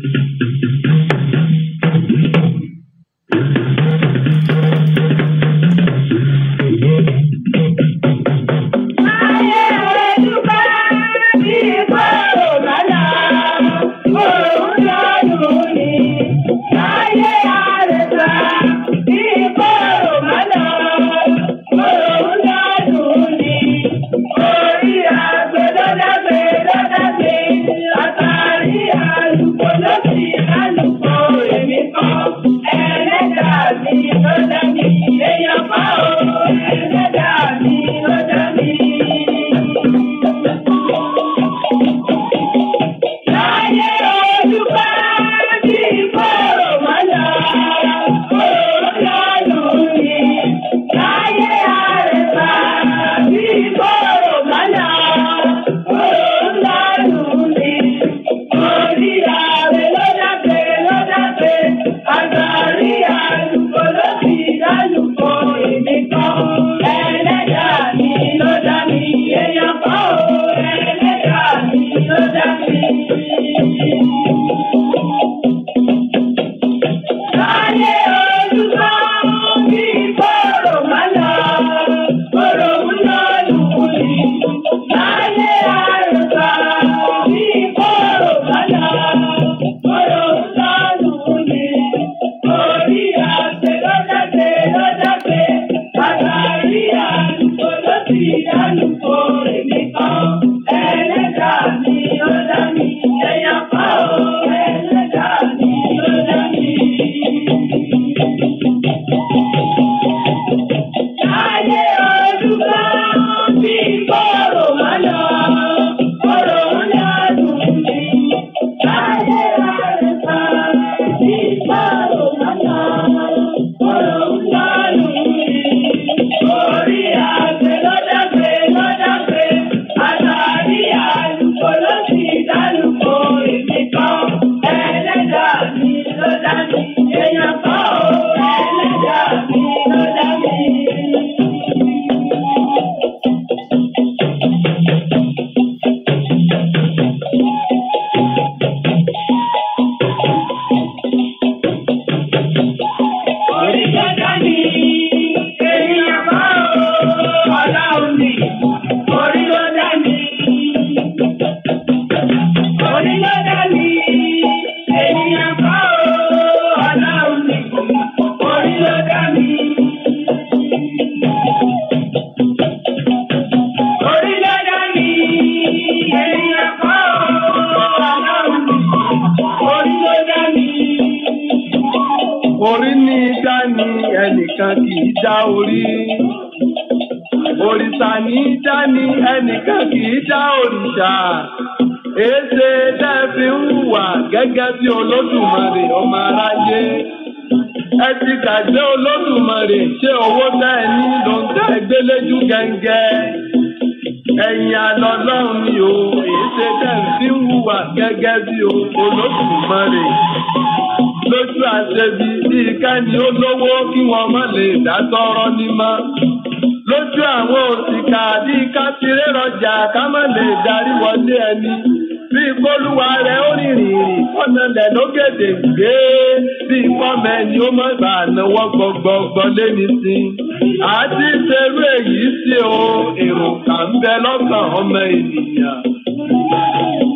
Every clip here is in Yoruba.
Thank you. léni sí i àti ṣerú èyí sí o èròǹkà ń bẹ lọ́kàn ọmọ ènìyàn. ọmọ ènìyàn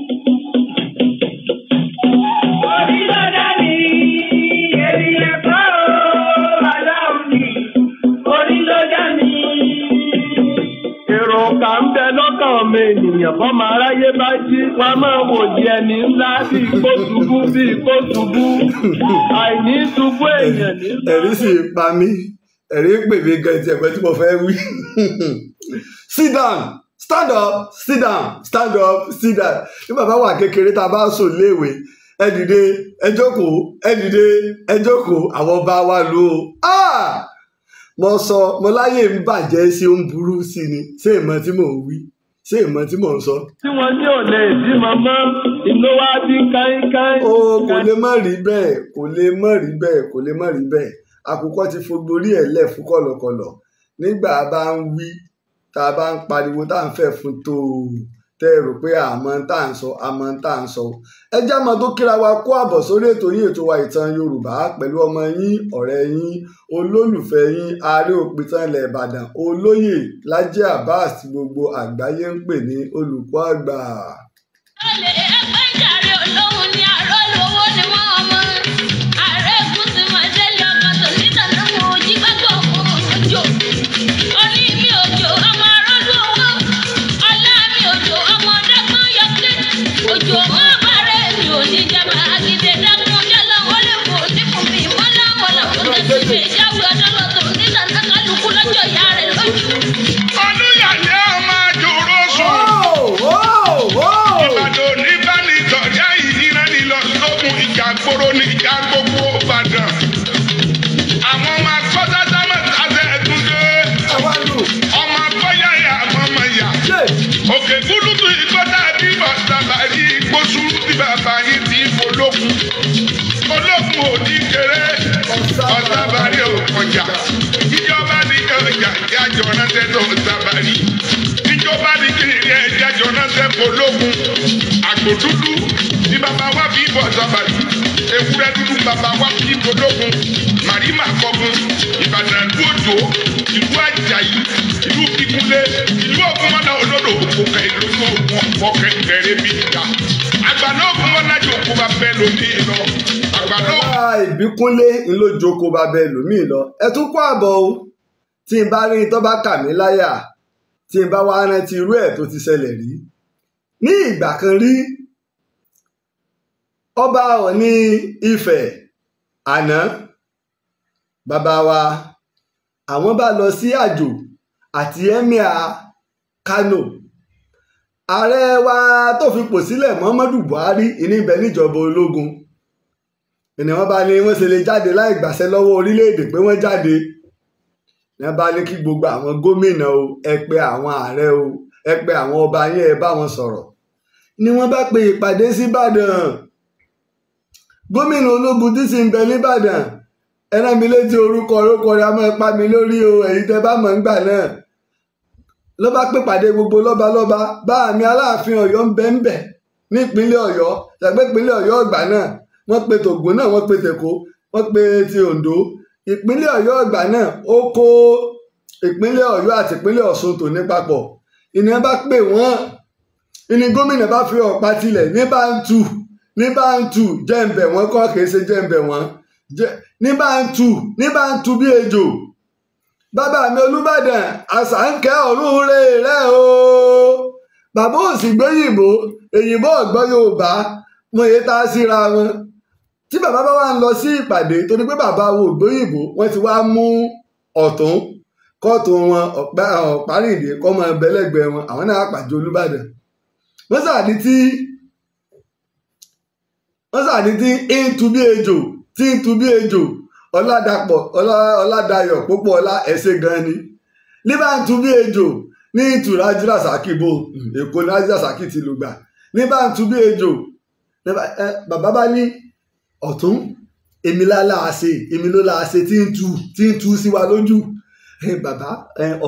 bọ́ máa ráyé bá jí wọn a máa wòye ẹni ńlá bíi kó ṣubú bíi kó ṣubú àìní ṣubú èèyàn nígbà. ẹ̀rí sì pa mí ẹ̀rí pè mí gan ti ẹ̀pẹ́ tí mo fẹ́ wí. sit down stand up sit down stand up sit down ní bàbá wà kékeré tá a bá sùn léèwé ẹ dìde ẹ jókòó ẹ dìde ẹ jókòó àwọn bá wa lò ó. mo sọ mo láyè ń bàjẹ́ sí ó ń burú sí ni ṣé ìmọ̀ tí mò ń wí ṣé ìmọ̀ tí mò ń sọ. tí wọ́n ní ọ̀lẹ ìdí màmá ìlú wa bí káínkáín. o kò lè má rí bẹ́ẹ̀ kò lè má rí bẹ́ẹ̀ kò lè má rí bẹ́ẹ̀ àkùkọ ti fogborí ẹ̀ lẹ̀ fún kọ̀lọ̀kọ̀lọ̀ nígbà bá ń wí tá a bá ń pariwo tá à ń fẹ́ fún tó o tẹ́ ẹ rò pé àmọ́ tá à ń sọ àmọ́ tá à ń sọ ẹ já máa tó kíra wa kó àbọ̀ sórí ètò yín ètò wa ìtàn Yorùbá pẹ̀lú ọmọ yín ọ̀rẹ́ yín olólùfẹ́ yín ààrẹ òpìtàn ilẹ̀ Ìbàdàn olóyè Lájí Abbas gbogbo àgbáyé ń pè ní olùkọ́ àgbà. ẹ lè ẹgbẹ́ jàre olóhùn ní ọ̀sábàárì ò kọjá ìjọba ní ọjà ìyájọ ránṣẹ́ tó ọ̀sábàárì ìjọba ní kiri ẹ̀ ìyájọ ránṣẹ́ pológun àgbò dúdú ní bàbá wa fi bọ̀ ọ̀sábàárì ewúrẹ́ dúdú bàbá wa fi pológun màrímà kọ́gun ìbàdàn dúdú ìlú àjàyí ìlú kíkúnlé ìlú ògúnmọ́lá olódò òkùnkà ìlú ògùn ọ̀pọ̀ kẹ̀kẹ́rẹ́ bí ìjà àgbà náà ògúnmọ́lá jòkó bá fẹ́ lómi lọ. Ah, ìbíkúnlé ńlójókòó bàbá ẹlòmíì lọ ẹ tún kó àbọ̀ o tí n bá rí tó bá kà mí láyà tí n bá wá rántí irú ẹ̀ tó ti ṣẹlẹ̀ rí ní ìgbà kan rí ọba Ọọ̀ni Ifẹ̀ àná bàbá wa àwọn bá lọ sí àjò àti emir Kano ààrẹ wa tó fipò sílẹ̀ Muhammadu Buhari ìníbẹ̀ níjọba ológun ni wọ́n bá ní wọ́n ṣe lè jáde láì gbàṣẹ lọ́wọ́ orílẹ̀-èdè pé wọ́n jáde ni wọ́n bá ní kí gbogbo àwọn gómìnà o ẹ pè àwọn ààrẹ o ẹ pè àwọn ọba yẹn ẹ bá wọn sọ̀rọ̀ ni wọ́n bá pe ìpàdé síbàdàn gómìnà ológun tí sì ń bẹ nìbàdàn ẹ mi létí orúkọ orúkọ rẹ àmọ́ ẹ pa mi lórí o èyí tẹ bá mọ̀ ń gbà náà ló bá pè pàdé gbogbo lọ́balọ́ba bá àmì aláàfin ọ̀yọ́ ń bẹ ń bẹ nípínlẹ̀ ọ̀yọ́ ṣàgbé ìpínlẹ̀ ọ̀yọ́ náà wọ́n pe tògùn náà wọ́n pe tèkó wọ́n pe ti oǹdó ìpínlẹ̀ ọ̀yọ́ ìgbà náà ó kó ìpínlẹ̀ ọ̀yọ́ àti ìpínlẹ̀ ọ̀ṣun tò ní papọ̀ ìní bá pè wọ́n ìní gómìnà bá fi ọ̀pá tilẹ̀ ní bá ń tu ní bá ń tu jẹ́ǹbẹ̀ wọ́n kọ́ kìí ṣe jẹ́ǹbẹ̀ wọ́n ní bá ń tu ní bá ń tu bí ejò bàbá mi olúbàdàn àṣà ń kẹ́ ọ̀run rẹ̀ rẹ̀ o bàbá òsì gbé yìnbó èyìnbó ọ̀gbọ́n yorùbá mo yẹ tá síra wọn tí bàbá bá wà ń lọ sí ìpàdé torí pé bàbá wo ògbóyìnbó wọ́n ti wá mú ọ̀tún kọ́ọ̀tù wọn ọ̀párìndé kọ́mọ ẹbẹ̀lẹ́gbẹ̀ẹ́ wọn àwọn náà pàjọ olúbàdàn wọ́n sàdí tí wọ́n sàdí tí ń tu bí ejò tí ń tu bí ejò ọ̀làdàpọ̀ ọ̀làdàyọ̀ púpọ̀ ọ̀là ẹ̀ṣẹ̀ gan ni ní bá ń tu bí ejò ní ìtura jírásàkì bo èkó ní jírásàkì ti lùgbà ní bá ń tu bí ejò bàbá bá ní ọ̀tún èmi láláà ṣe èmi ló láà ṣe tí ń tu tí ń tu sí wa lójú bàbá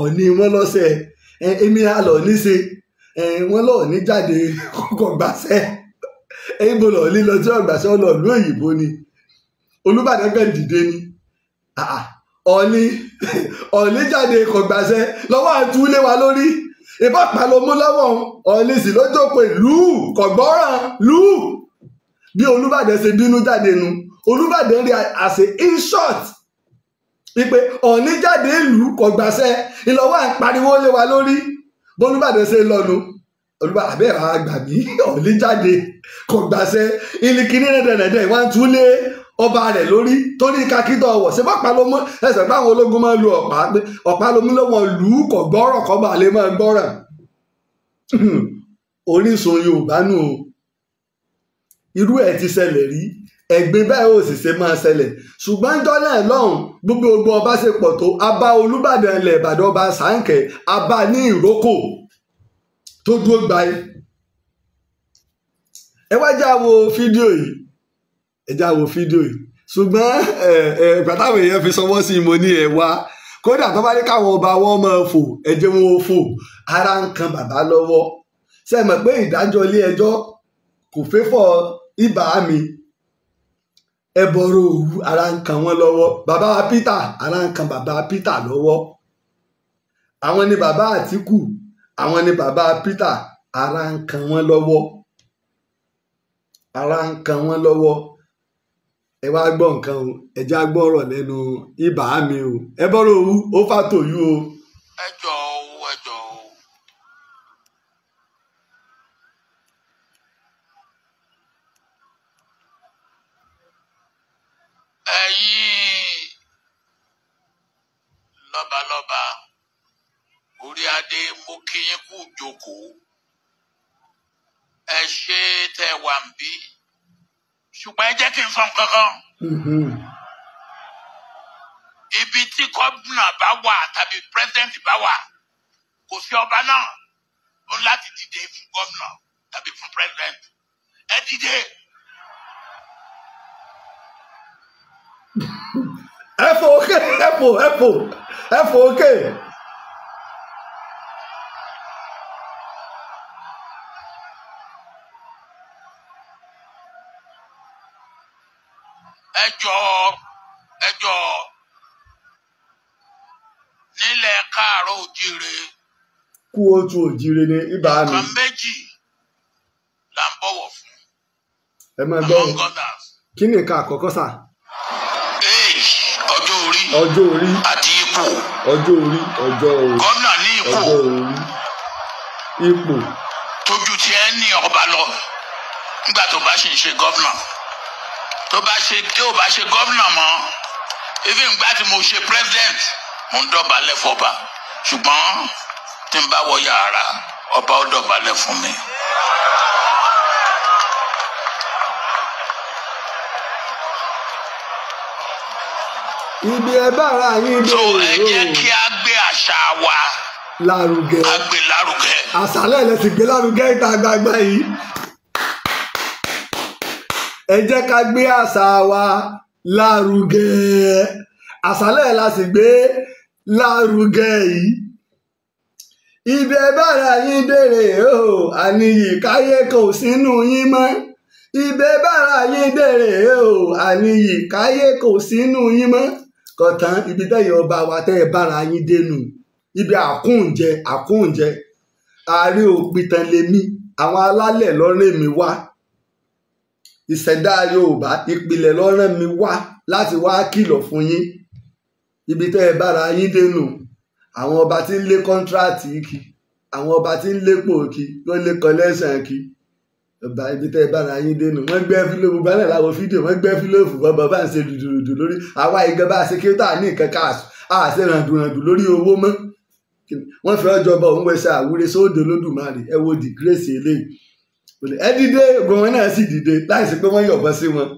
ọ̀ọ́ni wọn lọ́sẹ̀ èmi àlọ́ ní ṣe wọn lọ́ọ̀ ní jáde kọ́kọ́ gbàṣẹ́ ẹ̀yìnbó lọ́ọ̀ lílọ tí ọ̀gbàṣẹ́ ọlọ́ọ̀lú òyìnbó ni Olúbàdàn kan dìde ni ọ̀ọ́ni ọ̀ọ́ni jáde kọ̀ gbàṣẹ́ lọ́wọ́ àtúlé wa lórí ìbá pàlọ́mú lọ́wọ́ ọ̀ọ́ni sì lójókòó ìlú kọ̀gbọ́ràn lù bí Olúbàdàn ṣe bínú jáde nu Olúbàdàn rí àṣẹ in short wípé ọ̀ní jáde ìlú kò gbàṣẹ ìlọ́wọ́ à ń pariwo lé wa lórí bólúbàdàn ṣe lọ́nu Olúbàdàn àbẹ́ ẹ̀ máa gbà mí ọ̀ní jáde kò gbàṣẹ ìlìkìní rẹ̀dẹ̀rẹ̀dẹ̀ wọ́n tún lé ọba rẹ̀ lórí torí kakítọ̀ ọ̀wọ̀ ṣe fọ́pá ló mọ́ ẹsẹ̀ pé àwọn ológun máa ń lu ọ̀pá pé ọ̀pá ló mú lọ́wọ́ lù ú kò gbọ́rọ̀ kọ́ bà lè máa gbọ́rọ̀ orísun Yorùbá nù o irú ẹ̀ ti ṣẹlẹ̀ rí ẹ̀gbin báyìí ò sì ṣe máa ṣẹlẹ̀ ṣùgbọ́n jọ́ náà lọ́hùn gbogbo gbogbo ọba ṣe pọ̀ tó abá olúbàdàn ilẹ̀ ìbàdàn ọba sànkẹ́ abá ní ìrókò tó dúró gbaye ẹ wá já wo fídíò yìí ẹ já wo fídíò yìí ṣùgbọ́n ẹ ẹ pàtàkì èèyàn fi sọwọ́ sí mo ní ẹ wá kódà tó bá ní káwọn ọba wọn máa fò ẹ jẹ́ wọn ó fò ara ń kan bàbá lọ́wọ́ ṣe pé ìdájọ́ ilé ẹjọ́ kò fẹ́ fọ́ ọ ibà mi ẹbọrọ òwú ara ń kan wọn lọ́wọ́ bàbá Peter ara ń kan bàbá Peter lọ́wọ́ àwọn ni bàbá Àtíkù àwọn ni bàbá Peter ara ń kan wọn lọ́wọ́ ara ń kan wọn lọ́wọ́ ẹ wá gbọ́ nǹkan o ẹ já gbọ́rọ̀ ibà mi o ẹbọrọ òwú ó fàtòyú o. ẹ jọ̀ọ́ wà ń bí ṣùgbọ́n ẹ jẹ́ kí n sọ nǹkan kan. Mm-hmm. ibi tí gómìnà bá wà tàbí pírẹsidẹ́ǹtì bá wà kò sí ọba náà ó láti dìde fún gómìnà tàbí fún pírẹsidẹ́ǹtì ẹ dìde. ẹ fò ókè ẹ fò ẹ fò ẹ fò ókè. ẹ jọ̀ọ́ ẹ jọ̀ọ́ nílẹ̀ kú otu òjìrè ni ibà mi. nǹkan méjì là ń bọ̀wọ̀ fún. ẹ máa gbọ́ kí ni nǹkan àkọ́kọ́ sà. ọjọ́ orí ọjọ́ orí àti ipò ọjọ́ orí ọjọ́ orí gómìnà ní ipò ọjọ́ orí ipò. tójú tí ẹ ní ọba lọ nígbà tó bá ṣì ń ṣe gómìnà tó bá ṣe tí ò bá ṣe gómìnà mọ́ even gbà tí mo ṣe president mo ń dọ̀bálẹ̀ fọba ṣùgbọ́n tí n bá wọ yàrá ọba ó dọ̀bálẹ̀ fún mi. ibi ẹ bára yín dé òwò. tó ẹ jẹ́ kí a gbé àṣà wa. a gbé lárugẹ. àṣà lẹ́lẹ̀ ti gbé lárugẹ ìta gbangba yìí. ẹ jẹ́ ká gbé àṣà wa lárugẹ àṣàlẹ̀ la sì gbé lárugẹ yìí ibẹ̀ bára yín dèrè o àníyí káyé kò sínú yín mọ́ ibẹ̀ bára yín dèrè o àníyí káyé kò sínú yín mọ́ kọ̀tàn ibi tẹ́yìn ọba wa tẹ́ ẹ bára yín ibi àkóúnjẹ lèmi àwọn alálẹ̀ lọ́rẹ́ mi wá ìṣẹ̀dá yorùbá ìpìlẹ̀ lọ́rán mi wá láti wá kìlọ̀ fún yín ibi tẹ́ ẹ bára yín dénú àwọn ọba tí ń lé kọ́ńtíráàtì kí àwọn ọba tí ń lépò kí wọ́n lé kọ́lẹ́sàn kí ọba ibi tẹ́ ẹ bára yín dénú wọ́n gbẹ́ fílòfù báńdà láwọn fídíò wọ́n gbẹ́ fílòfù bọ́bọ̀ bá ń ṣe dùdùdù lórí àwa ìgbẹ́ bá ṣe kíkọ́ ní nǹkan káàsù á ṣe ràǹdùràǹdù lórí owó mọ́ wọ́n fi ọjọ́ bọ̀ òun wẹ̀ṣẹ̀ àwúre sóòdò lódùmarè ẹ wo dìgírèsì eléyìí ẹ dìde gbogbo wọn náà sì dìde láìsí pé wọ́n yọ̀bọ sí wọn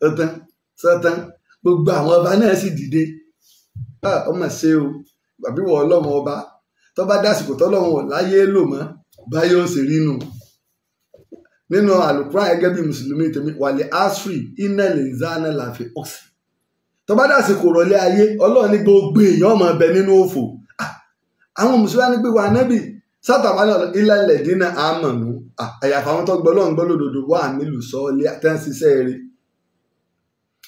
sọtán sọtán gbogbo àwọn ọba náà sì dìde ọmọ ṣe o àbí wọ ọlọ́run ọba tó bá dásìkò tọ́lọ́run láyé lò mọ́ báyọ̀ ó sì rí nù nínú àlùkùrán gẹ́gẹ́ bí mùsùlùmí tèmi wàlẹ̀ asri iná lè zánà láfi ọ̀sì tó bá dásìkò rọ̀lẹ́ ayé ọlọ́run ní gbogbo èèyàn ọmọ ọbẹ̀ nínú òfò àwọn mùsùlùmí wá ní pé wà nábì sátàmánà ilẹ̀ ilẹ̀ dínà àmọ̀nù àyàfà àwọn tó gbọ́ lọ́n gbọ́ lódodo wà nílùú sọ́ọ́lì àtẹ́ǹsíṣẹ́ rẹ̀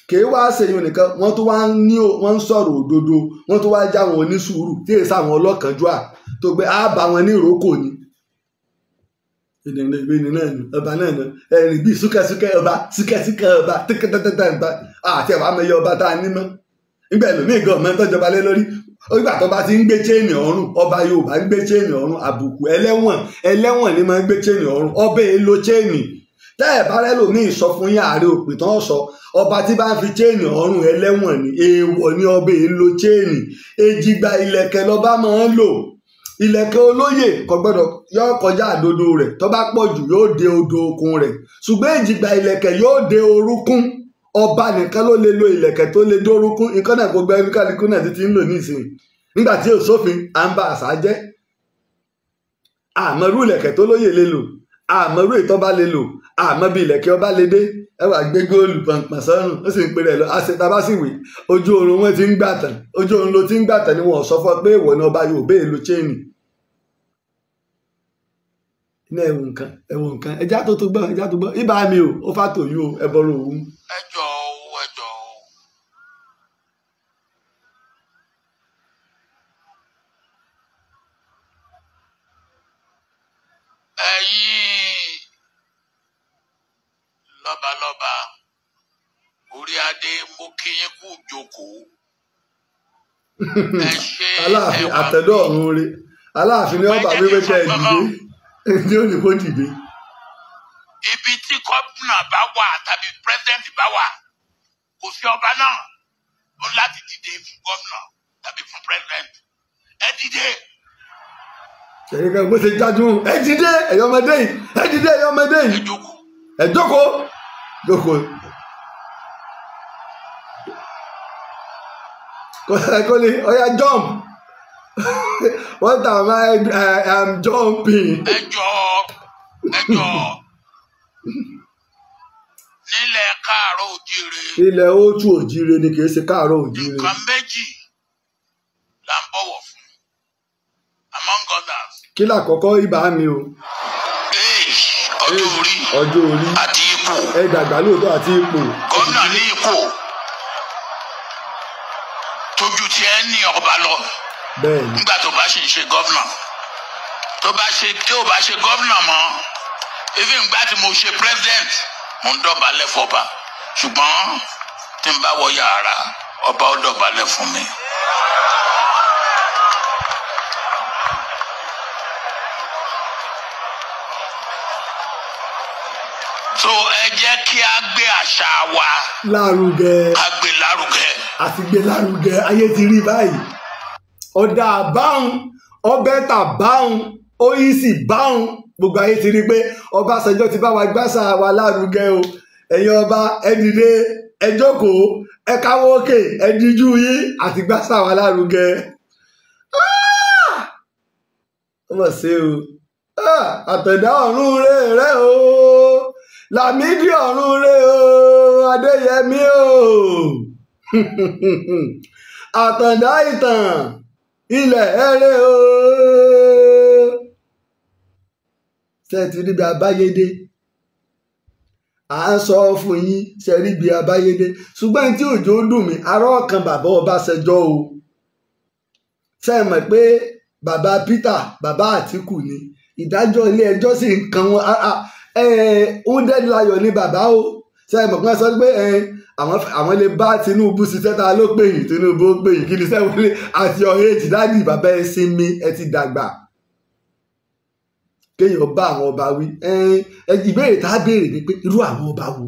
kì í wá ṣèyún nìkan wọ́n tó wá ní wọ́n ń sọ̀rọ̀ òdodo wọ́n tó wá já wọn onísùúrù tí èsì àwọn ọlọ́kànjúà tó gbé àbá wọn ní ìrókò ni. ìdènà ìbéèrè náà ni ọba náà ni ẹni bíi súkẹ́súkẹ́ ọba súkẹ́súkẹ́ ọba tíkẹ́tẹ́tẹ́tẹ́ ọba àti ẹ̀wà amẹ́yẹ ọba tá a ní mọ́ nígbà ẹlòmíì gan ọmọ ẹ̀ńtọ́jọba lé lórí nígbà tó bá ti ń gbé chéènì ọrùn ọba yorùbá ń gbé chéènì ọrùn àbùkù ẹlẹ́wọ̀n ẹlẹ́wọ̀n ni máa ń gbé chéènì ọrùn ọba èèlò chéènì tẹ́ ẹ̀ bá rẹ́lòmíì sọ fún yín ààrẹ òpè tán sọ ọba tí bá ń fi chéènì ọrùn ẹlẹ́wọ̀n ni èèwọ̀ ni ọba èèlò chéènì èjìgbà ìlẹ̀kẹ̀ lọ́ba máa ń lò ìlẹ̀kẹ̀ olóyè kò gbọ́dọ̀ yọ kọjá àdodo rẹ̀ tó bá pọ̀ jù yóò dé odò okun rẹ̀ ṣùgbọ́n èjìgbà ìlẹ̀kẹ̀ yóò dé orúkún ọba nìkan ló lè lo ilẹ̀kẹ̀ tó lè dórúkún nǹkan náà gbogbo náà ti ti lò nígbà tí sófin à jẹ́ tó lóye lè lò ìtọ́ba lè lò àmọ́ bí ilẹ̀kẹ̀ ọba lè dé ẹ wà gbé góòlù pọ̀npọ̀n sọ́run ó sì ń lọ àṣetábá sì wè ojú oorun wọn ti ń gbàtàn ojú oorun ló ti ń gbàtàn ni wọn sọ fún jókòó. ẹ ṣe aláàfin àtẹ̀dọ́ ọ̀run rẹ aláàfin ní ọba wíwẹ́ kẹ́ ẹ dìde ní òní kó dìde. ibi tí gómìnà bá wà tàbí pírẹsidẹ́ǹtì bá wà kò sí ọba náà ó láti dìde fún gómìnà tàbí fún pírẹsidẹ́ǹtì ẹ dìde ẹ̀yin kan bó ṣe jájú ẹ dìde ẹ̀yọ́mọdé yìí ẹ dìde ẹ̀yọ́mọdé yìí ẹ jókòó jókòó. kò lè ọ̀yà jump what am I I am jumping. ẹ jọ ẹ jọ nílẹ̀ káàárọ̀ òjìire. ilẹ̀ ojú òjìire ni kì ṣe káàárọ̀ òjìire. nǹkan méjì la ń bọ̀wọ̀ fún among others. kí làkọ́kọ́ ibà mi o. ọjọ́ orí ọjọ́ orí àti ipò. ẹ gbàgbá lóòótọ́ àti ipò. gómìnà ní ipò tó ju ti ẹni ọba lọ nígbà tó bá ṣì ń ṣe gọ́vnà tó bá ṣe tí ò bá ṣe gọ́vnà mọ́ even gbà tí mo ṣe president mo ń dọ̀bálẹ̀ fọba ṣùgbọ́n tí n bá wọ yàrá ọba ó dọ̀bálẹ̀ fún mi. so ẹ jẹ́ kí a gbé àṣà wa. lárugẹ. a gbé lárugẹ. àti gbé lárugẹ ayé ti rí báyìí. ọ̀dà báhùn ọbẹ̀ tà báhùn oyisi báhùn gbogbo ayé ti rí pé Ọbásanjọ́ ti bá wa gbàṣà wa lárugẹ o ẹ̀yin ọba ẹ dìde ẹ òkè ẹ yín àti gbàṣà wa lárugẹ. ọmọ ah! sí o ah! àtẹ̀dá ọ̀run rẹ̀ rẹ̀ o. Lámídì ọ̀run rè o Adéyẹmí o àtàndá ìtàn ilẹ̀ ẹ̀rẹ́ o. sẹ́ẹ̀tì ríbi abáyédé à ń sọ fún yín sẹ́ríbi abáyédé ṣùgbọ́n tí òjò dùn mí arọ́ kan bàbá Ọbásanjọ́ o sẹ́ẹ̀mọ̀ pé bàbá Peter bàbá Àtìkù ni ìdájọ́ ilé ẹjọ́ sì ń kan wọn ah, ah, Ọ̀dẹ́dìláyọ̀ ni bàbá o sẹ́yìn mọ̀ kí wọ́n sọ pé àwọn lè bá Tinubu sí tẹ́ta ló pè yín Tinubu ó pè yín kí ni sẹ́yìn wọlé àti ọ̀rẹ́ èjì dáàdì bàbá ẹ sinmi ẹ ti dàgbà kéèyàn bá àwọn ọba wí ìbéèrè tá a béèrè ni pé irú àwọn ọba wo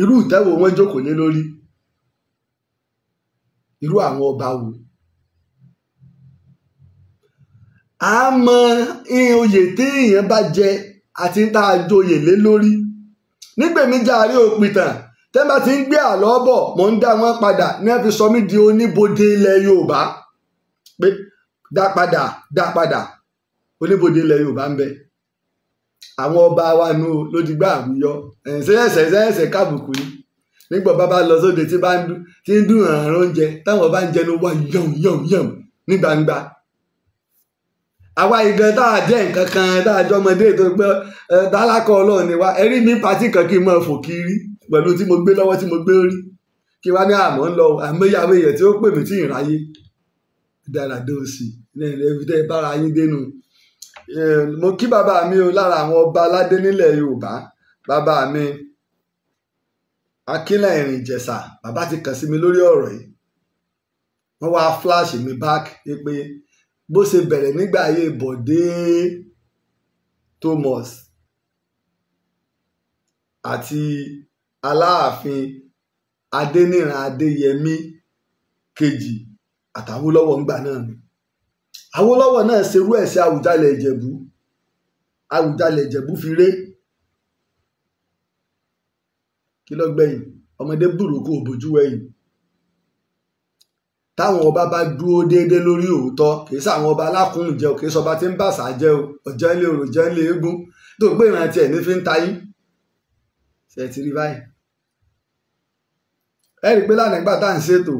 irú ìtẹ́wò wọn jókòó lé lórí irú àwọn ọba wo. a mọ oyè téèyàn bá jẹ àti tá a joyè lé lórí nígbèmíjà àrí òpìtàn tẹ́ bá ti ń gbé àlọ́ bọ̀ mò ń dá wọn padà ní ẹ fi sọ mí di oníbodè ilẹ̀ Yorùbá pé dá padà dá padà oníbodè ilẹ̀ Yorùbá ń bẹ àwọn ọba wa nu lódìgbà àwùyọ ẹ̀sẹ̀ ẹ̀sẹ̀ ẹ̀sẹ̀ kábùkù ni nígbà bàbá lọ sóde tí ń dùn àrùn oúnjẹ táwọn bá ń jẹnu wá yọ̀m yọ̀m yọ̀m ní gbangba àwa ìgan tá a jẹ́ nǹkan kan tá a jọ ọmọdé tó gbọ́ dálákọ̀ ọlọ́run ni wa ẹ̀rí mi pàtí kan kí n máa fò kiri pẹ̀lú tí mo gbé lọ́wọ́ tí mo gbé rí kí wá ní àmọ́ ń lọ àmọ́yá àwọn èèyàn tí ó pè mí tí ì ráyé dára dé òsì lẹ́yìn ẹbí tẹ́ bára yín dénú. mo kí bàbá mi o lára àwọn ọba aládé nílẹ̀ Yorùbá bàbá mi Akínlẹ̀rìn Ìjẹ̀ṣà bàbá ti kàn sí mi lórí ọ̀rọ̀ yìí wọ́n wá fíláàṣì mi báàkì pé bó ṣe bẹ̀rẹ̀ nígbà ayé Bọ̀dé Thomas àti Aláàfin Adéníran Adéyẹmí kejì àtàwólọ́wọ̀ ńgbà náà ni Awólọ́wọ̀ náà ṣerú ẹ̀ sí Àwùjalẹ̀ Ìjẹ̀bú Àwùjalẹ̀ Ìjẹ̀bú fi ré kí ló gbẹ̀yìn ọmọdé burúkú òbójú wẹ̀yìn táwọn ọba bá dúró déédéé lórí òótọ́ kìí sáwọn ọba alákùnrin jẹ o sọba tí ń bàṣà jẹ o ọjọ́ ilé orò jẹ́ ilé eégún tó gbé ìrántí ẹ̀ ní fi ń tayí ṣe ti rí báyìí. ẹ rí i pé lánàá ìgbà tá à ń ṣètò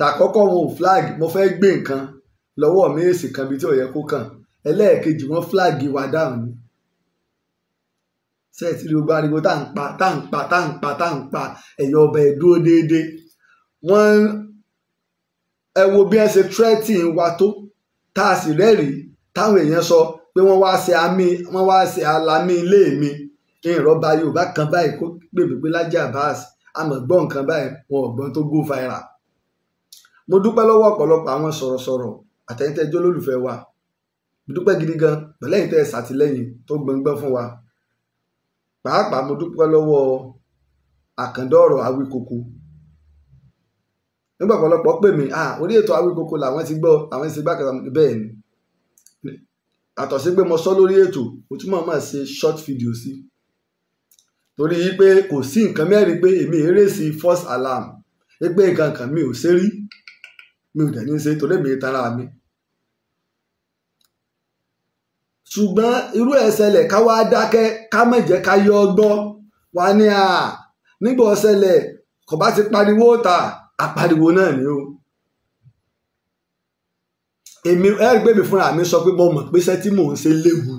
tàkọ́kọ́ wọn ò flag mo fẹ́ gbé nǹkan lọ́wọ́ mi èsì kan bí tí ò yẹ kó kàn ẹlẹ́ẹ̀kejì wọn flag wa dáhùn ṣe ti rí gbogbo ariwo tá à ń pa tá à ń pa tá à ń pa ẹ̀yọ ọba ẹ̀ dúró déédéé wọ́n ẹ wo bí ẹ ṣe tírẹ́tì wa tó tá a sì rẹ́rìí táwọn èèyàn sọ pé wọ́n wáá ṣe àmì wọ́n wáá ṣe alámì ilé mi ìrọ̀bà yorùbá kan báyìí kó gbèbè pé Laji Abbas àmọ́ gbọ́ nǹkan báyìí wọn ò gbọ́n tó go viral. mo dúpẹ́ lọ́wọ́ ọ̀pọ̀lọpọ̀ àwọn sọ̀rọ̀sọ̀rọ̀ àtẹ̀yìntẹ́jọ́ lólùfẹ́ wa mo dúpẹ́ gidi gan pẹ̀lẹ́yìn tẹ́ ṣàtìlẹ́yìn tó gbọ̀ngbọ́n fún wa pàápàá mo dúpẹ́ lọ́wọ́ àkàndọ́rọ̀ awíkoko nígbà ọ̀pọ̀lọpọ̀ pè mí à orí ètò Awíkoko làwọn ti gbọ́ àwọn ti gbà kàtà bẹ́ẹ̀ ni àtọ̀sí pé mo sọ lórí ètò mo túmọ̀ máa ṣe short video sí torí pé kò sí nǹkan mẹ́rin pé èmi eré sí first alarm pé nǹkan kan mi ò ṣe rí mi ò dẹ̀ ní ṣe torí èmi tara mi ṣùgbọ́n irú ẹ̀ ṣẹlẹ̀ ká wá dákẹ́ ká má jẹ́ ká yọ ọgbọ́n wa ní à nígbà ọ̀ṣẹlẹ̀ kò bá ti pariwo ta apariwo náà ni o èmi ẹ̀rí pé mi fúnra mi sọ pé mo mọ̀ pé iṣẹ́ tí mò ń ṣe léwu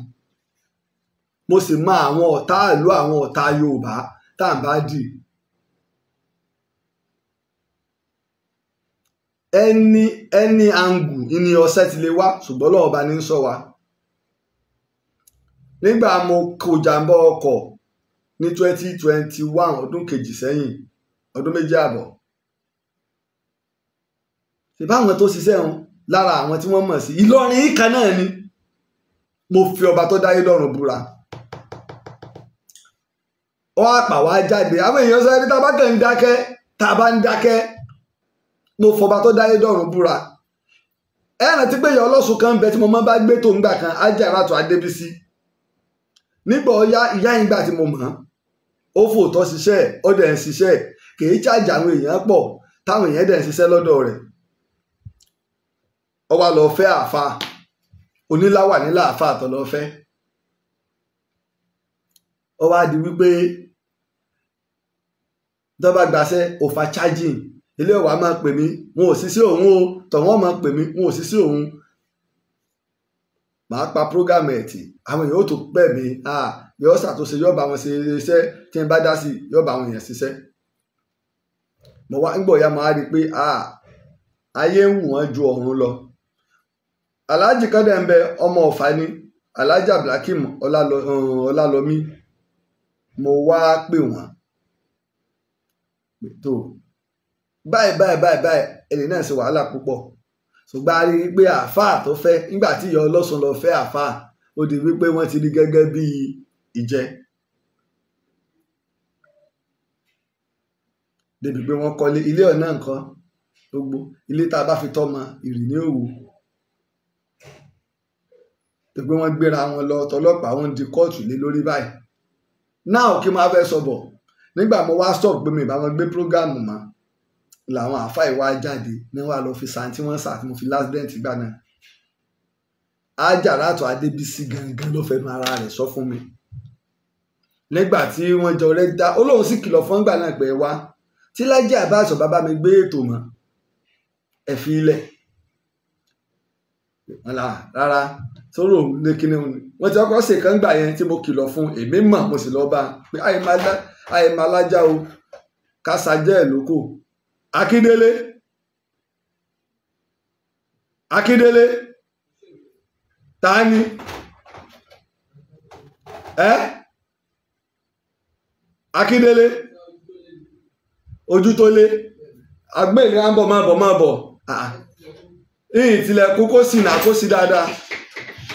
mo sì mọ àwọn ọ̀tá ìlú àwọn ọ̀tá Yorùbá tá à ń bá dì ẹni ẹni àǹgù ni ọṣẹ ti lè wá ṣùgbọ́n lọ́ọ̀ba ní sọ wa nígbà mo kò jàǹbá ọkọ̀ ní twenty twenty one ọdún kejì sẹ́yìn ọdún méjì àbọ̀ ìbá àwọn tó ṣiṣẹ́ wọn lára àwọn tí wọ́n mọ̀ sí Ìlọrin ìkan náà ni mo fi ọba tó dáyé lọ́rùn búra ọ àpà wá jáde àwọn èèyàn sọ ẹni tá a bá kàn ń dákẹ́ tá a bá ń dákẹ́ mo fọba tó dáyé lọ́rùn búra ẹ rántí pé ìyá ọlọ́sùn kan bẹ tí mo máa bá gbé tó ń gbà kan ajá ìrátò Adébísí nígbà ọyá ìyá yín gbà tí mo mọ̀ ó fòótọ́ ṣiṣẹ́ ọdẹ ń ṣiṣẹ́ kì í ṣàjà àwọn èèyàn pọ̀ táwọn èèyàn dẹ̀ ń ṣiṣẹ́ lọ́dọ̀ rẹ̀ ọ wá lọ fẹ́ onílà wà nílà àáfà tó lọ fẹ́ ó wá di wípé dọ́bà gbàṣẹ́ òfa charging ilé ìwà máa pè mí wọn ò sí sí òun o tọ̀wọ́n máa pè mí wọn ò sí sí òun màá pa program ẹ̀ àwọn èèyàn ó tó pẹ̀ mí yọ ṣàtúnṣe yọ bá wọn ṣe iṣẹ́ tí n bá dá sí yọ bá wọn èèyàn ṣiṣẹ́ mo wá ń gbọ̀ ya máa rí i pé ayé ń wù ju ọ̀run lọ aláàjì kan dẹ̀ ń bẹ ọmọ ọ̀fà ni aláàjì abdulhakeem eh, ọlálọmí mo wá pè wọ́n tó báyìí báyìí báyìí báyìí ẹni náà ṣe wàhálà púpọ̀ ṣùgbọ́n a rí i pé àáfàá tó fẹ́ nígbà tí ìyá ọlọ́sùn lọ fẹ́ àáfàá ó di wípé wọ́n ti rí gẹ́gẹ́ bí ìjẹ débi pé wọ́n kọ́lé ilé ọ̀nà nǹkan gbogbo ilé tá a bá fi tọ́ ma ìrì ní òwò tó pé wọ́n gbéra wọn lọ tọlọ́pàá wọ́n di kóòtù lé lórí báyìí náà kí n máa fẹ́ sọ bọ̀ nígbà mo wá stop pé mi ìbá wọn gbé prógáàmù mọ́ làwọn àáfà ìwà jáde ní wàá lọ fi santi wọn sà tí mo fi lásìdẹ́ǹtì gbà náà ájàràtọ̀ adébísí gangan ló fẹ́ máa ara rẹ̀ sọ fún mi nígbà tí wọ́n jọ rẹ́ dá olóhùn sì kìlọ̀ fún gbà náà pé wá tí Lájí Abbas bàbá mi gbé ètò mọ́ ẹ̀ fi ilẹ̀ rárá soro lé kíní òun wọn ti ọkọ ṣe kan gbà yẹn tí mo fún èmi mọ̀ mo sì lọ bá pé àyè máa lájà o kásajẹ́ ẹ̀ lóko akíndélé akíndélé ta ẹ akíndélé ojú agbẹ́yìn á ń bọ̀ máa bọ̀ máa bọ̀ ìyìn tilẹ̀ kókó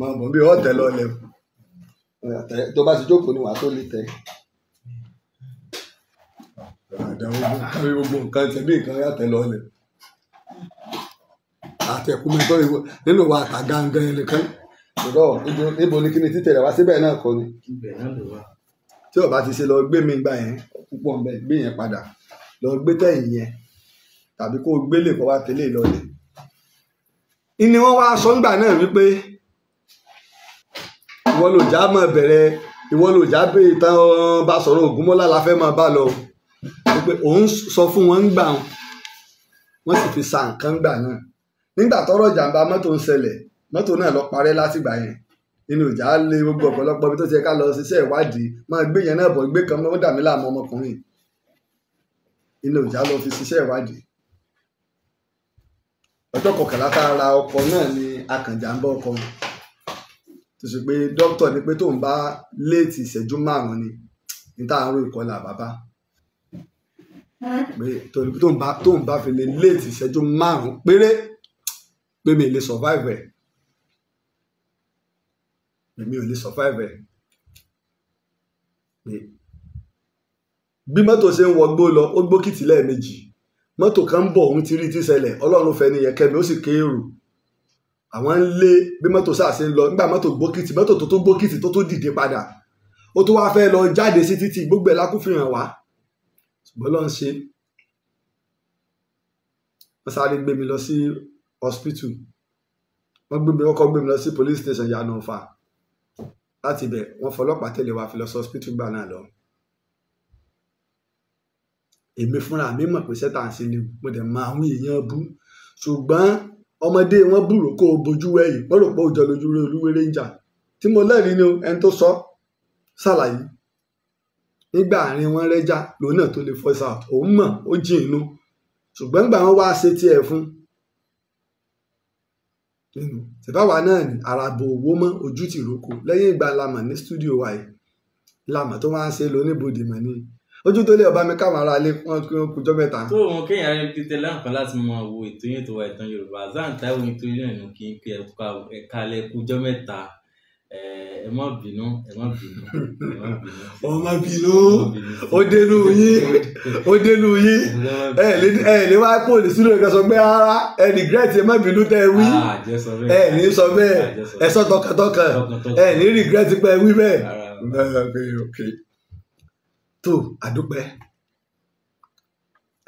máa bọ̀ bí ọ̀tẹ̀ lọ́lẹ̀ tó bá ti jókòó ni wàá tó lè tẹ̀. àdàwọn gbogbo nǹkan tẹ̀ bí nǹkan yàtẹ̀ lọ́lẹ̀ àtẹ̀kùnmẹ́tọ́ nínú wa àtàgàǹgàn ẹnìkan ìrọ̀ níbo ni kíni títẹ̀ rẹ̀ wá síbẹ̀ náà kọ́ ni tí ọba ti ṣe lọ gbé mi gba yẹn púpọ̀ nbẹ gbé yẹn padà lọ gbé tẹ̀yìn yẹn tàbí kó gbélé kó wá tẹ́lẹ̀ lọlẹ̀. ìní wọn wá sọ ńgbà náà wípé ìwọ lòjá mọ̀ bẹ̀rẹ̀ ìwọ lòjá bẹ̀ ìtàn bá sọ̀rọ̀ ògúnmọ́lá la fẹ́ máa bá lọ pé òun sọ fún wọn ń gbà wọn wọ́n sì fi sa nǹkan gbà náà nígbà tọ́rọ̀ ìjàmbá mọ́tò ń ṣẹlẹ̀ mọ́tò náà lọ parẹ́ látìgbà yẹn inú ìjà lé gbogbo ọ̀pọ̀lọpọ̀ ibi tó ti yẹ ká lọ ṣiṣẹ́ ìwádìí máa gbé yẹn náà bọ̀ gbé kan mọ́ dàmí láàmú ọmọkùnrin inú ìjà lọ fi ṣiṣẹ́ ìwádìí ọjọ́ kọkànlá tá a ra ọkọ̀ náà ni akànjà ń bọ́ ọkọ̀ tó ṣe pé dókítà ní pé tóun bá léètì ìṣẹ́jú márùn-ún ni níta àárọ̀ ìkọlà bàbá pé tóun bá fi lè léètì ìṣẹ́jú márùn-ún péré pé mi lè survive ẹ̀ èmi ò lè survive ẹ̀ bí mọ́tò ṣe ń wọgbó lọ ó gbókìtì lẹ́ẹ̀mejì mọ́tò kan ń bọ̀ òun ti rí ọlọ́run fẹ́ ni yẹn kẹ́mi ó sì ké àwọn ń lé bí mọ́tò sáàsì ń lọ nígbà mọ́tò gbókìtì mọ́tò tó tó gbókìtì tó tó dìde padà ó tó wá fẹ́ lọ jáde sí títì gbogbo ẹ̀ lákúfihàn wá ṣùgbọ́n lọ́n ṣe wọ́n sáré gbé mi lọ sí hospital wọ́n gbé mi kọ́kọ́ gbé mi lọ sí police station yanu fa láti ibẹ̀ wọ́n fọlọ́pàá tẹ̀lé wa fi lọ sí hospital gbà náà lọ èmi fúnra mi mọ̀ pé sẹ́tà ń ṣe ni mo dẹ̀ mọ àwọn èèyàn bú ṣùgbọ́n ọmọdé wọn bùrùkọ bojú wẹ̀yìn wọn rò pé òjò lójú rẹ olúwerè ń jà tí mo lẹ́rìí ni ẹni tó sọ ṣàlàyé nígbà àárín wọn rẹ́jà lòun náà tó lè fọ́sà òun mọ̀ ó jìn inú ṣùgbọ́n gbà wọn wá ṣe tiẹ̀ fún tìbáwa náà ní àràbò owó mọ́ ojú tìrókò lẹ́yìn ìgbà lamọ̀ ní stúdíò wa yìí lamọ̀ tó wá ń ṣe lóníbodè mọ̀ ni ojú tó lé ọba mi káwọn ará ilé wọn kí wọn kújọ tó o mọ kéèyàn rẹ ti tẹlẹ àǹfààní láti mọ àwo ètò yẹn tó wà ìtàn yorùbá zan taiwo nítorí náà nù kí n pe ẹka alẹ kújọ mẹ́ta ẹ má bínú ẹ má bínú ẹ má bínú. ọ má bínú ó dénú yín ó dénú yín ẹ ẹ lè wá pò ní sínú ẹ̀ka sọ pé rárá ẹ regret ẹ má bínú tẹ ẹ wí ah, ẹ ní sọ bẹ́ẹ̀ ẹ sọ ah, tọkàntọkàn ẹ ní regret pé ẹ wí bẹ́ẹ̀ tó àdúpẹ́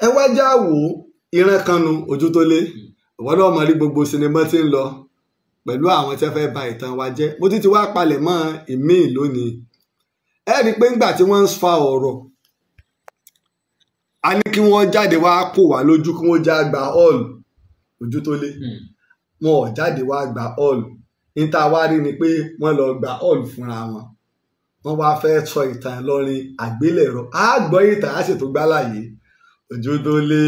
ẹ wá já wò ó ìran kanu ojú tó lé ìwọ́n náà mọ̀ rí gbogbo sinimá tí ń lọ pẹ̀lú àwọn tí wọ́n fẹ́ ba ìtàn wa jẹ́ mo ti ti wá palẹ̀ mọ́ ìmíì lónìí ẹ rí i pé ńgbà tí wọ́n ń fa ọ̀rọ̀ a ní kí wọ́n jáde wá kó wá lójú kí wọ́n já gba hall ojú tó lé hmm. wọn ò jáde wá gba hall níta wá rí ni pé wọ́n lọ gba hall fúnra wọn wọ́n wá fẹ́ sọ ìtàn Ìlọrin àgbélẹ̀rọ á gbọ́ ìtàn á sì tó gbá láàyè ojú tó lé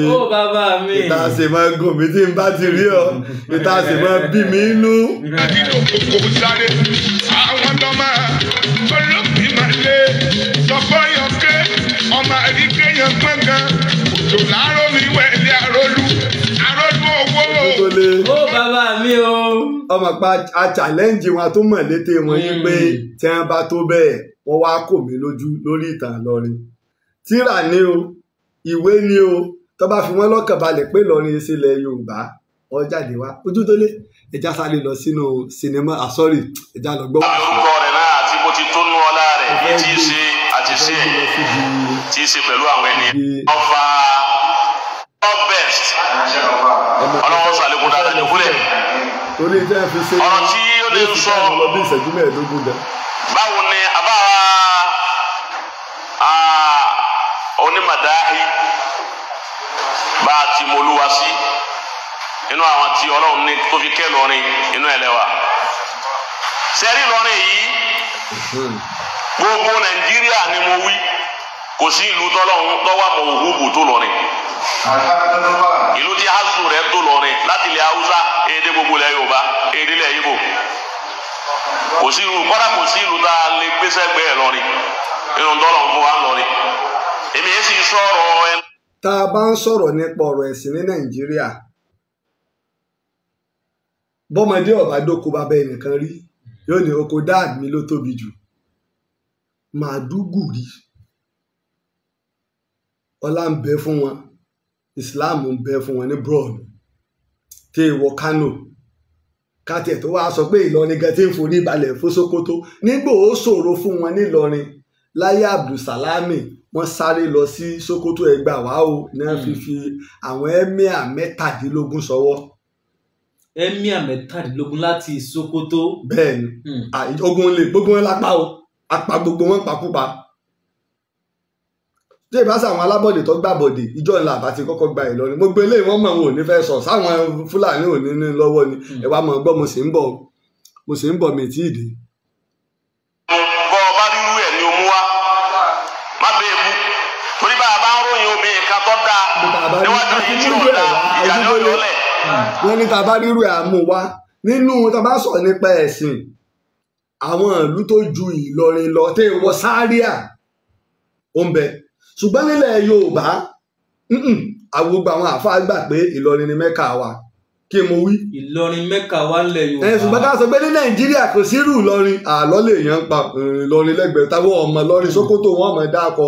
ìta ṣe máa gùn mí tí n bá ti rí ọ ìta ṣe máa bí mi inú. àwọn ó bàbá mi o. ọmọ pa a challenge wọn tó mọ̀ létè wọn yí pé hmm. tí wọn bá tó bẹ́ẹ̀ wọ́n wá kò mí lójú lórí ìtàn Ìlọrin tírà ni o ìwé ni o tó bá fi wọ́n lọ́kàn balẹ̀ pé Ìlọrin ìṣẹ̀lẹ̀ Yorùbá ó jáde wá ojú tó lé ẹja sáré lọ sínú sinimá àsọrí ah, ẹja lọ gbọ́. àlùkò rẹ̀ náà àti bó ti tó nú ọlá rẹ̀ èyí tí í ṣe àti ṣe tí í ṣe pẹ̀lú àwọn ènìyàn. ọba best ọlọ́wọ́ sàlékún dáadáa ní kúlẹ̀. torí tẹ́ ẹ fi ṣe ọ̀rọ̀ tí ó lè sọ báwo ni abáwa ah, onímọ̀dáhì bá a ti mọ olúwa sí inú àwọn tí ọlọ́run ní tó fi kẹ́ lọ́rin inú ẹlẹ́wà sẹ́rí lọ́rin yìí hmm. gbogbo nàìjíríà ni mo wí kò sí ìlú tọ́lọ́hún tọ́wọ́ àmọ́ òhùbù tó lọ ni ìlú tí azu rẹ̀ tó lọ ni láti ilẹ̀ haúsá èdè gbogbo ilẹ̀ yorùbá èdè ilẹ̀ yìbò kò sí ìlú kọ́dà kò sí ìlú tá a lè gbéṣẹ́ gbé ẹ̀ lọ ni inú tọ́lọ́hún fún wa ń èmi yẹn sì sọ̀rọ̀ ẹ. tá a bá ń sọ̀rọ̀ nípa ọ̀rọ̀ ẹ̀sìn ní nàìjíríà bọ́mọdé ọ̀bá dóko bàbá ẹnìkan rí yóò ní oko dáàd mi ló tóbi jù màdúgùrì ọlá ń bẹ fún wọn islam ń bẹ fún wọn ní broad tí èèwọ̀ kánò káti ẹ̀ tó wá sọ pé ìlọrin gan ti ń forí balẹ̀ fún sokoto nígbò ó ṣòro fún wọn nílọrin láyé abdulsalami wọ́n sáré lọ sí sokoto ẹgbà wá o náà fi hmm. fi àwọn ẹmíà mẹ́tàdínlógún sọ́wọ́. ẹmíà mẹ́tàdínlógún láti sokoto. bẹ́ẹ̀ni hmm. ogun lè gbogbo wọn lápá o apá gbogbo wọn pakúpa tí èbá sàwọn alábọ̀dé tó gbà bọ̀dé ìjọ ńlá àbá kọ́kọ́ gba Ìlọrin gbogbo eléyìí wọ́n mọ̀ wọn ò ní fẹ́ sọ sáwọn Fúlàní ò ní ní lọ́wọ́ ni hmm. ẹ wá mọ̀ gbọ́ mo sì ń bọ̀ mo sì ń bọ̀ mi tí dé. bọ́ ọ rírú ẹ̀ ni o mú wa má bẹ ebu torí bá a bá ń ròyìn obìnrin kan tó dáa níwájú yìí tí ò dáa ìyá ni ó yọ lẹ̀. wọ́n ní tá a bá rírú ẹ̀ àmú wa nínú tá a bá sọ nípa ẹ̀sìn àwọn ìlú tó ju Ìlọrin lọ tẹ́ wọ sáríà ó ń bẹ ṣùgbọ́n nílẹ̀ Yorùbá àgbogbo àwọn àáfàá gbà pé Ìlọrin ni mẹ́kà wa kí mo wí. Ìlọrin mẹ́kà wa ń lẹ Yorùbá. ẹ ṣùgbọ́n ká sọ pé ní Nàìjíríà kò sí irú Ìlọrin àlọ́ lè yan pa Ìlọrin lẹ́gbẹ̀ẹ́ táwọn ọmọ Ìlọrin Sókótó wọn ọmọ dákọ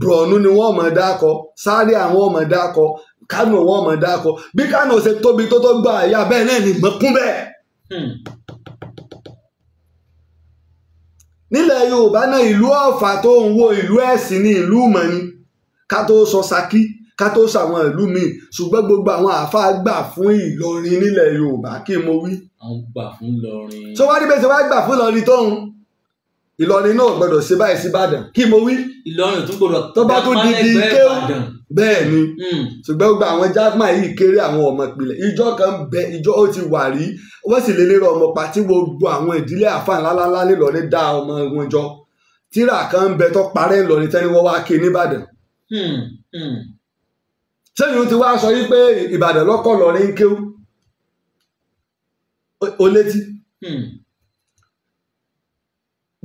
Borno ni wọn ọmọ dákọ Zaria àwọn ọmọ dákọ Kano wọn ọmọ dákọ bí Kano ṣe tóbi tó tó gbà yá bẹ́ẹ̀ náà nìgbọ́n kún bẹ́ẹ̀. Hmm nílẹ̀ yorùbá náà ìlú ọ̀fà tó ń wo ìlú ẹ̀sìn ní ìlú mọ̀ni ká tó sọ Ṣakí ká tó sàwọn ìlú míì ṣùgbọ́n gbogbo àwọn àáfàá gbà fún Ìlọrin nílẹ̀ yorùbá kí mo wí. àwọn gbà fún Ìlọrin. sọ wá níbẹ̀ ṣe wá gbà fún Ìlọrin tóun Ìlọrin náà gbọdọ̀ ṣe báyìí sí Ìbàdàn kí mo wí. Ìlọrin tún gbọdọ̀ tó bá tún di di kéwù bẹ́ẹ̀ ni hmm. ṣùgbọ́n gbogbo àwọn jagma yìí kéré àwọn ọmọ ìpìlẹ̀ ìjọ kan bẹ ìjọ ó ti wà rí wọ́n sì lè lérò ọmọ pa tí gbogbo àwọn ìdílé àfàn lálálá lè lọ lè dá ọmọ wọn jọ tíra kan bẹ tó parẹ́ ńlọrin tẹ́ni wọ́n wá ké nìbàdàn. sẹ́yìn hmm, hmm. ti wá sọ yìí ìbàdàn lọ́kọ̀ lọ́rin ń kéwú ó létí.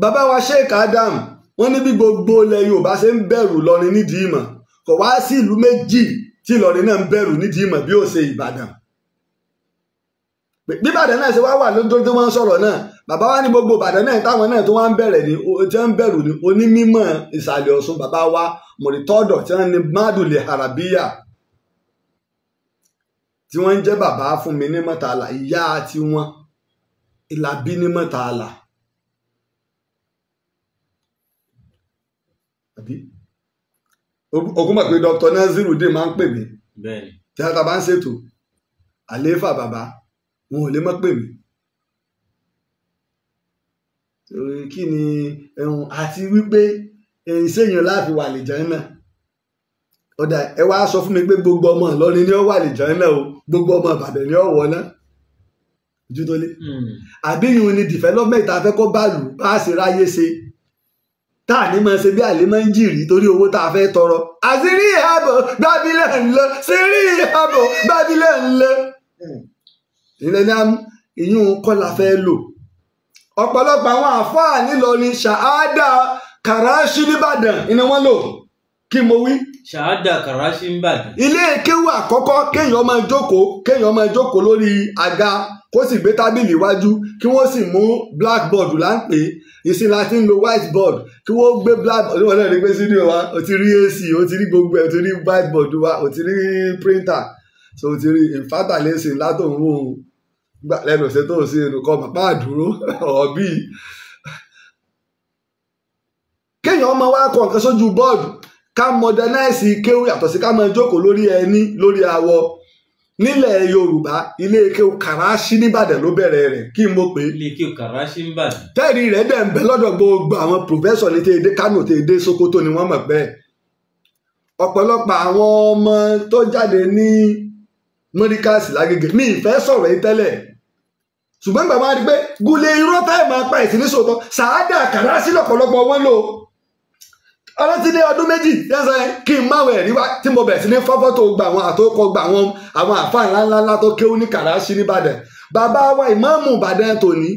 bàbá wa sheik adam wọ́n ní bí gbogbo ilẹ̀ yorùbá ṣe ń bẹ̀rù lọ́rin nídìí ìmọ̀ kò wá sí ìlú méjì tí Ìlọrin náà ń bẹ̀rù nídìí ìmọ̀ bí ó ṣe Ìbàdàn bíbàdàn náà ṣe wá wà lójú tó wọ́n ń sọ̀rọ̀ náà bàbá wa ní gbogbo Ìbàdàn náà táwọn náà tó wá ń bẹ̀rẹ̀ ní tí wọ́n ń bẹ̀rù ní onímọ̀ ìsàlẹ̀ Ọ̀ṣun bàbá wa mọ̀rìtọ́dọ̀ tí wọ́n ní mádùlẹ̀ harabiya tí wọ́n ń jẹ́ bàbá fún mi ní mọ̀tàlá ìyá tiwọn ìlàbí ní mọ̀tàlá ogun mọ̀ pé Dr. Nazirudeen máa ń pè mí tí a bá ń ṣètò àlééfà bàbá wọn ò lè mọ́ pè mí kí ni ẹ̀hún àti wípé ẹ̀yìn sẹ́yìn láàfin wà lè jẹun náà ọ̀dà ẹ wá sọ fún mi pé gbogbo ọmọ Ìlọrin ni ó wà lè jẹun náà o gbogbo ọmọ Ìbàdàn ni ó wọ̀ náà ojú tó lé hmm. ni development afẹ́kọ́ bá lù bá a ṣe ráyé ṣe tá à ní máa ṣe bí àlè máa ń jìrì torí owó tá a fẹ́ tọrọ àṣírí ààbò gbábílẹ̀ ńlọ sírí ààbò gbábílẹ̀ ńlọ. ìrẹ́ ní ìyún kọ́ la fẹ́ lò ọ̀pọ̀lọpọ̀ àwọn àfáà nílọrin ṣàádà kàràṣì nìbàdàn ni wọ́n lò kí mo wí ṣàádà kàràṣí ń bàdàn. ilé kéwù àkọ́kọ́ kéèyàn máa jókòó kéèyàn máa jókòó lórí àga kó sì gbé tábìlì iwájú kí wọ́n sì mú blackboard là ń pè é ìsìn láti ń lo whiteboard kí wọ́n gbé blackboard wọn náà ní pé sínú wa o ti rí ac o ti rí gbogbo ẹ o ti rí whiteboard wa o ti rí printer so o ti rí ìfátà lẹ́sìn látò ń wò ó lẹ́nu ọ̀sẹ̀ tó o sí ẹnu kọ́ bàbá àdúró ọ̀bí kéèyàn ọmọ wa kọ nǹkan sójú bọ́ọ̀dù ká modernize kéwú yàtọ̀ sí ká máa jókòó lórí ẹni lórí awọ nílẹ̀ yorùbá ilé kéwú kàràṣí nìbàdàn ló bẹ̀rẹ̀ rẹ̀ kí n mọ̀ pé. ilé kéwú kàràṣí nìbàdàn. tẹ́ẹ̀rì rẹ̀ dẹ̀ ń bẹ lọ́dọ̀ gbogbo àwọn pòfẹ́sọ̀ ní tèdè kánò tèdè sokoto ni wọ́n mọ̀ bẹ́ẹ̀. ọ̀pọ̀lọpọ̀ àwọn ọmọ tó jáde ní mọ́ríkàsì lágége mi ìfẹ́ sọ̀rọ̀ yìí tẹ́lẹ̀ ṣùgbọ́n gbàgbọ́ ọlọ́tí ní ọdún méjì yẹ́nsẹ́ kí n máwọ̀ ẹ̀rí wá tí mo bẹ̀rẹ̀ sí ní fọ́fọ́ tó gba àwọn àtòkọ gba àwọn àwọn àfáà ńláńlá ńlá tó kéwú ní kàràṣí nìbàdàn bàbá wa ìmáàmù ìbàdàn tòní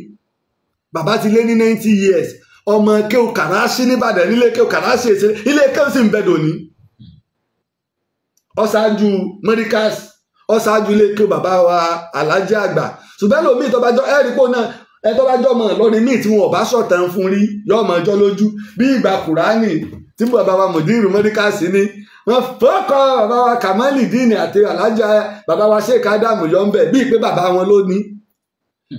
bàbá ti lé ní ninety years ọmọ kéwú kàràṣí nìbàdàn nílé kéwú kàràṣí èsè ilé kéwú sì ń bẹ dòní. ọ̀ṣáájú mẹ́ríkàs ọ̀ṣáájú ilé kéwú bàbá wa alájẹ àgbà ṣùgbọ́n lómi ìtọ́bájọ́ ẹ̀rí pò náà ẹ tọ́bájọ́ mọ̀ lónìí míì tí wọn ò bá sọ̀tàn fún rí yọ ọmọ ọjọ́ lójú bí ìgbà kùránì tí bàbá wa mùdírù mọ́díkàsì ni wọ́n fọ́kọ̀ bàbá wa kàmáàlì díìnì àti alájà bàbá wa ṣèkà ádámù yọ ń bẹ̀ bíi pé bàbá wọn ló ní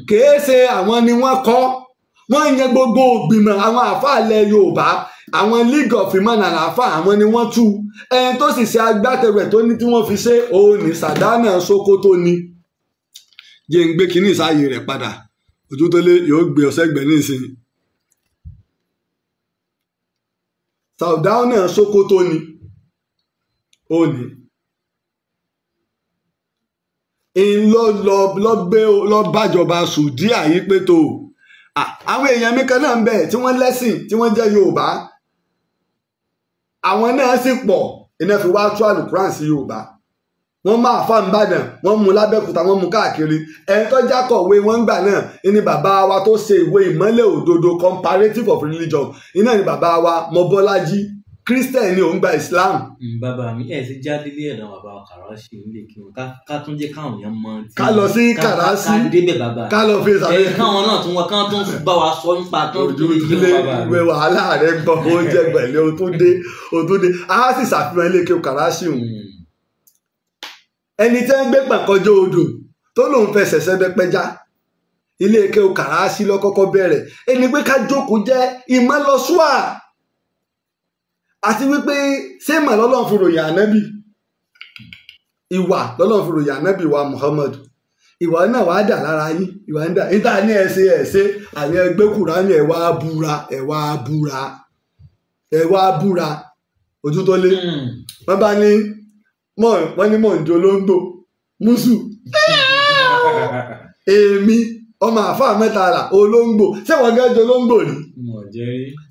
kèé ṣe àwọn ni wọ́n kọ́ wọ́n yẹn gbogbo ògbìmọ̀ àwọn àfàlẹ̀ yorùbá àwọn league of imam and afa àwọn ni wọ́n tú ẹni tó sì ṣe agbátẹrù ẹ̀ tó ní tí wọ́n fi ṣe òun ní sàdánà sokoto ni jẹ́ ń gbé kínní ìsáyè rẹ̀ padà ojú tó lé yóò gbé ọ̀sẹ̀ gbẹ̀ ní ìsinyìí Saudauna Sokoto ni ó ní ńlọ́bàjọba sùdíà yìí pé tó àwọn èèyàn mi kan náà ń bẹ tí wọ́n lẹ́sìn tí wọ́n jẹ́ Yorùbá àwọn náà sì pọ̀ iná fi wá tú àlùkùránì sí Yorùbá wọ́n máa fa nìbàdàn wọ́n mú lábẹ́kúta wọ́n mú káàkiri ẹni tó jákọ̀wé wọ́n gbà náà ní bàbá wa tó ṣe ìwé ìmọ́lẹ̀ òdodo comparative of religion iná ni bàbá wa mọ́bọ́lájí christian ni òun gba islam. Mm, bàbá mi ẹ ti jáde ilé ẹ̀dá bàbá kàràṣì nílé kí wọn ká tún jẹ́ káwọn èèyàn mọ. ká lọ sí kàràṣì ká débẹ̀ bàbá ká lọ fi sàlẹ̀. ẹ káwọn náà tún wọn kán tún bá wa sọ nípa tó ń dúró kí wọn wàhálà rẹ gbọ́ oúnjẹ gbẹ̀lẹ́ o dé o dé a sì ṣàfihàn ilé kí o kàràṣì òun. ẹni tẹ́ ń gbé pàkọjọ odò tó lòun fẹsẹ̀ sẹ́dẹ́pẹ́já ilé ike kàràásí lọ́kọ́kọ́ bẹ̀rẹ̀ ẹni pé ká jókòó jẹ́ ìmọ̀lọ́sùà àti wípé sèmà lọ́lọ́run fi ròyìn ànábì ìwà lọ́lọ́run fi ròyìn ànábì wa ìwà náà wàá dà lára yín ìwà ń ní ẹsẹ ẹsẹ ẹwà búra wọ́n ní mò ń jo lóńdó mùsù èmi ọmọ àfa mẹ́ta àrà olóńgbò sẹ́wọ̀n gẹ́jọ olóńgbò ni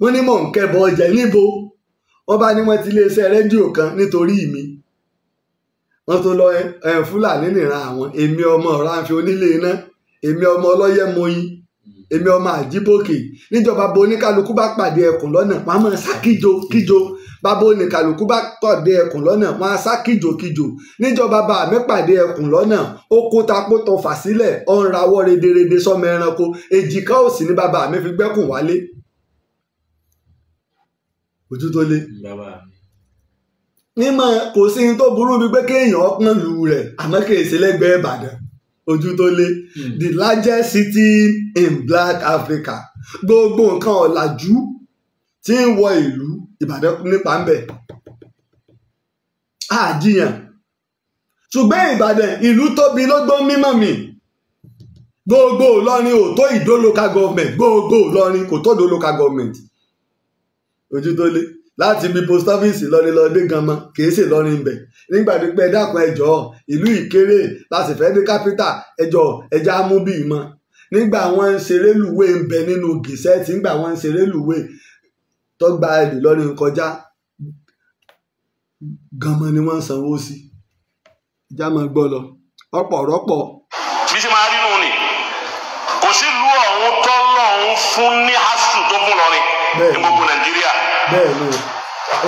wọ́n ní mò ń kẹ́bọ̀ ọjà níbo wọ́n bá ní wọ́n ti iléeṣẹ́ rédíò kan nítorí mi wọ́n tó lọ fúlàní nìran àwọn èmi ọmọ ọ̀rànfẹ́ onílé iná èmi ọmọ ọlọ́yẹ mọyìn hmm. èmi ọmọ àjíbòkè níjọba bo oníkálukú bá pàdé ẹkùn lọ́nà pàmò sákìjokìjo bàbá oníkàlùkù bá pàdé ẹkùn lọ́nà wọn a sá kìjòkìjò níjọba bá mi pàdé ẹkùn lọ́nà ó kó tapó tọ fà sílẹ̀ ó ń rawọ́ rederede sọmọ ẹranko èjìká òsì ní bàbá mi fi gbẹ́kùn wálé. ojú tó lé mímọ kò sí ní tó burú bíi pé kéèyàn ọpọ́n lù rẹ̀ àmọ́ kì í ṣe lẹ́gbẹ̀ẹ́ Ìbàdàn ojú tó lé hmm. the largest city in Black Africa gbogbo nǹkan ọ̀làjú tí ń wọ ìlú Ìbàdàn nípa ń bẹ̀ àjiyàn ṣùgbọ́n Ìbàdàn ìlú tóbi ló gbọ́n mímọ́ mi gbogbo Ìlọrin ò tó Ìdó local government gbogbo Ìlọrin kò tó Ìdó local government ojú tó lé láti ibi post office lọ́rin lọ́dé gan-an kìí ṣe lọ́rin ibẹ̀ nígbà tó pẹ́ dákun ẹjọ́ ìlú ìkéré láti fẹ́ dé kápítà ẹjọ́ ẹja amúbí mọ́ nígbà wọn ń ṣeré lùwé ń bẹ nínú gẹ̀ẹ́sẹ̀ tí nígbà wọn ń ṣeré lùwé tó gba Ìlọrin kọjá ganmọ ni wọ́n ń sanwó sí ìjà máa gbọ́ lọ ọ̀pọ̀ rọ́pọ̀. bí ṣe máa rí nù ni kò sí ọ̀hún tó fún ní asu tó fún lọ́rin ní gbogbo Nàìjíríà. bẹ́ẹ̀ ni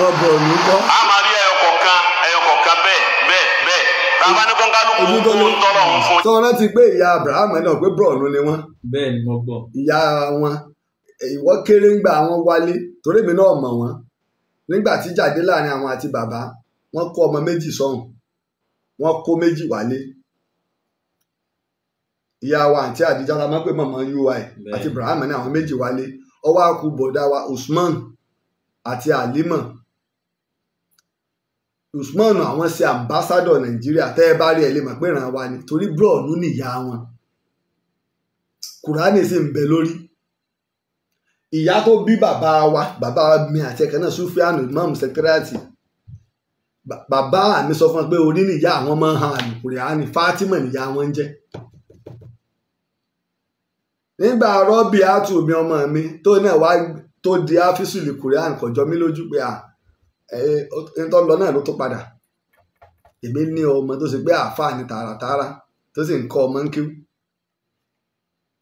ọbọ mi kọ. a máa rí ẹyọkọ kan ẹyọkọ kan bẹ́ẹ̀ bẹ́ẹ̀ bẹ́ẹ̀ bàbá ní kọńkálùkù ń tọrọ ọ̀hún fún. sọ wọn rántí pé ìyá Abraham náà pé bọọlù ni wọn. bẹ́ẹ̀ ni mo gbọ́. ìyá ìwọ kéré ń gba àwọn wálé torí mi náà mọ̀ wọ́n nígbà tí jáde láàrin àwọn àti bàbá wọ́n kó ọmọ méjì sọ́hùn wọ́n kó méjì wálé ìyá wa àti àdìjà la máa ń pè mọ̀mọ́ ui àti ibrahim ní àwọn méjì wálé ọwọ́ àkú bọ̀dá wa usman àti alima usman àwọn ṣe ambassador nàìjíríà tẹ́ ẹ bá rí ẹ lè mọ̀ pé ràn wá ni torí bro nù nìyá wọn kùránì sì ń bẹ lórí ìyá tó bí bàbá wa bàbá mi àti ẹ̀kẹ́ náà Sùfíànù imam sẹkítẹ́rẹ́tì bàbá mi sọ fún ọ pé orí nìyá àwọn máa ń han àlùkùrẹ́ àní nìyá wọn ń jẹ́ nígbà rọ́bì omi ọmọ mi tó náà wá tó di áfíìsì mi lójú pé à ẹ tó lọ náà ló tó padà èmi ní ọmọ tó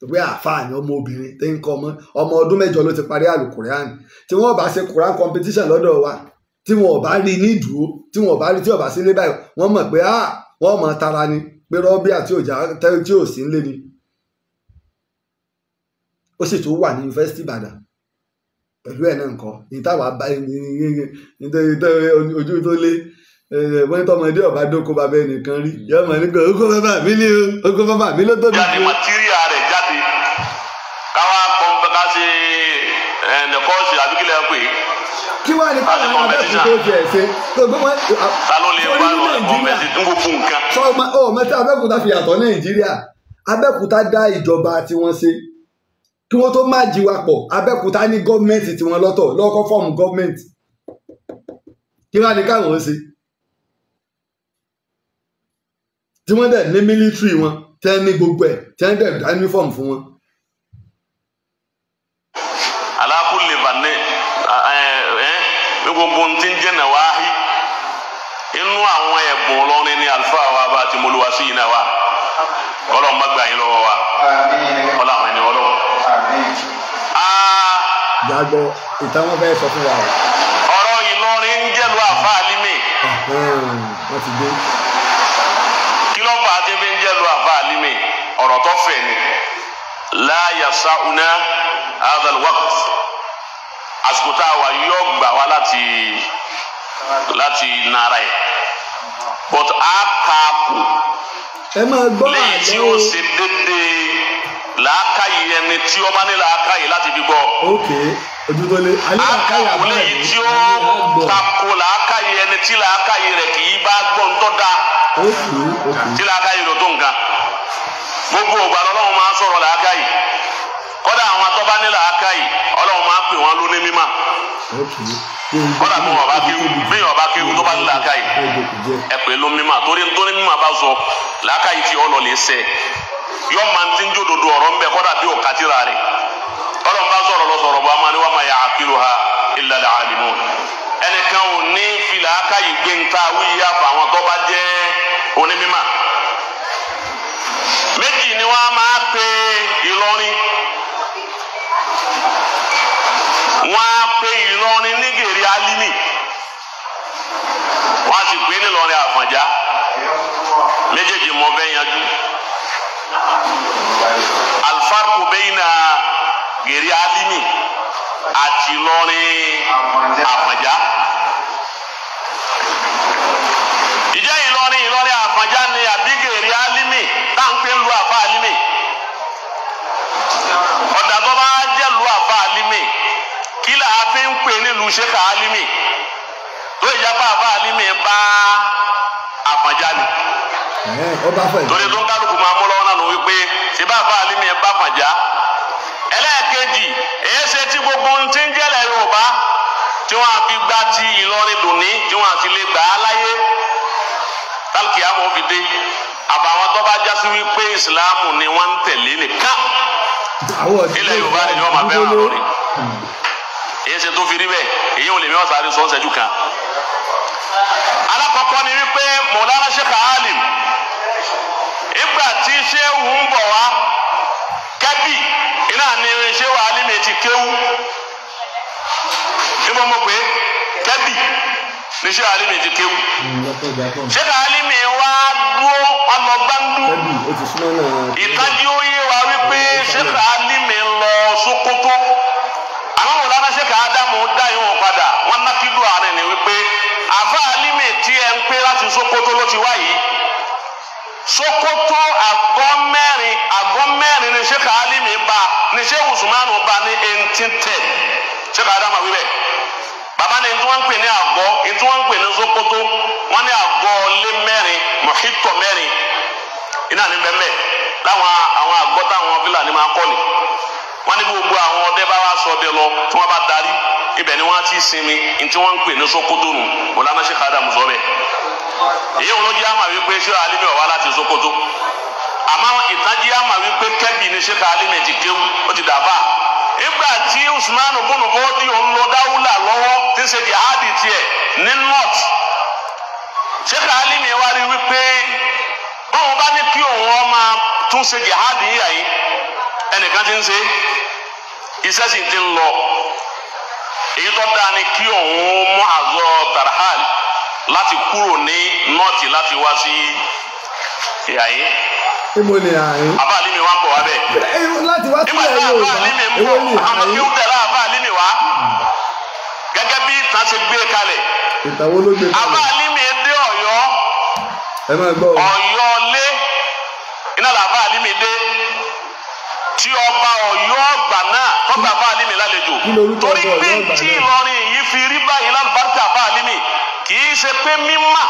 ìwé àfààní ọmọbìnrin tí ń kọ ọmọ ọmọ ọdún mẹ́jọ ló ti parí àlùkùránì tí wọ́n bá ṣe quran competition lọ́dọ̀ wa tí wọ́n bá rí ní ìdúró tí wọ́n bá rí tí ọba sí ilé báyìí wọ́n mọ̀ pé ah wọ́n mọ̀ tara ni pé rọ́bì àti òjà tí ò sí ńlé ni ó sì tún wà ní yunifásitì ìbàdàn pẹ̀lú ẹ̀ náà nǹkan ní táwa bá ojú tó lé eh, wọ́n ní tọmọdé ọba dóko bàbá ẹnìkan rí yọmọ nígbà oko bàbá mi ni oko bàbá mi ló tóbi. yàrá ìmọ̀ tírí ààrẹ ṣe ẹnì kọ́ọ̀sì àbíkílẹ̀ pé. kí wàá ní káwọn ọmọ bẹ́ẹ̀ fi tó jẹ ẹsẹ tó gbé wọn. sálọ lè wá lọ ọmọbẹsẹ tó ń gbófun nǹkan. sọ ma oh, ọ mẹ́ta abẹ́kúta fi yàtọ̀ nàìjíríà abẹ́kúta dá ìjọba tiwọn ṣe kí wọ́n tó má jíwa pọ̀ abẹ́kúta ní gọ́ọ̀mẹ̀ntì tiwọn lọ́tọ̀ lọ́kọ́ fọ́ọ̀mù gọ́ọ̀mẹ̀ntì kí wàá ní káwọn ṣe tí wọ́n dẹ̀ ní mílítírì wọn tẹ́ ní gbogbo ẹ̀ tẹ́ ń dẹ̀ dá uniform fún wọn. ọlọ́run má gbà yín lọ́wọ́ wa ọlọ́run àwọn ẹni ọlọ́run. Ah. gbàgbọ́ ìtàn wọn fẹ́ sọ fún wa. ọ̀rọ̀ Ìlọrin ń jẹ́lu àfa àlímì. wọ́n ti dé. kí ló fà á ti fi ń jẹ́lu àfa àlímì ọ̀rọ̀ tó fẹ̀ ni láyà sáúná adal àsìkò tá a wà yóò gbà wá láti láti nara ẹ̀ but a kà á kù ẹ máa gbọ́ àlọ́ o. tí ó ṣe déédéé làákàyè ẹni tí ó bá ní làákàyè láti fi gbọ́. ok ojúbọlé alẹ́ làákàyè àbá rẹ̀ ní tí ó tako làákàyè ẹni tí làákàyè rẹ̀ kì í bá gbọ́ ńtọ́ da. ok ok tí làákàyè rẹ̀ tó nǹkan gbogbo ọgbà lọ́lọ́run máa ń sọ̀rọ̀ làákàyè kọ́dà àwọn atọ́bá ní làákàyè ọlọ́run máa pè wọ́n lóní mímọ́ kọ́dà bí wọn bá kéwù bí wọn bá kéwù tó bá ní làákàyè ẹ pè ló mímà torí nítorí mímà bá sọ làákàyè tí ọ lọ lè sẹ yọ máa ti ń jòdòdò ọ̀rọ̀ ń bẹ kọ́dà bí wọn kàtìrà rẹ ọlọ́run bá sọ̀rọ̀ lọ sọ̀rọ̀ bọ́ a máa ní máa yà àkìlò ha illa al-alimun ẹnìkan ò ní fi làákàyè gbé ń ta wíyá fáwọn tó bá jẹ́ onímímà méjì ni wọ́n á máa pe Ìlọrin wọ́n pe Ìlọrin ní gèrè alimi wọ́n á sì pè é nílọrin Àfọ̀njá méjèèjì mọ bẹ́ẹ̀ yanjú alfarku bẹ́yìn na gèrè alimi àti Ìlọrin. ṣèkà alimi tó ìjábá àfa alimi bá àfànjá ni torí tó ń kálukú máa mú lọ́wọ́ náà ló wípé ṣèbá àfa alimi bá àfànjá ẹlẹ́ẹ̀kejì èyí ṣe tí gbogbo ń ti ń jẹ́lẹ̀ Yorùbá tí wọ́n á fi gbá ti Ìlọrin dùnní tí wọ́n á fi lè gbà á láyé tálkì àmọ́ fi dé àbàwọn tó bá já sí wípé Ìsìláàmù ni wọ́n ń tẹ̀lé nìkan ilẹ̀ Yorùbá ni wọ́n máa fẹ́ràn lórí. Hmm èyí ṣe tó fi rí bẹ́ẹ̀ èyí ò lè mí wọ́n sáré sọ ṣẹ́jú kan. alákọ̀ọ́kọ́ ni wípé mọ̀lára ṣèkà alim ìgbà tí ṣéwù ń bọ̀ wá kẹ́bì iná ni ṣéwù alim ti kéwù níbo mo pé kẹ́bì ni ṣéwù alim ti kéwù ṣéwù alim wá dúró ọlọ́gbándú ìtajú yé wa wípé ṣéwù alim lọ Sókótó. mú dá ìhùn padà wọn ná ló àárín ni wípé àbá alímì tí ẹ ń pé láti Sókótó ló ti wá yìí Sókótó àgọ́ mẹ́rin àgọ́ mẹ́rin ni Sheikh alímì ba ni ní eighteen ten Sheikh adama ni pè ní àgọ́ tí pè ní lé wọ́n ní gbogbo àwọn ọdẹ bá wá sọ ọdẹ lọ tí wọ́n bá darí ibẹ̀ ni wọ́n ti sinmi ntí wọ́n ń pè ní Sokoto nù Mọ̀lánà Sheikh Adam sọ bẹ́ẹ̀ èyí wọn jẹ́ àmà wípé ṣé alimi ọ̀wá láti Sokoto àmọ́ ìtají àmà wípé kẹ́bì ni Sheikh alimi ti kéwù ó ti dàbà ìgbà tí Usman bùnùbọ́ di òun lọ dáwúlà lọ́wọ́ tí ń ṣe jihadi tiẹ̀ ní north Sheikh alimi wá rí wípé báwọn bá ní kí òun ọmọ tún ṣe jihadi yìí ẹnìkan ti ń ṣe iṣẹ́ sì ti ń lọ èyí tó dáa ni kí òun mú àzọ tarahal láti kúrò ní nọ́ọ̀tì láti wá sí ìyá yìí mo lè àárín. àbá àlímì wa ń bọ̀ wá bẹ́ẹ̀. láti wá sílẹ̀ yóò wá èwo ni àárín. àwọn kí ó tẹ̀lé àbá àlímì wa gẹ́gẹ́ bí ìtàn ṣe gbé kalẹ̀. ìtàwó ló gbé kalẹ̀. àbá àlímì dé ọ̀yọ́. ẹ máa gbọ́ o. ọ̀yọ́ lé iná làbá àlímì dé tí ọba Ọ̀yọ́ ọgbà náà tọgbà fáálímì lálejò torí pé tí Ìlọrin yìí fi rí báyìí lálùbáríkà fáálímì kì í ṣe pé mímà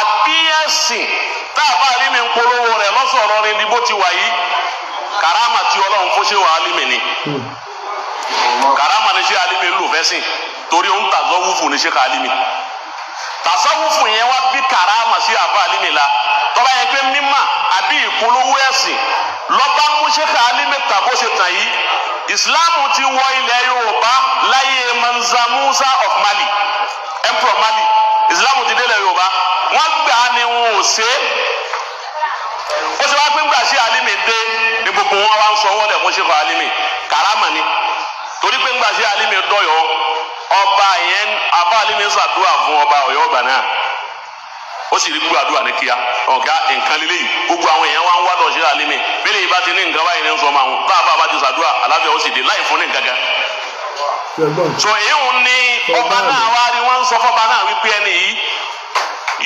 àbí ẹ̀sìn tá a fáálímì ń polówó rẹ̀ lọ́sọ̀rọ̀ rẹ̀ ni bó ti wà yìí karama tí Ọlọ́run fún ṣé wàhálímì ni hmm. karama ni ṣé àlímì ń lò fẹ́sìn torí ó ń tàzọ́ wúfù ní ṣé kàálímì tasawufu yẹn wá bí karama sí àfáàlímì la tọ́ba yẹn pé mímà àbí ìpolówó ẹ̀sìn lọ́ba mú ṣẹ́fẹ̀ alimẹ́ta bó ṣe tàn yìí islam ti wọ ilẹ̀ yorùbá láyé manza musa of mali emperor mali islam ti délẹ̀ yorùbá wọ́n gbà á ni wọn ò ṣe é ó ṣe wá pé ńgbà ṣe alimi dé ni gbogbo wọn wá ń sọ wọn lẹ̀ mú ṣẹ́fẹ̀ alimi karama ni torí pé ńgbà ṣe alimi dọ̀yọ̀ ọba yẹn abá alimi ṣàdúrà fún ọba ọ̀yọ́ ọgbà náà ó sì rí gbogbo àdúrà ní kíá ọ̀gá nǹkan lélẹ́yìn gbogbo àwọn èèyàn wa ń wá lọ ṣe àlímì bẹ́ẹ̀ yìí bá ti ní nǹkan báyìí ní ń sọ ọmọ àwọn bá a bá a bá ti sàdúrà àlàáfíà ó sì dé láì fún ní nǹkan kan. sọ èyún ni ọba náà wá rí wọn ń sọ fọba náà wípé ẹni yìí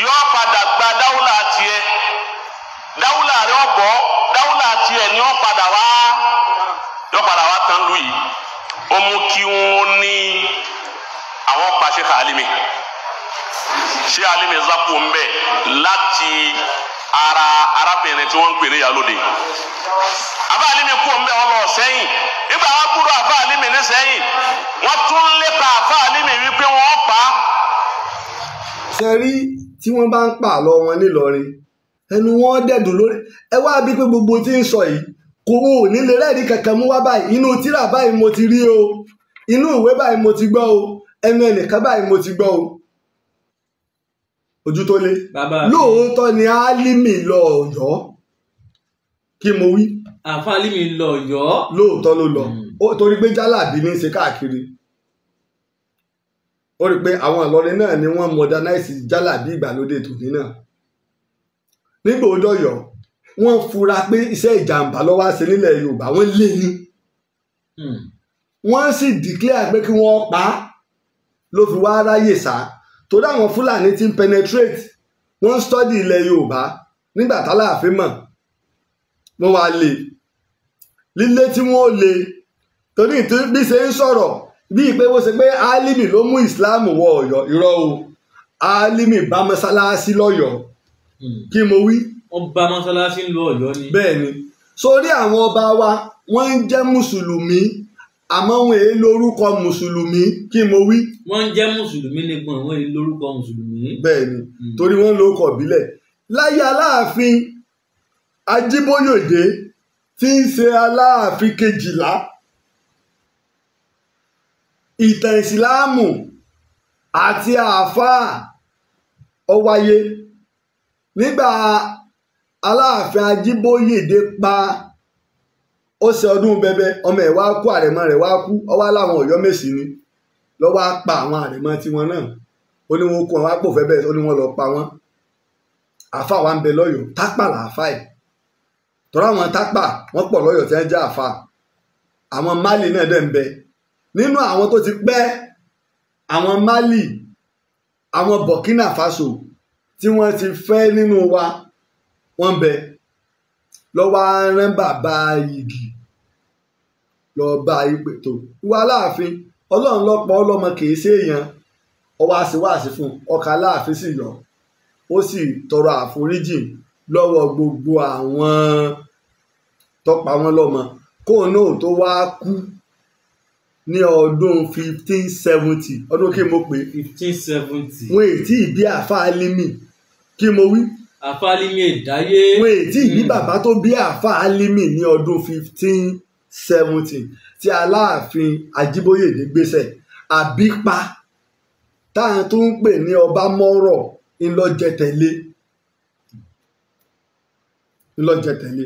yọ padà gba dáwùlà tiẹ dáwùlà rẹ ọgbọ dáwùlà tiẹ ni ọ padà wá yọ padà wá tán lù yìí ó mú kí wọn ní àwọn pàṣẹ kàálí mi ṣé alimisa kò ń bẹ láti ara arábìnrin tí wọ́n ń pè ní yàlóde àbá alimi kò ń bẹ ọ lọ sẹ́yìn ìgbà wọn kúrò àbá alimi ní sẹ́yìn wọ́n tún lépa àbá alimi wípé wọ́n pa á. ṣe rí tí wọ́n bá ń pa àlọ́ wọn nílọrin ẹnu wọn dẹ̀dùn lórí ẹ wá bí pé gbogbo tí ń sọ yìí kò wò nílé rẹ́ẹ̀dì kankan mú wá báyìí inú tírà báyìí mo ti rí o inú ìwé báyìí mo ti gbọ́ o ẹnu ẹnìkan báyìí mo ti gbọ́ o ojú tó lé lóòótọ́ ni Álímì lọ Ọ̀yọ́ kí mo wí. àfa Álímì lọ Ọ̀yọ́. lóòótọ́ ló lọ hmm. torí pé jálàbí ní í ṣe káàkiri ó rí i pé àwọn Ìlọrin náà ni wọ́n modernize jálàbí ìgbàlódé tòní náà nígbà òdòyọ wọ́n fura pé iṣẹ́ ìjàmbá ló wá ṣe nílẹ̀ Yorùbá wọ́n lé ní hmm. wọ́n sì declare pé kí wọ́n pa á ló fi wá ráyè sáà torí àwọn fúlàní ti ń penetrate wọ́n ń study ilẹ̀ yorùbá nígbà táláàfin mọ̀ wọ́n wá lè lílé tí wọ́n lè torí bí ṣe ń sọ̀rọ̀ bíi pé wọ́n ṣe pé álímì ló mú islam wọ ọ̀yọ́ irọ́ o álímì bá mọ́sálásí lọ́yọ̀ọ́ hmm. kí mo wí. wọ́n bá mọ́sálásí ń ni. bẹ́ẹ̀ ni sórí àwọn ọba wa wọ́n ń jẹ́ mùsùlùmí àmọ́ wọn èé lórúkọ mùsùlùmí kí mo wí. wọ́n ń jẹ́ mùsùlùmí nípọn wọ́n èé lórúkọ mùsùlùmí. bẹ́ẹ̀ni hmm. torí wọ́n ló kọ bílẹ̀ láyé aláàfin ajíbóyòjé tí ń ṣe aláàfin kejìlá ìtàn ìsìláàmù àti àáfàá ó wáyé nígbà aláàfin ajíbóyèdè pa ó ṣe ọdún bẹbẹ ọmọ ẹ̀ wá kú àrẹ̀mọ rẹ̀ wá kú ọwá láwọn ọ̀yọ́ mèsì ni lọ́wọ́ á pa àwọn àrẹ̀mọ tiwọn náà ó ní wọn kú wọn wá pò fẹ́ bẹ́ẹ̀ ó ní wọn lọ pa wọn àfa wa ń bẹ lọ́yọ̀ọ́ tápà là àfa ẹ̀ tọ́ra àwọn tápà wọ́n pọ̀ lọ́yọ̀ọ́ tí wọ́n jẹ́ àfa àwọn málì náà dẹ̀ ń bẹ nínú àwọn tó ti pẹ́ àwọn málì àwọn Burkina Faso tí wọ́n ti fẹ́ nínú wa wọ́n ń bẹ lọ́wọ́ rán bàbá igi lọ́ọ́ bá ipò tó wá láàfin ọlọ́run lọ́pọ̀ ọlọ́mọ kìí ṣe èèyàn ọwọ́ àṣewàṣe fún ọkà láàfin sì yọ ó sì tọrọ àforíjì lọ́wọ́ gbogbo àwọn tọ́pa wọn lọ́mọ kóun náà tó wá kú ní ọdún fifteen seventy ọdún kí mo pè fifteen seventy wọn èyí tí ìbí àfáà límì kí mo wí àfàlímì ìdáyé. wọn ètí ìbí hmm. bàbá tó bí àfàlímì ní ọdún fifteen seventeen tí aláàfin ajíbóyèdè gbéṣẹ àbípa táwọn tó ń pè ní ọba mọ́rọ̀ ńlọjẹtẹ̀lé ńlọjẹtẹ̀lé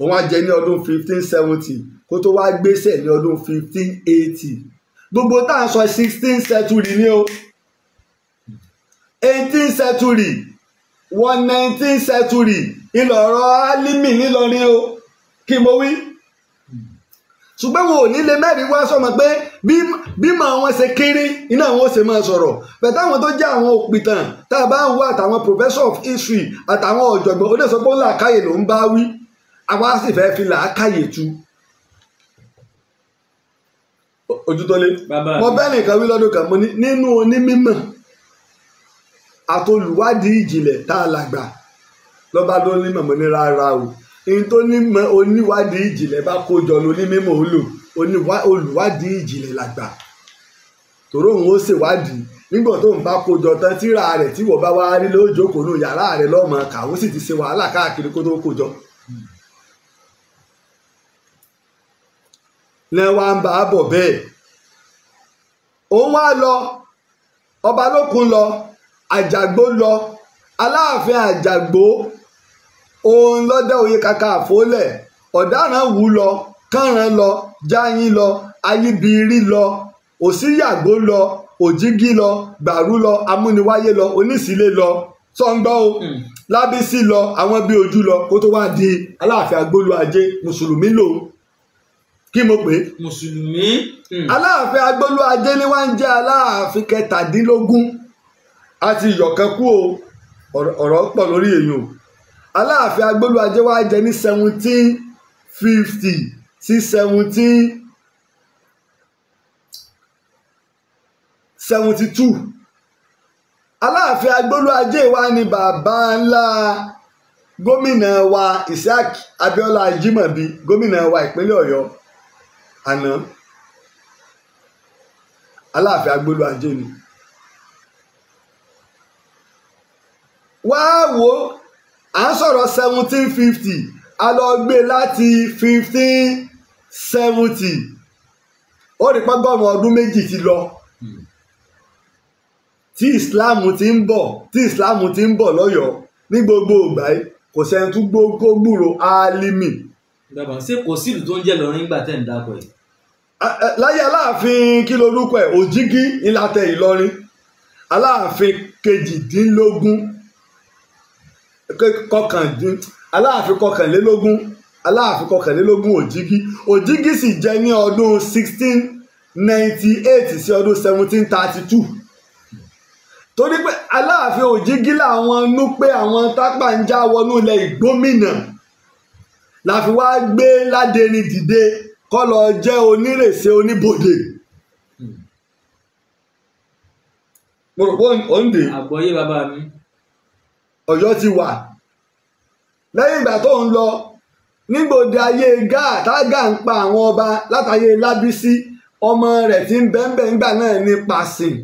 òun á jẹ ní ọdún fifteen seventeen. kó tó wá gbéṣẹ ní ọdún fifteen eighty gbogbo tá à ń sọ sixteen century ni o. Eighteen century one nineteen century ìlọ̀rọ̀ alimi nílọrin o kí mo wí ṣùgbọ́n wọn ò ní lè mẹ́rin wá sọmọ pé bí màá wọn ṣe kéré iná wọn ṣe máa sọ̀rọ̀ bẹ̀tẹ̀ àwọn tó jẹ́ àwọn òpìtàn tá a bá ń wá àtàwọn professor of history àtàwọn ọ̀jọ̀gbọ́n oníṣọ́gbọ́n làákàyè ló ń bá wí àwa sì fẹ́ fi làákàyè tu. ojú tó lé mo bẹ́ẹ̀ nìkan wí lọ́dún kan mo ní nínú onímọ̀ atoluwadi ijile ta a làgbà lọ́ba tó ní mọ̀mọ́ ní o ní tó ní oníwádìí ìjìnlẹ̀ bá kó jọ lóní mímọ́ olùwádìí làgbà tòró ó nígbà tó ń sì ti ṣe wàhálà káàkiri kó tó kójọ. lẹ́wọ̀n à ń bá a lọ ọba lókun àjàgbó lọ aláàfin àjàgbó òun lọ́dẹ òye kàkà àfólẹ̀ ọ̀daràn wù lọ kànràn lọ jáyín lọ ayíbirí lọ òsíyàgbó lọ òjígí lọ gbàrú lọ amúniwáyé lọ onísìlé lọ sọ́ngbọ́n o hmm. lábísí lọ àwọn bíi ojú lọ kó tó wá di aláàfin agbólu ajé mùsùlùmí lò kí mo pè é. mùsùlùmí. Hmm. aláàfin agbólu ajé ni wọ́n ń jẹ́ aláàfin kẹtàdínlógún a ti yọ̀kan kú o ọ̀rọ̀ pọ̀ lórí èèyàn aláàfin agbólúwàjẹ wa jẹ ní seventeen fifty sí seventeen seventy two aláàfin agbólúwàjẹ wa ni bàbá ńlá gómìnà wa Isaac Abíọ́lá Ajímọ̀bí gómìnà wa ìpínlẹ̀ Ọ̀yọ́ àná aláàfin agbólúwàjẹ ni. wáá wò ó à ń sọ̀rọ̀ seventeen fifty a lọ gbé láti fifteen seventy ó rí pọ́gọ́rùn ọdún méjì ti lọ hmm. tí Islam ti ń bọ̀ tí Islam ti ń bọ̀ lọ́yọ̀ọ́ ní gbogbo ìgbà yìí kò sẹ́ni tún gbogbo gbúrò álímì. dàbọ̀ ṣé kò sí ìlú tó ń jẹ́ lọ́rin nígbà tẹ̀ ń dákọ̀ yìí. láyé aláàfin kí lorúkọ ẹ̀ Òjígí ńlá tẹ Ìlọrin aláàfin kejìdínlógún kọkàndín aláàfin kọkànlélógún aláàfin kọkànlélógún òjìgí òjìgí sì jẹ ní ọdún sixteen ninety eight sí ọdún seventeen thirty two torí pé aláàfin òjìgí làwọn nú pé àwọn tápà ń já wọnú ilẹ̀ ìgbómìnà la fi wá gbé ládẹni dìde kọ́ lọ jẹ́ onírèsè oníbodè. mo rò pé òǹdè. àgbọ̀yé bàbá mi. Ọ̀yọ́ ti wà lẹ́yìn ìgbà tó ń lọ nígbòde ayé gáà tágà ń pa àwọn ọba látàyè lábísí ọmọ rẹ̀ ti ń bẹ́ńbẹ́ ńgbà náà ní pàṣìn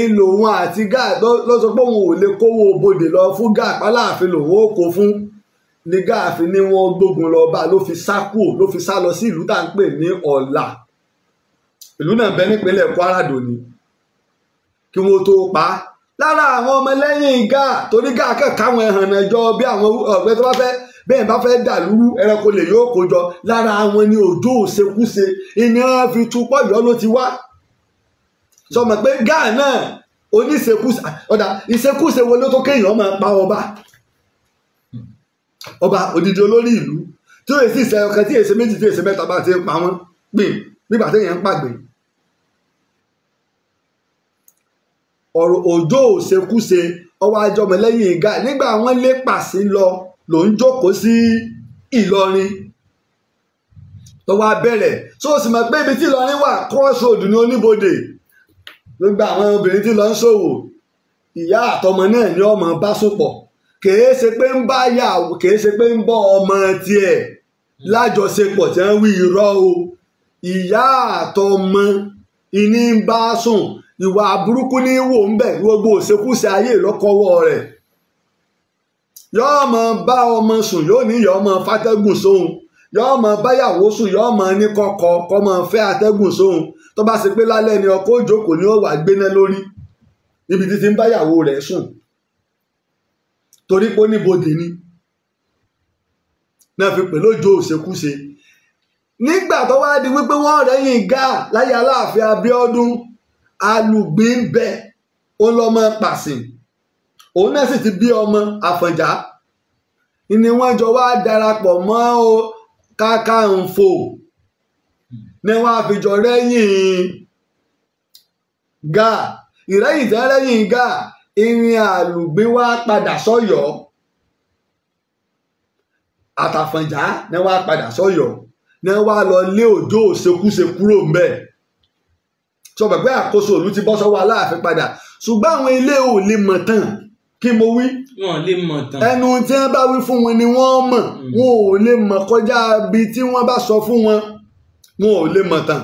ìlò wọn àti gáà ló sọ pé òun ò lè kówó bodè lọ fún gáà páláàfin lòun ó kó fún ní gáà fi ní wọn gbógun lọ bá ló fi sá kúò ló fi sá lọ sí ìlú tá à ń pè ní ọ̀la ìlú náà bẹ nípínlẹ̀ Kwara dòní kí wọ́n tó pa á lára àwọn ọmọlẹ́yìn gáà torí gáà kàn káwọn ẹ̀hànnà jọ bí àwọn ọ̀gbẹ́ tó bá fẹ́ bẹ́ẹ̀ bá fẹ́ dà lúrú ẹranko lè yóò kó jọ lára àwọn ni òjò òṣekúṣe ìní wọn fi tu pọ̀yọ́ ló ti wá sọmọ pé gáà náà oníṣekúṣe ọ̀dà ìṣekúṣe wo ló tó kéèyàn máa pa ọba ọba odidi olórí ìlú tí ó yẹ sí ìṣẹ́ ọkàn tí èsè méjì tí èsè mẹ́ta bá ti pa wọ́n gbìn nígbà téèyàn ń pàgbìn ọ̀rọ̀ òjò òṣekúṣe ọwọ́ ajọmọ lẹ́yìn Gáà nígbà wọ́n lé pàṣẹ lọ ló ń jókòó sí Ìlọrin tó wá bẹ̀rẹ̀ tó o sì mọ̀ pé ibi tí Ìlọrin wà cross road ní oníbodè gbogbo àwọn obìnrin tí lọ ń ṣòwò ìyá àtọmọ náà ni ọmọ bá sopọ̀ kèé ṣe pé ń bá yà kèé ṣe pé ń bọ́ ọmọ tiẹ̀ lájọṣepọ̀ tí wọ́n wí irọ́ o ìyá àtọmọ ìní ń bá sùn ìwà burúkú ní wò ń bẹ̀ gbogbo òṣèkúṣe ayé lọ́kọ́wọ́ rẹ̀ yọ́ọ́ mọ bá ọmọ sùn yóò ní yọ́ọ́ mọ fàtẹ́gùn sóhun yọ́ọ́ mọ báyàwó sùn yọ́ọ́ mọ ní kọ́kọ́ kọ́ mọ fẹ́ sóhun tó bá ṣe pé lálẹ́ ni ọkọ òjòkó ni ó wà gbéná lórí níbi títí ń báyàwó rẹ̀ sùn torí pé ó níbodè ni náà fi pè lójó òṣèkúṣe nígbà tó wá di wípé wọ́n rẹ́yìn gáà láyé Aláàfin Abíọ́dún alùgbé ń bẹ òun lọmọ pàṣìn òun náà sì ti bí ọmọ àfọ̀njá ni wọ́n jọ wá darapọ̀ mọ́ o kákàǹfò ni wọ́n á fi Ga, rẹ́yìn gà ìrẹ́yìn tí wọ́n rẹ́yìn gà irin àlùgbé wá padà sọ́yọ́ àtàfọ̀njá ni wọ́n á padà sọ́yọ́ ni wọ́n á lọ lé òjò òṣekúṣe kúrò ńbẹ̀ sọ pẹ̀pẹ́ àkóso òlu ti bọ́ sọ́wọ́ aláàfin padà ṣùgbọ́n àwọn ilé ò lè mọ̀ tán kí mo wí. wọn ò lè mọ̀ tán. ẹnu tí wọn bá wí fún wọn ni wọn mọ̀ hmm. wọn ò lè mọ̀ kọjá ibi tí wọn bá sọ fún wọn wọn ò lè mọ̀ tán.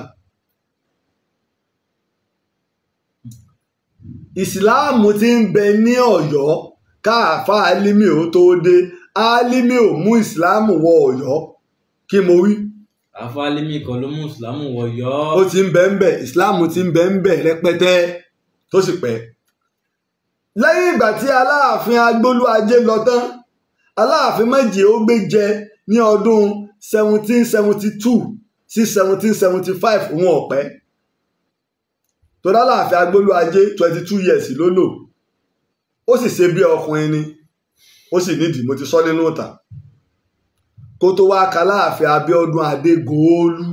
ìsìláàmù ti ń bẹ ní Ọ̀yọ́ káàfà Álímì ò tó dé Álímì ò mú ìsìláàmù wọ Ọ̀yọ́ kí mo wí àfàlímì kan ló mú ìsìlámù wọ yọ. ó ti ń bẹ ń bẹ ìsìlámù ti ń bẹ ń bẹ rẹpẹtẹ tó sì pẹ́. lẹ́yìn ìgbà tí aláàfin agbólúajé lọ tán aláàfin méje ó gbé jẹ ní ọdún seventeen seventy two sí seventeen seventy five òun ọ̀pẹ́ torí aláàfin agbólúajé twenty two years ló lò ó sì ṣe bí ọkùnrin ni ó sì nídìí mo ti sọ nínú ìtàn kó tó wá ka láàfin Abíọ́dún Adégòólú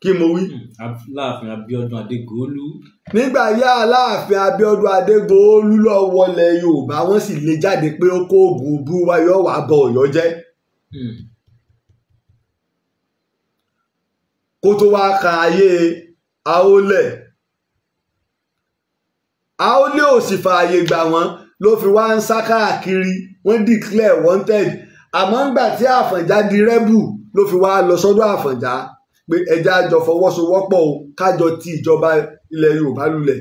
kí mo wí. Hmm, láàfin Abíọ́dún Adégòólú. nígbà yá láàfin Abíọ́dún Adégòólú lọ wọlé Yorùbá wọ́n sì lè jáde pé ó kó oògùn òbú wa yọ wàá bọ Ọ̀yọ́ jẹ́. Hmm. kó tó wá ka ayé Aólẹ̀ Aólẹ̀ ò sì fààyè gbà wọ́n ló fi wá ń sá káàkiri wọ́n declare wanted àmọ́ ńgbà tí àfọ̀njá di rẹ́bù ló fi wá lọ sọ́dọ̀ àfọ̀njá pé ẹja àjọ fọwọ́sowọ́pọ̀ o kájọ ti ìjọba ilẹ̀ yorùbá lulẹ̀.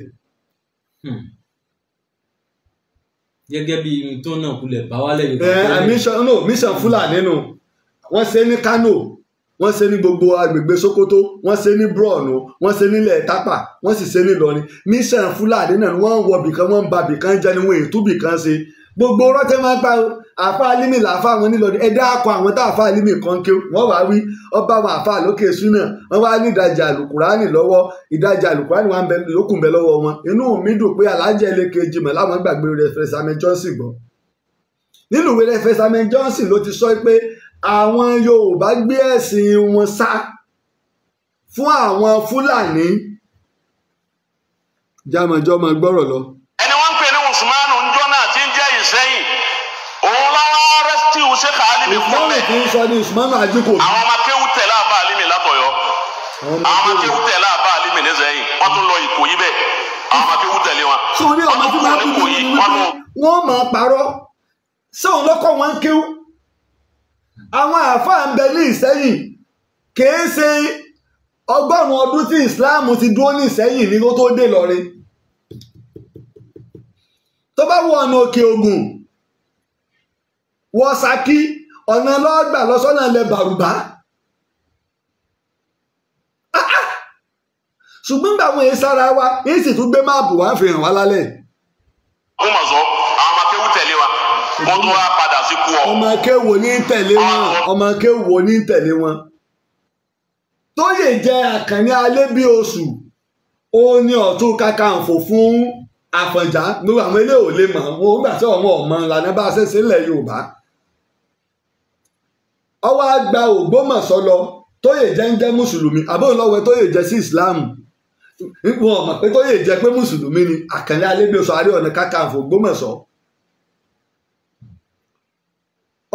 Hmm. gẹ́gẹ́ bí tó náà kulẹ̀ bá wálẹ̀ yorùbá. ẹ mission no mission fúlàní nù wọ́n ṣe ní kano wọ́n ṣe ní gbogbo agbègbè sokoto wọ́n ṣe ní brọ̀nù wọ́n ṣe nílẹ̀ tápà wọ́n sì ṣe ní ìlọrin mission fúlàní náà wọ́n ń wọ bìkan wọ́n ń ba bìkan jẹ́ ni wọ́n ètú bìkan ṣe gbogbo rọ́tẹ́ máa ń pa àfa alimi làfa àwọn nílọrin ẹ dáàkọ àwọn tá àfa alimi kan ké wọ́n wá wí ọba àwọn àfa lókè súnà wọ́n wá ní ìdajì àlùkùránì lọ́wọ́ ìdajì àlùkùránì wà ń bẹ yòókù bẹ lọ́wọ́ wọn inú mi dùn pé alájẹ elékejì mọ̀ láwọn gbàgbé rẹfẹrẹ Samuel Johnson gbọ́ nínú ìwé rẹfẹrẹ Samuel Johnson ló ti sọ pé àwọn Yorùbá gbé ẹ̀sìn wọn sá fún àwọn Fúlàní jámọjọmọ gbọ́rọ̀ lọ sheikh alimi fún bẹ́ẹ̀. usman kì í sọ ní usman ajiko. àwọn ọmọ akéwù tẹ̀lé àbá alimi látọ̀yọ́ àwọn ọmọ akéwù tẹ̀lé àbá alimi nìzẹ́yìn wọ́n tún lọ ìkòyí bẹ́ẹ̀ àwọn ọmọ akéwù tẹ̀lé wọn. sọ̀rí ọmọ tí wọ́n kú ní wọ́n máa parọ́ sóun lọ́kọ̀ wọn kéwù àwọn àáfàá ń bẹ ní ìsẹ́yìn kìí ṣe ọgọ́rùn-ún ọdún tí islam ti dúró ní ìsẹ́yìn ní kó tó dé lọ́rin tó bá wọ ọ̀nà òkè ògùn wọ Ṣakí ọ̀nà lọ́gbà lọ́sọ́nà lẹ bàrùbá ah, ah. ṣùgbọ́n nígbà wọn èyí sára wa èyí sì tún gbé máàpù wá fi hàn wá lálẹ́. ó mọ̀ sọ àwọn ọmọ akéwù tẹ̀lé wa wọ́n tún wá padà sí kú ọ. ọmọ akéwù ní tẹ̀lé wọn ọmọ akéwù ní tẹ̀lé wọn. tó lè jẹ àkànní alẹ́ bí oṣù ó ní ọ̀tún kàkàǹfò fún àfọ̀njá gbogbo àwọn ilé ò lè mọ̀ wọn gbà tí ọmọ ọ̀mọ lànà bá a ṣe sílẹ̀ Yorùbá ó wá gba Ògbómọ̀ṣọ́ lọ Tóyèjé ń jẹ́ mùsùlùmí àbó ńlọ́wẹ́ Tóyèjé sí Islam wọn mọ̀ pé Tóyèjé pé mùsùlùmí ni Àkànlé Alébíoṣọ Ààrẹ Ọ̀nà Kakanfò Ògbómọ̀ṣọ́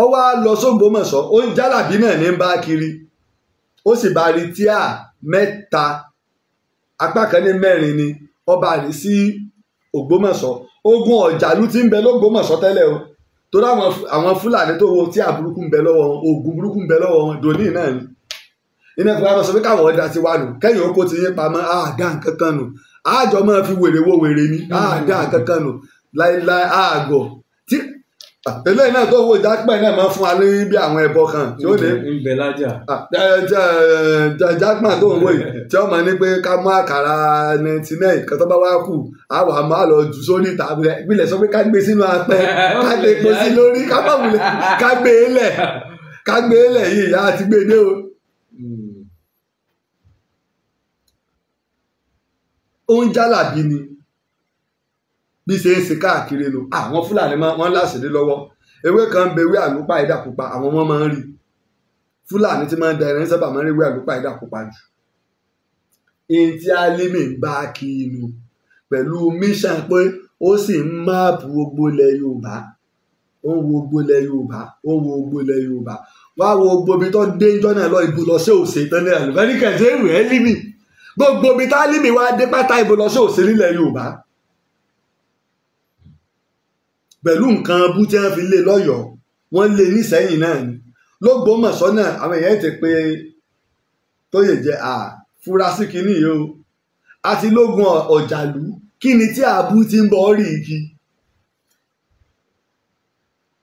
ó wá lọ sógbómọ̀ṣọ́ ó ń jálàbí náà ní bá kiri ó sì bá rí tíà mẹ́ta apá kan ní mẹ́rin ni ọba rí sí Ògbómọ̀ṣọ́ ogun ọ̀jàlú ti ń bẹ lógbómọ̀ṣọ́ tẹ́lẹ̀ o torí àwọn fúlàní tó wo tí àbúrúkú ń bẹ lọ́wọ́ wọn oògùn burúkú ń bẹ lọ́wọ́ wọn dòní náà ni iná ìfúnra lọ sọ pé káwọn ọ̀dà ti wà nù kẹ́yìn oko ti yín pamọ́ àdá nǹkan kan nù àjọ máa fi wèrè wo wèrè ni àdá nǹkan kan nù láéláé àgọ̀ eléyìí ah, náà tó wo jápẹ́ náà máa fún wa ní bí àwọn ẹ̀bọ kan tí ó lè. nbẹ lájà. Ah, jápẹ́ tó ń yìí tí ọmọ ní pé ká mú àkàrà ninety nine kan tó bá wá kù á wà á máa lọ jù sórí ìta abúlé sọ pé ká gbé sínú apẹ ká lè pọ̀ sí lórí ká má wulẹ̀ ká gbé e lẹ̀ ká gbé e lẹ̀ yìí ìyá àti gbé e dé o. Hmm. ó ń ni bí ṣe ń ṣe káàkiri nu ah, àwọn fúlàní wọn láṣìírí lọ́wọ́ ewé kan ń bẹ ewé àlùpà ìdà pupa àwọn ọmọ máa ń rí fúlàní tí máa ń da ẹran sábà máa ń rí ewé àlùpà ìdà pupa jù ihun tí alimi ń bá kí inú pẹ̀lú mission pé ó sì ń máàpù gbogbo ilẹ̀ yorùbá ó ń wo gbogbo ilẹ̀ yorùbá ó ń wo gbogbo ilẹ̀ yorùbá wá wo gbogbo ibi tó dé ìjọ náà lọ ìbò lọ sí òsè tán ní àlùfáà ní kẹ̀jẹ́ ìwé ẹ́ gbogbo ibi tá límì wá dé pátá ìbò lọ sí òsè nílẹ̀ yorùbá pẹ̀lú nǹkan bú tí wọ́n fi lé lọ́yọ̀ọ́ wọ́n lé nísẹ́yìn náà ni lọ́gbọ́mọ̀ṣọ́ náà àwọn èèyàn ti pe tóyè jẹ́ à fura sí yìí o àti lógun ọ̀jàlú kí ni tí àbú ti ń bọ̀ rí igi.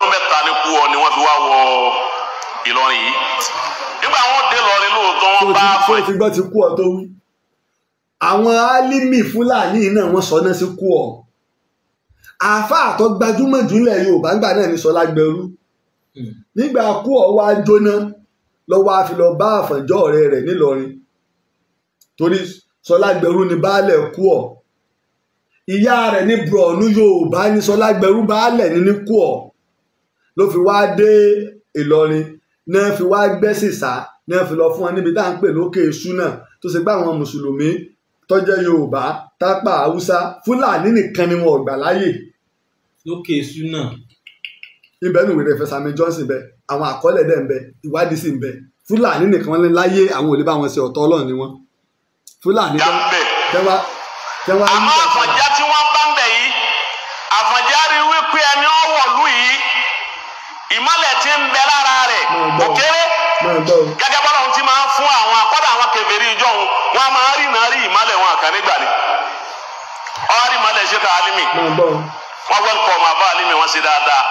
ọdún mẹ́ta ní kú ọ ni wọ́n fi wá wọ Ìlọrin yìí nígbà wọn dé Ìlọrin lóòótọ́ wọn bá fún ẹ. tó ti gbọ́ ti kú ọ tó wí àwọn álímì Fúlàní náà wọ́n sọ náà sí kú ọ àáfàá tó gbajúmọ̀ jùlẹ̀ yorùbá ńgbà náà ní sọlá gbẹrú hmm. nígbà kú ọwọ́ ajóná lọ́wọ́ a fi lọ bá àfànjọ́ ọ̀rẹ́ rẹ̀ nílọrin torí sọlá gbẹrú ni baálẹ̀ kú ọ ìyá rẹ̀ ní brọ̀nú yorùbá ní sọlá gbẹrú baálẹ̀ ní ní kú ọ ló fi wá dé ìlọrin náà fi wá gbẹ́sì sá náà fi lọ fún wọn níbi tá à ń pè lókè èṣù náà tó ṣe gbá àwọn mùsùlùmí tó yorùbá tápà haúsá fúlàní nìkan ni wọn ò gbà láyè lókè súnà. ibẹ̀ nù wíwẹ̀ fẹ́ Samuel Johnson bẹ àwọn àkọọ́lẹ̀ dẹ̀ ń bẹ ìwádìí sì ń bẹ fúlàní nìkan ní láyé àwọn òlébà wọn ṣe ọ̀tọ̀ ọlọ́run ni wọn fúlàní tẹwa tẹwa. àmọ́ àfọ̀njá tí wọ́n bá ń bẹ̀ yìí àfọ̀njá rí wípé ẹni ọ̀wọ̀lú yìí ìmọ̀lẹ̀ ti ń bẹ lára rẹ̀ òkèrè gẹ́gẹ́ bọ́lá ohun tí máa ń fún àwọn akọ́dà àwọn kèfèrí ìjọ òun wọn a máa rí ìnárí ìmọ̀lẹ̀ wọn àkànnígbà ni ọ̀rí ìmọ̀lẹ̀ ṣe tààlímì wọ́n gbọ́ nǹkan ọmọ àfáà límì wọ́n ṣe dáadáa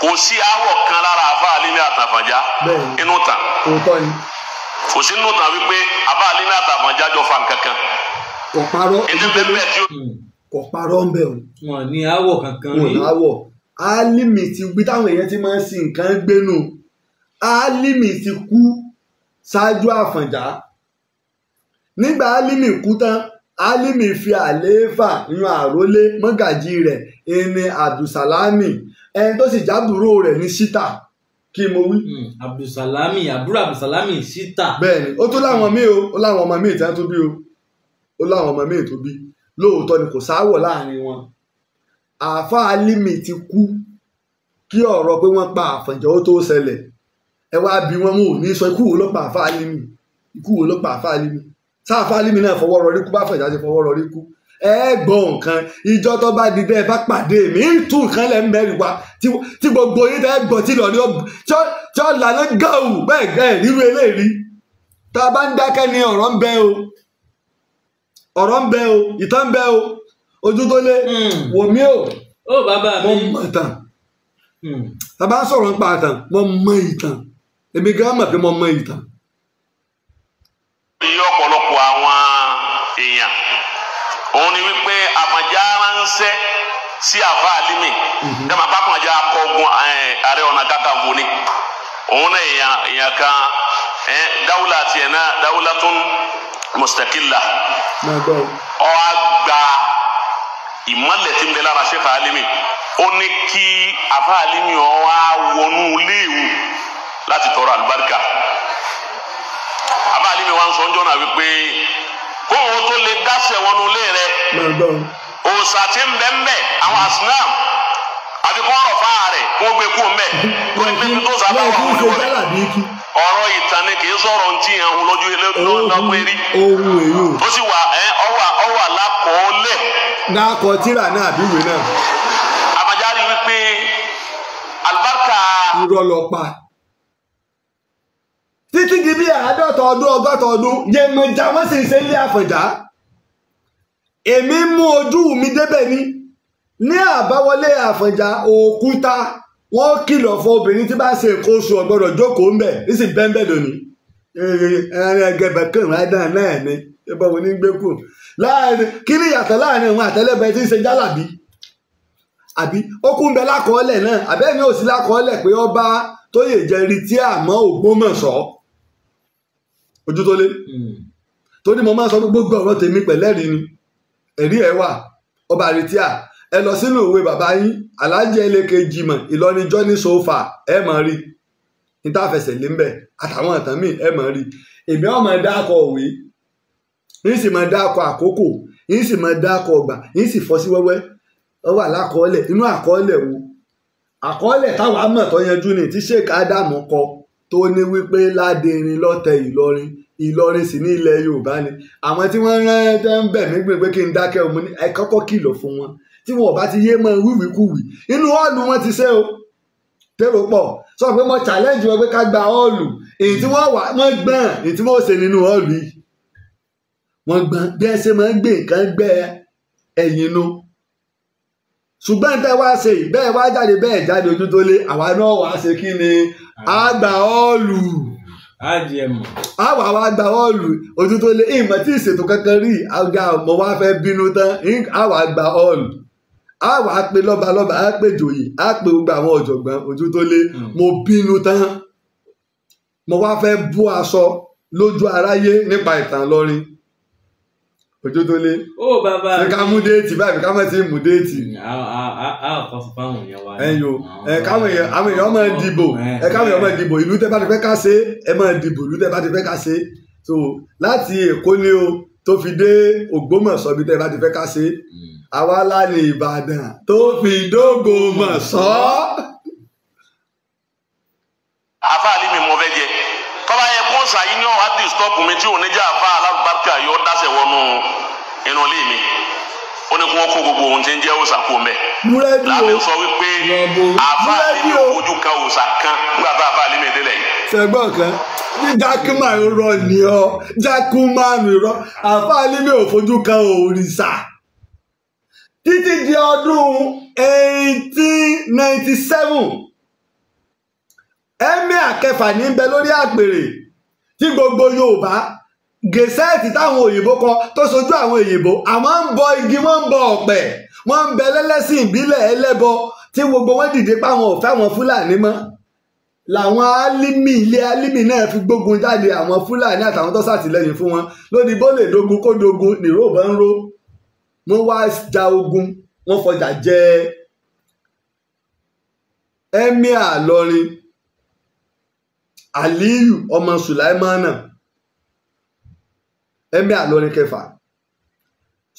kò sí aáwọ̀ kan lára àfáà límì àtàfàjá inú tàn kò sí inú tàn wípé àfáà límì àtàfàjá jọ fa nǹkan kan. kò parọ́ ẹni bẹ́ẹ̀ bẹ́ẹ̀ tí ó. Hmm. kò parọ́ ń bẹ̀ o. wọn ní aáwọ̀ kankan rí. wọn aáwọ̀ álímì ti gbé táwọn èèyàn ti máa ń sin nǹkan gbénu álímì ti kú ṣáájú àfàjá nígbà álímì kú tán alimi fi àlééfà yan àrólé mọ́gàjì rẹ̀ ẹni abdulsalami ẹni tó sì jábùrò rẹ̀ ní síta kí mo wí. Hmm, abdulsalami àbúrò abdulsalami síta. bẹ́ẹ̀ni ó tó láwọn míì o ó láwọn ọmọ míì tí wọn tó bí o ó láwọn ọmọ míì tó bí lóòótọ́ ni kò sáwọ̀ láàrin wọn àáfà alimi ti kú kí ọ̀rọ̀ pé wọ́n pa àfànjọ́ ó tó ṣẹlẹ̀ ẹ wá bí wọn mú ò ní sọ ikú wo ló pa àáfà alimi ikú wo ló pa àáfà alimi sáfà límì náà fọwọ́ rọrí kú bá fẹ̀jà sí fọwọ́ rọrí kú ẹ gbọ́ nǹkan ìjọ tó bá di bẹ́ẹ̀ bá pàdé mi ń tún nǹkan lẹ́ mẹ́rin wa tí gbogbo yín tẹ́ gbọ́ tí lọ́ọ́ ní tí ó lànà gáwù bẹ́ẹ̀ gẹ́ nínú eléyìí tá a bá ń dákẹ́ ni ọ̀rọ̀ ń bẹ o ọ̀rọ̀ ń bẹ o ìtàn ń bẹ o ojú tó lé hmm. wò mí o ó bàbá mi wọ́n mọ̀ tán tá a bá sọ̀rọ̀ nípa àtàn wọ́n mọ̀ ìtàn èmi gan mọ̀ pé wọ́n mọ̀ ìtàn bí ọ̀pọ̀lọpọ̀ àwọn èèyàn òun ni wípé àmàjá ránṣẹ́ sí àfa àlímì dẹ́mà pápájà kọ́gun ààrẹ ọ̀nà kakanfò ni òun náà èèyàn èèyàn kan dáwùlà tiẹ̀ náà dáwùlà tún mustaqilla ó wá gba ìmọ̀lẹ̀ tí ń bẹ lára ṣẹ́fà alimi ó ní kí àfa alimi ó wá wọnú léèwù láti tọrọ àlùbáríkà. àbá àlímì nsọ ń sọ ọjọ́ náà wípé kóhun tó lè dáṣẹ̀ wọnú ilé rẹ òòṣà tí ń bẹ ń bẹ àwọn àsìnàm àbí kọ́ ọ̀rọ̀ fáà rẹ̀ wọ́n gbé kú mbẹ́ tó ń gbé tó sábà wà wọ́n lọ́wọ́ ọ̀rọ̀ ìtàn ni kì í sọ̀rọ̀ ntí yẹn ń lójú lọ́gbọ́n rí ó sì wà ọwọ́ àlàkọ́ọ́lẹ̀. dákọ̀ tíra náà àbí náà. àbájáde wípé alibarika. irọ́ lọ pa. títí dị bí àádọ́ta ọdún ọgọ́ta ọdún yẹmẹja wọ́n sì ń ṣe ilé àfẹ̀dá èmi mú ojú mi débẹ̀ ni ní àbáwọlé àfẹ̀dá òkúta wọ́n kìlọ̀ fún obìnrin tí bá ṣe èkó oṣù ọ̀gbọ́dọ̀ jókòó ńbẹ̀ ní gbé kù láàrin kí ni ìyàtọ̀ láàrin tí ń ṣe jálàbí àbí ó kún bẹ lákọọ́lẹ̀ náà lákọọ́lẹ̀ tí ojú tó lé hmm. tó ní mo máa sọ gbogbo ọ̀rọ̀ tèmi pẹ̀lẹ́rìí ni ẹ̀rí ẹ̀ wà ọba àrètíà ẹ lọ sínú ìwé bàbá yín alájẹ elékejì mọ ìlọrin jọ́ní sofa ẹ mọ̀ rí nítafẹsẹ̀ lé ńbẹ àtàwọn ọ̀tàn míì ẹ mọ̀ rí èmi ọmọ dákọ òwe yín sì mọ dákọ àkókò yín sì mọ dákọ ọgbà yín sì fọ́ sí wẹ́wẹ́ ọ wà lákọọ́lẹ̀ inú àkọọ́lẹ̀ wo àkọọ́lẹ̀ táwa mọ̀ tó yanjú ni tí sheik adamu kọ tó ní wípé Ládẹrin lọ́tẹ Ìlọrin Ìlọrin sì ní ilẹ̀ Yorùbá ni àwọn tí wọ́n rán tẹ́ ń bẹ̀ mí gbìn pé kí n dákẹ́ o mo ní ẹ kọ́kọ́ kìlọ̀ fún wọn tí wọn ò bá ti yé mọ wíwíkúwì inú ọ́ọ̀lù wọn ti ṣe o tèrò pọ̀ sọ pé mo challenge wọn pé ká gba ọ́ọ̀lù èyí tí wọ́n wà wọ́n gbọ́n èyí tí wọ́n ṣe nínú ọ́ọ̀lù yìí wọ́n gbọ́n bí ẹ ṣe máa ń gbé nǹkan gbẹ́ ẹ̀yìn nu ṣùgbọ́n tẹ́ wá ṣe bẹ́ẹ̀ wá jáde bẹ́ẹ̀ jáde ojú tó lé àwa náà wá ṣe kí ni àgbà ọ́ọ̀lù àwa wa gba ọ́ọ̀lù ojú tó lé ìmọ̀ tí ìṣètò kankan rí àga ọmọ wa fẹ́ bínú tán àwa gba ọ́ọ̀lù àwa pe lọ́balọ́ba á pe jòyè á pe gbogbo àwọn ọ̀jọ̀gbọ́n ojú tó lé hmm. mo bínú tán mo wá fẹ́ bú aṣọ lójú aráyé nípa ìtàn lọ́rin ojú tó lé. ó oh, bàbá ṣe ká mú déètì báyìí ká má ti mú déètì. a ò kọ́ fún àwọn èèyàn wa. ẹyọ ẹ káwọn èèyàn àwọn èèyàn máa dìbò ẹ káwọn èèyàn máa dìbò ìlú tẹ bá ti fẹ́ ká ṣe ẹ máa dìbò ìlú tẹ bá ti fẹ́ ká ṣe so láti èkó ni o tó fi dé Ògbómọ̀ṣọ́ bí tẹ bá ti fẹ́ ká ṣe hmm. àwa la Ìbàdàn tó fi dógbòmọ̀ṣọ́. àfa àlè mi mo fẹ́ jẹ kọ́ bá yẹ ṣàyí ní ọ̀hún adi stọ́ọ̀pù mi tí oníjà àfa alábàárkà yọ dáṣẹ wọnú inú ilé mi ó ní kí wọ́n gbogbo ohun tí ń jẹ́ òòṣà kó mẹ́ làmì sọ wípé àfa àlemi ojú ka òòṣà kan nígbà tá àfa àlemi délẹ̀ yìí. sẹ́gbọ́n kan ní jákúmá irọ́ ni ọ jákúmá irọ́ àfa àlemi ò fojú kan òrìṣà títí di ọdún eighteen ninety seven ẹ̀mí àkẹfà ní bẹ lórí àpèrè tí gbogbo Yorùbá gẹ̀ẹ́sẹ́ẹ̀tì táwọn òyìnbó kọ tó sojú àwọn òyìnbó àmọ́ ń bọ igi wọ́n ń bọ ọ̀pẹ̀ wọ́n ń bẹ lẹ́lẹ́sìn ìbílẹ̀ ẹlẹ́bọ tí gbogbo wọn dìde páwọn ọ̀fẹ́ àwọn Fúlàní mọ́ làwọn alímì ilé alímì náà fi gbógun jáde àwọn Fúlàní àtàwọn tó sàtìlẹ́yìn fún wọn lónìí bó lè dogun kó dogun nìró bá ń ró wọ́n wá ja ogun wọ́n fọjà jẹ ẹmíà lọrin aliyu ọmọ sulaimana ẹmí àlọrin kẹfà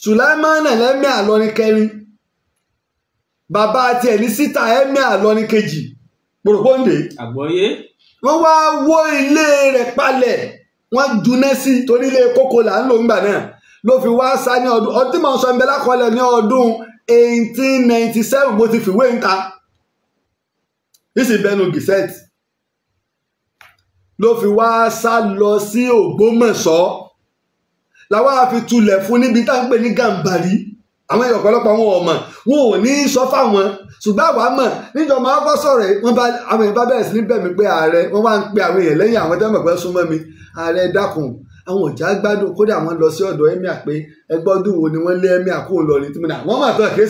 sulaimana lẹmí àlọrin kẹrin bàbá tiẹ̀ ní síta ẹmí àlọrin kejì pòròpóǹdé àgbọ̀yé wọ́n wá wó ilé rẹ̀ palẹ̀ wọ́n dunẹ́ sí torí ilé kókó là ń lò ńgbà náà ló fi wá sá ní ọdún ọdún tí mò ń sọ ìbẹ́lá kọlẹ̀ ní ọdún eighteen ninety seven mo ti fìwé ń ta ìsìn bẹnu gìsẹ́ẹ̀tì ló fi wá sá lọ sí Ògbómọ̀ṣọ́ làwọn àfi tulẹ̀ fún níbi tá à ń pè ní Gàǹbàrí àwọn èèyàn ọ̀pọ̀lọpọ̀ wọn ò wọn ò ní sọ fáwọn ṣùgbọ́n àwa mọ̀ níjọba wọn kọ́ sọ̀rọ̀ wọn bá àwọn èèyàn bá bẹ̀rẹ̀ sí ní bẹ̀ mí pé ààrẹ wọn wá ń pe àwọn èèyàn lẹ́yìn àwọn tẹ́lẹ̀ mọ̀pẹ́ súnmọ́ mi ààrẹ dákun àwọn ọ̀já gbádùn kódà wọn lọ sí ọ̀dọ̀ emir pé ẹgbọ́dún wo ni wọ́n lé emir kó lọ ní tìmọ̀nà wọ́n mà tọ́ kí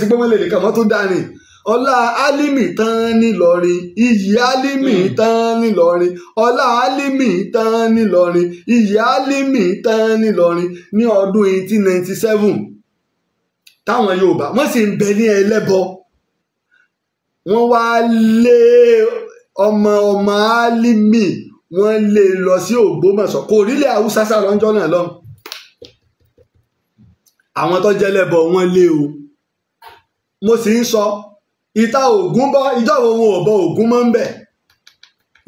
ọlá álímì tán nìlọrin hmm. iyì álímì tán nìlọrin ọlá álímì tán nìlọrin iyì álímì tán nìlọrin ní ọdún 1897 táwọn Yorùbá wọ́n sì ń bẹ ní ẹlẹ́bọ wọ́n wá lé ọmọ ọmọ álímì wọ́n lè e lọ sí Ògbómọ̀ṣọ́ kò rílẹ̀ Haúsá sá lọ́jọ́ náà lọ́hùn àwọn tó jẹ́ lẹ́bọ wọ́n lé e o mo sì ń sọ ìta ògún bọ́ ìjọ wo wọn ò bọ ògún mọ́ ń bẹ̀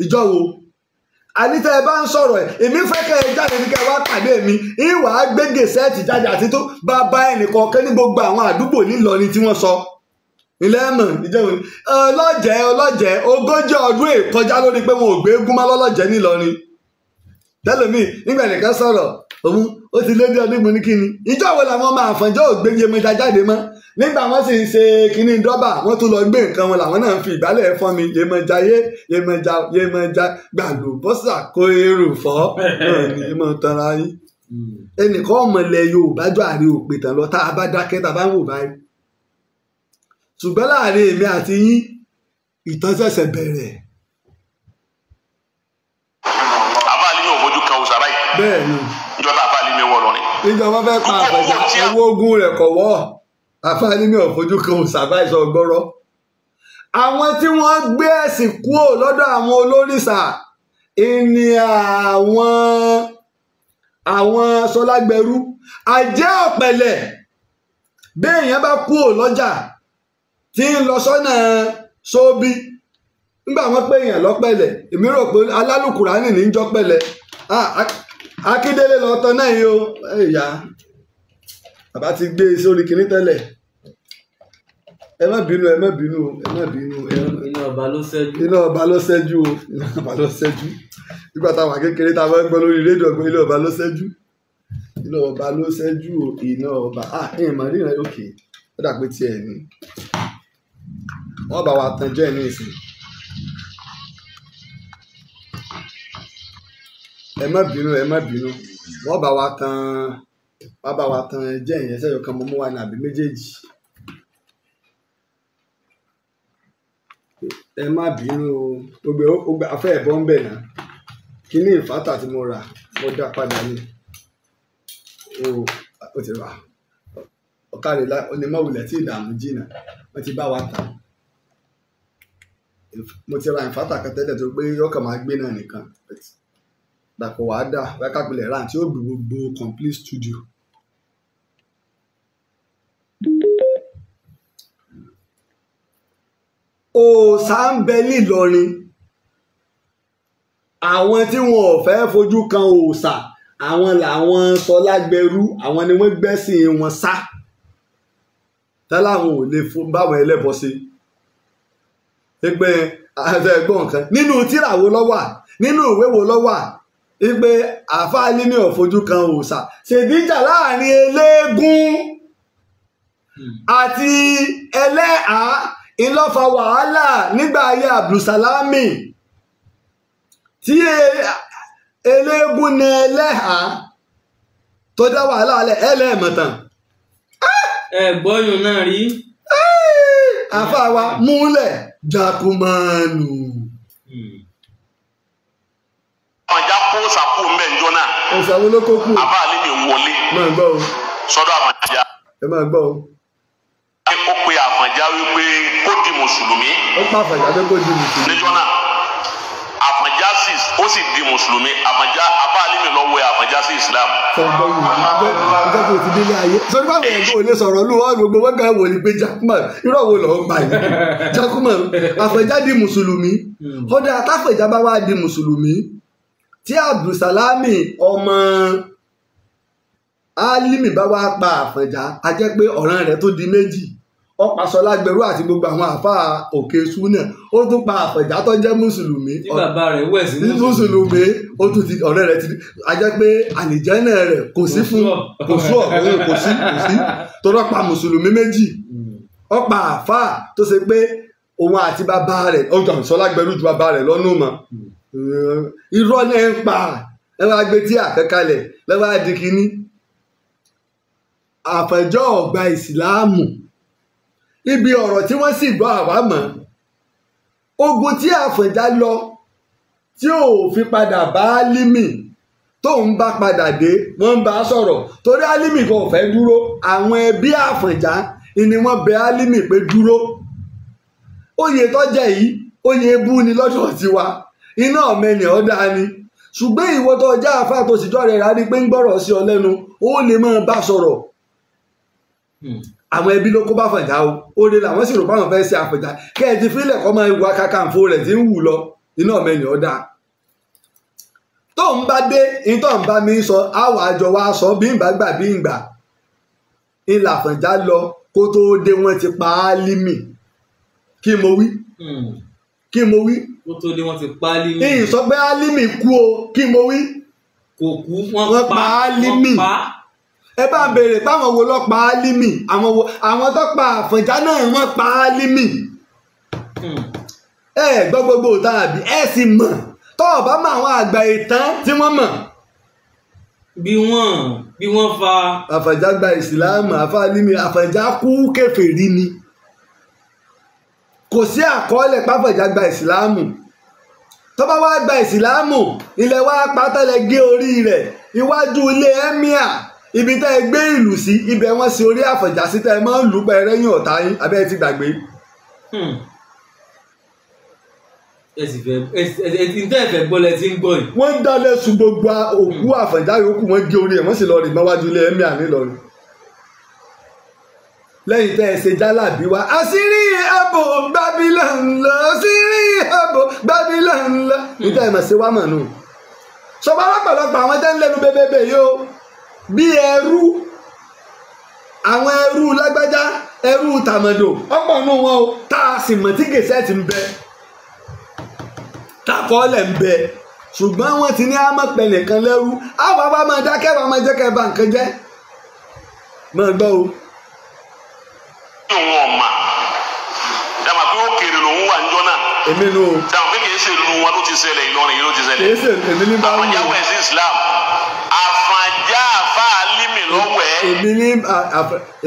ìjọ wo àníta ẹ bá ń sọ̀rọ̀ ẹ̀ èmi fẹ́ kẹ́ ẹ jáde ní kẹ́ ẹ wá pàdé mi ìwà gbégè sẹ́ẹ̀tì jáde àti tó bá bá ẹnìkan kẹ́ ní gbogbo àwọn àdúgbò nílọrin tí wọ́n sọ ilé ẹ̀mọ̀ ìjẹun ọlọ́jẹ́ ọlọ́jẹ́ ogójì ọdún èkọjá lórí pé wọn ò gbé egúnmọ́ lọ́lọ́jẹ́ nílọrin tẹ́lẹ̀mí nígbà nìkan sọ̀rọ̀ òun ó ti lé ní ọdún gbòóní kíni ìjọ wo làwọn ọmọ àfọ̀njọ́ ògbégi omi ta jáde mọ́ nígbà wọ́n sì ń ṣe kínní dọ́bà wọ́n tún lọ gbé nǹkan wọn làwọn náà ń fi ìgbálẹ̀ fọ́n mi yemọja yé yemọja yemọja gbàlù bọ́sà kó erù fọ́ náà ni ẹ máa tanra yín hmm. ẹnìkan ọmọlẹ Yorùbá jọ àrí òpè tán lọ tá a bá dákẹ́ tá a bá ń wò báyìí ṣùgbọ́n láàrin èmi àti yín ìtàn ṣẹ̀ṣẹ̀ bẹ̀rẹ̀. àbáàlì yóò mójú kan òṣàrá yìí bẹ́ẹ̀ ni ìjọba àbáàlì mi wọ̀ lọ́rin. ìjọba fẹ́ pa àbẹ̀jẹ̀ owó ogun rẹ̀ kọ̀ àfáàní mi ò fojú kan ṣàbáìsọ gbọ́rọ́ àwọn tí wọ́n gbé ẹ̀sìn kúrò lọ́dọ̀ àwọn olórìṣà ìní àwọn àwọn sọlágbẹrú àjẹ́ ọ̀pẹ̀lẹ̀ béèyàn bá kúrò lọ́jà tí ń lọ sọ́nà sóbi nígbà wọ́n pé èèyàn lọ́pẹ̀lẹ̀ èmi rò pé alálùkùránì ní í jọ́pẹ̀lẹ̀ ah, Akíndélé lọ tán náà yìí o ẹ̀yà bàbá ti gbé e sórí kinní tẹ́lẹ̀ ẹ má bínú ẹ má bínú ẹ má bínú. iná ọba ló ṣẹ́jú. iná ọba ló ṣẹ́jú o iná ọba ló ṣẹ́jú nígbà táwọn akékeré tá a máa ń gbọ́ lórí rédíò pé iná ọba ló ṣẹ́jú iná ọba ló ṣẹ́jú o iná ọba à ẹ̀yìn màá níran òkè ó dà pé tiẹ̀ ni wọ́n bá wa tan jẹ́ ní ìsìn. ẹ má bínú ẹ má bínú wọ́n bá wa tan bàbá wa tan jẹ́ ìyẹn sẹ́yọ̀ kan mo mú wa ní àbí méjèèjì. ẹ má bínú o gbogbo ọgbà afẹ́ ẹ̀bọ ń bẹ̀ náà kíní ìfátà tí mo rà mo dá padà ní o o ti rà ọ̀kàrẹ̀lá onímọ̀wulẹ̀ tí ìdààmú jìnnà wọ́n ti bá wa tà mo ti ra ìfátà kan tẹ́lẹ̀ tó gbé yọkàn máa gbé náà nìkan Dàpọ̀ wàá dà wákàpilẹ̀ ran tí ó gbé gbogbo complete studio. òòsà ń bẹ nílọrin àwọn tí wọn ò fẹ́ fojú kan òòsà àwọn làwọn sọlágbẹrú àwọn ni wọ́n gbẹ́sìn wọn sá tẹ́láwọn ò lè fún báwọn ẹlẹ́bọ ṣe ẹgbẹ́ ẹgbọ́n kan nínú tírà wo ló wà nínú ìwé wo ló wà wípé àáfàá límì ọ̀fojú kan òòṣà ṣèdíjà láàrin eléégún àti ẹlẹ́à ìlọ́fà wàhálà nígbà ayé abdulsalami tí eléégún ní ẹlẹ́à tó dá wàhálà alẹ́ ẹlẹ́ẹ̀mọ̀tàn. ẹ̀gbọ́yùn náà rí. àáfàá wa múlẹ̀ jakumanu àbànjá kó sàkó mẹ́jọ náà. ọ̀sẹ̀ àwọn olóko kù. àbá ni mi wọlé. máa gbọ́ o. sọ́dọ̀ àbànjá. ẹ máa gbọ́ o. ó pe àbànjá wípé kó di mùsùlùmí. ó pa àbànjá pé kó di mùsùlùmí. níjọ́ náà àbànjá sì ó sì di mùsùlùmí àbànjá àbá ni mi lọ wẹ àbànjá sí islam. sọ̀rọ̀ ìgbà tó ti délé ayé. sọ nípa àwọn ẹ̀gbọ́n olè sọ̀rọ̀ lù wọ́n gbogbo wọn kàn wòlíì pé jakuman irọ́ wo lọ́ọ́ gbà yìí jakuman àfẹ̀já di mùsùlùmí hmm. ọ̀dà àtàfẹ̀já bá wà di mùsùlùmí tí abdulsalami ọmọ alimi bá wá pa àfọ̀njá a jẹ́ pé ọ̀ràn rẹ̀ tó di méjì ó pa Ṣọlá Gbẹ̀rú àti gbogbo àwọn àáfàá òkè súnà ó tún pa àfọ̀njá tó jẹ́ mùsùlùmí tí bàbá rẹ̀ wẹ̀ sí mùsùlùmí ó tún ti ọ̀rẹ́ rẹ̀ ti a jẹ́ pé àlìjẹ́nà rẹ̀ kò sí fún kò sí ọ̀rẹ́ kò sí kò sí tó pa mùsùlùmí méjì ó pa tó ṣe pé òun àti bàbá rẹ̀ ó jọ Ṣọlá Gbẹ̀rú ju bàbá rẹ̀ lọ́nù mọ́ irọ́ náà ń pa ẹ wá gbé tí àkẹ́kalẹ̀ lọ́wọ́ adi kínní àfẹjọ́ ọ̀gbà ìsìláàmù ibi ọ̀rọ̀ tí wọ́n sì gbọ́ àwa mọ̀ ogun tí àfẹjá lọ tí ò fi padà bá límì tóun bá padà dé wọ́n ń bá a sọ̀rọ̀ torí álímì kan ò fẹ́ dúró àwọn ẹbí àfẹjá ni wọ́n bẹ álímì pé dúró oyè tó yìí oyè ebú ni lọ́dọ̀ tiwa iná ọ̀mẹ́ni ọ̀dà ni ṣùgbọ́n ìwọ tó já afá tó sì jọ́ rẹ̀ rà ní pé ń gbọ́rọ̀ sí ọ lẹ́nu ó lè máa bá sọ̀rọ̀ hmm. àwọn ẹbí ló kó bá fàjà o ó lè làwọn sì rò báwọn fẹ́ ṣe àfẹ̀jà kẹ́ ẹ ti fílẹ̀ kọ́ máa wà kàkàǹfò rẹ̀ tí ń wù lọ iná ọ̀mẹ́ni ọ̀dà tóun bá dé ìtọ́n bá mi sọ àwọn àjọ wa sọ bí ń gbàgbà bí ń gbà ìlàfànjá lọ kó tóó dé wọn ti pa á límì kí mo wí. Hmm kí mo wí. kó tó dé wọ́n ti pa limi ìyìn sọ pé Álímì kú o kí mo wí. kò kú wọ́n pa Álímì. ẹ bá béèrè fáwọn wo ló pa Álímì àwọn wo àwọn tó pa Àfọ̀njá náà wọ́n pa Álímì. Hmm. ẹ gbọ́ gbogbo òtá àbí ẹ sì mọ̀ tó o bá mọ àwọn àgbà ìtàn tí wọ́n mọ̀. bí wọ́n bí wọ́n fa. Àfọ̀njá gba ìsìláàmù Àfọ̀njá kú kèfèrí ni kò sí àkọọ́lẹ̀ pápẹ̀já gba ìsìláàmù tó bá wá gba ìsìláàmù ilẹ̀ wa pátálẹ̀ gé orí rẹ̀ iwájú ilé ẹ́míà ibi tẹ́ ẹ gbé ìlú sí ibẹ̀ wọ́n sí orí àfẹ̀já sí tẹ́ ẹ máa ń lù pẹ́ rẹ́yìn ọ̀tá yín abẹ́ ẹ ti gbàgbé. Hmm. ẹ tẹ́ ẹ fẹ́ gbọ́ lẹ ti ń gbọ́ yìí. wọ́n dalẹ̀ sun gbogbo òkú àfẹ̀já yòókù wọ́n gé orí ẹ̀ wọ́n sì lọ rìn mọ́wájú ilé ẹ́míà nílọrin lẹ́yìn tẹ́ ẹ ṣe jálàbí wa àṣírí ààbò Babylon lọ àṣírí ààbò Babylon lọ níta ìmọ̀ sí wa mọ̀ nù. sọ̀bọ̀ ọlọ́pàá àwọn tẹ́ ń lẹ́nu bẹ́bẹ́bẹ́ yìí o bí ẹrú àwọn ẹrú lágbájá ẹrú tàmọ̀dò ọ̀pọ̀ nù wọn o tá a sì mọ̀ tí kèsẹ́ ti ń bẹ takọ́lẹ̀ ń bẹ ṣùgbọ́n wọ́n ti ní amọ̀pẹ̀ nìkan lẹ́rú àwọn bá máa dákẹ́ wàá máa jẹ́ kẹ́ bá nǹkan jẹ́ máa gbọ́ o ìwọ̀n ọ̀ma dàmà pé ó kéré lòun wà níjọ́ náà. èmi nù. dàmà pé kì í ṣe lu wọn ló ti ṣẹlẹ̀ Ìlọrin yìí ló ti ṣẹlẹ̀. kì ṣe èmi ní bá wù. àfàjà wẹ̀ Islam àfàjà àfàlímì lọ́wẹ̀. èmi ní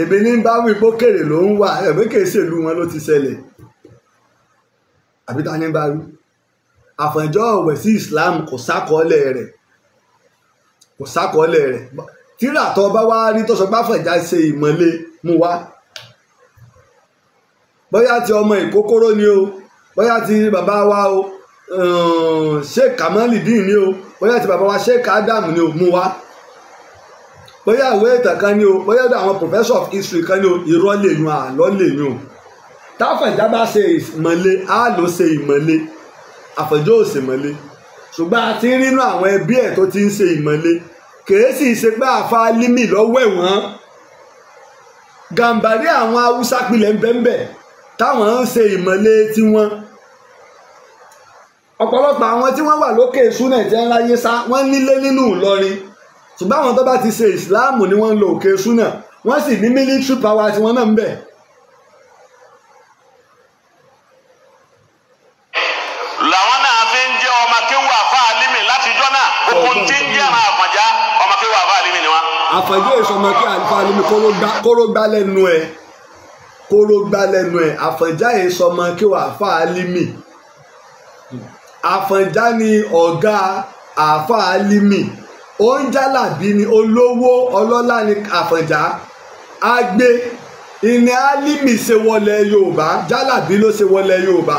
èmi ní bá wù pé ó kéré lòun wà èmi kì í ṣe lu wọn ló ti ṣẹlẹ̀ àbí ta ni bá wù. àfàjà ọ̀wẹ̀ Islam kò sákọọ́lẹ̀ rẹ̀ kò sákọọ́lẹ̀ rẹ̀ tíra tó bá wá rí tó sọ pé àfàjà ṣe ìmọ̀lẹ̀ mú wá bóyá ti ọmọ ìkókóró ni o bóyá ti bàbá wa o eh, sheik kamalidin ni o bóyá ti bàbá wa sheik adam ni o mú wa bóyá ìwé ìtàn kan ni o bóyá ọ̀dọ̀ àwọn professor of history kan ni o irọ́ lè nu àlọ́ lè nu táfàjá bá ṣe ìmọ̀le á ló ṣe ìmọ̀le àfẹjọ́ ò ṣe mọ̀le ṣùgbọ́n a ti ń rínú àwọn ẹbí ẹ̀ tó ti ń ṣe ìmọ̀le kèé sì ṣe pé àfa límì lọ́wọ́ ẹ̀wọ̀n gàǹbàrí àwọn haúsá pilẹ̀ ń bẹ́ńbẹ́ táwọn ń ṣe ìmọ̀lé tiwọn ọ̀pọ̀lọpọ̀ àwọn tí wọ́n wà lókè súnà tí wọ́n láyé sá wọ́n nílé nínú Ìlọrin ṣùgbọ́n àwọn tó bá ti ṣe ìsìláàmù ni wọ́n ń lo òkè súnà wọ́n sì ní military power tí wọ́n náà ń bẹ. làwọn náà fi ń jẹ́ ọmọ kéwù àfáàlímì látijọ́ náà gbogbo tí ń jẹ́ àwọn àfàjá ọmọ kéwù àfáàlímì ni wọ́n. àfàjá èso ọmọ kéwù àfáàlímì kóró gbá lẹ́nu ẹ̀ kóró gbá lẹ́nu ẹ̀ àfọ̀njá yìí sọmọ kí wàá fà á límì àfọ̀njá ni ọ̀gá àfà límì ó ni olówó ọlọ́lá ni àfọ̀njá agbe ìní álímì ṣe wọlé yorùbá jálàbí ló ṣe wọlé yorùbá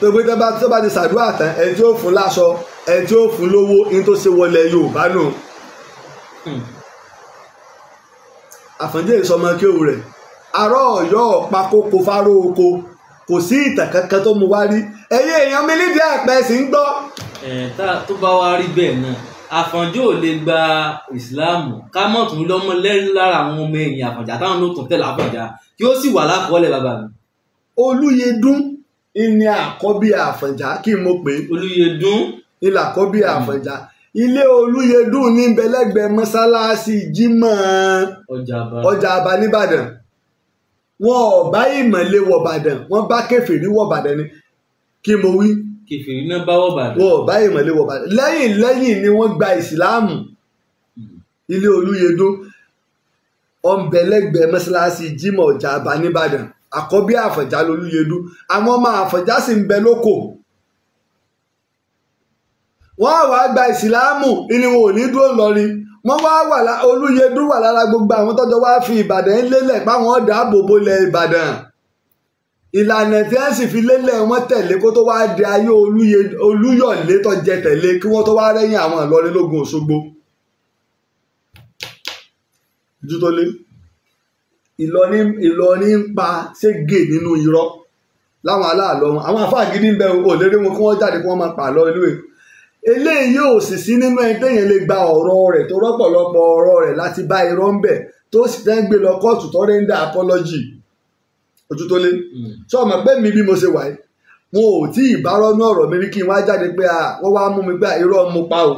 tó gbé tó bá ti ṣàdúrà tán ẹni tí ó fún láṣọ ẹni tí ó fún lówó ní tó ṣe wọlé yorùbá nù hmm. àfọ̀njá yìí sọmọ kí òun rẹ̀ àárọ̀ ọ̀yọ́ ọ̀pá kókó fáró oko kò sí ìtàn kankan tó mu wá rí ẹ̀yin èèyàn mi lídìí àpẹ sì ń gbọ́. ẹ̀ tá tó bá wá rí bẹ́ẹ̀ náà àfọ̀njọ́ ò lè gba ìsìláàmù ká mọ̀ tún lọ́mọ lẹ́rìí lára àwọn ọmọ ẹ̀yìn àfọ̀njá táwọn ló tún tẹ̀lé àfọ̀njá kí ó sì wà lákọọ́lẹ̀ bàbá mi. olùyẹdùn ìní àkọ́bí àfọ̀njá kí n mọ̀ pé. olùyẹdùn. ìlà àkọ́bí àfọ̀njá ilé olùyẹdùn ní bẹlẹ́gbẹ̀ẹ́ mọ́sálásí jímọ̀ ọjà àbá nìbàdàn wọn ò bá ìmọ̀lẹ́ wọ̀bàdàn wọ́n bá kẹfìrí wọ̀bàdàn ni kí mo wí. kẹfìrí náà bá wọ̀bàdàn. wọn ò bá ìmọ̀lẹ́ wọ̀bàdàn lẹ́yìn lẹ́yìn ni wọ́n gba ìsìláàmù ilé olúyedó ọ̀nbẹ̀lẹ́gbẹ̀ẹ́ mọ́ṣáláṣí jimoh ọjà àbá nìbàdàn àkọ́bí àfọ̀já lolúyedó àwọn ọmọ àfọ̀já sì ń bẹ lóko wọ́n wàá gba ìsìláàmù ni wọn ò ní dúró lọ́rin wọ́n wá wà lá olúyẹdùn wà lára gbogbo àwọn tọ́jọ wá fi ìbàdàn lélẹ̀ páwọn ọ̀dà àbòbò lẹ ìbàdàn ìlànà tí wọ́n sì fi lélẹ̀ wọ́n tẹ̀lé kó tó wáá di ayé olúyọ̀lé tó jẹ tẹ̀lé kí wọ́n tó wáá rẹ́yìn àwọn ìlọrin lógun òṣogbo. ojú tó lé ìlọrin ìlọrin ń pa ségè nínú irọ́ láwọn aláàlọ́ wọn àwọn afáàgídí ń bẹ òlérí wọn kí wọ́n jáde kí wọ́n máa pa àlọ́ ilé ìwé eléyìí ò sì sí nínú ẹni téèyàn lè gba ọ̀rọ̀ rẹ̀ tó rọ́pọ̀lọpọ̀ ọ̀rọ̀ rẹ̀ láti bá irọ́ ń bẹ̀ tó sì fẹ́ ń gbé lọ kóòtù tó rẹ́ńdà apology ojú tó lé sọ hmm. ma pé mi bí mo ṣe wà yìí wọn ò tí ì bá rọ́nú ọ̀rọ̀ mi rí kí n wá jáde pé wọ́n wá mú mi gbà irọ́ mo pa o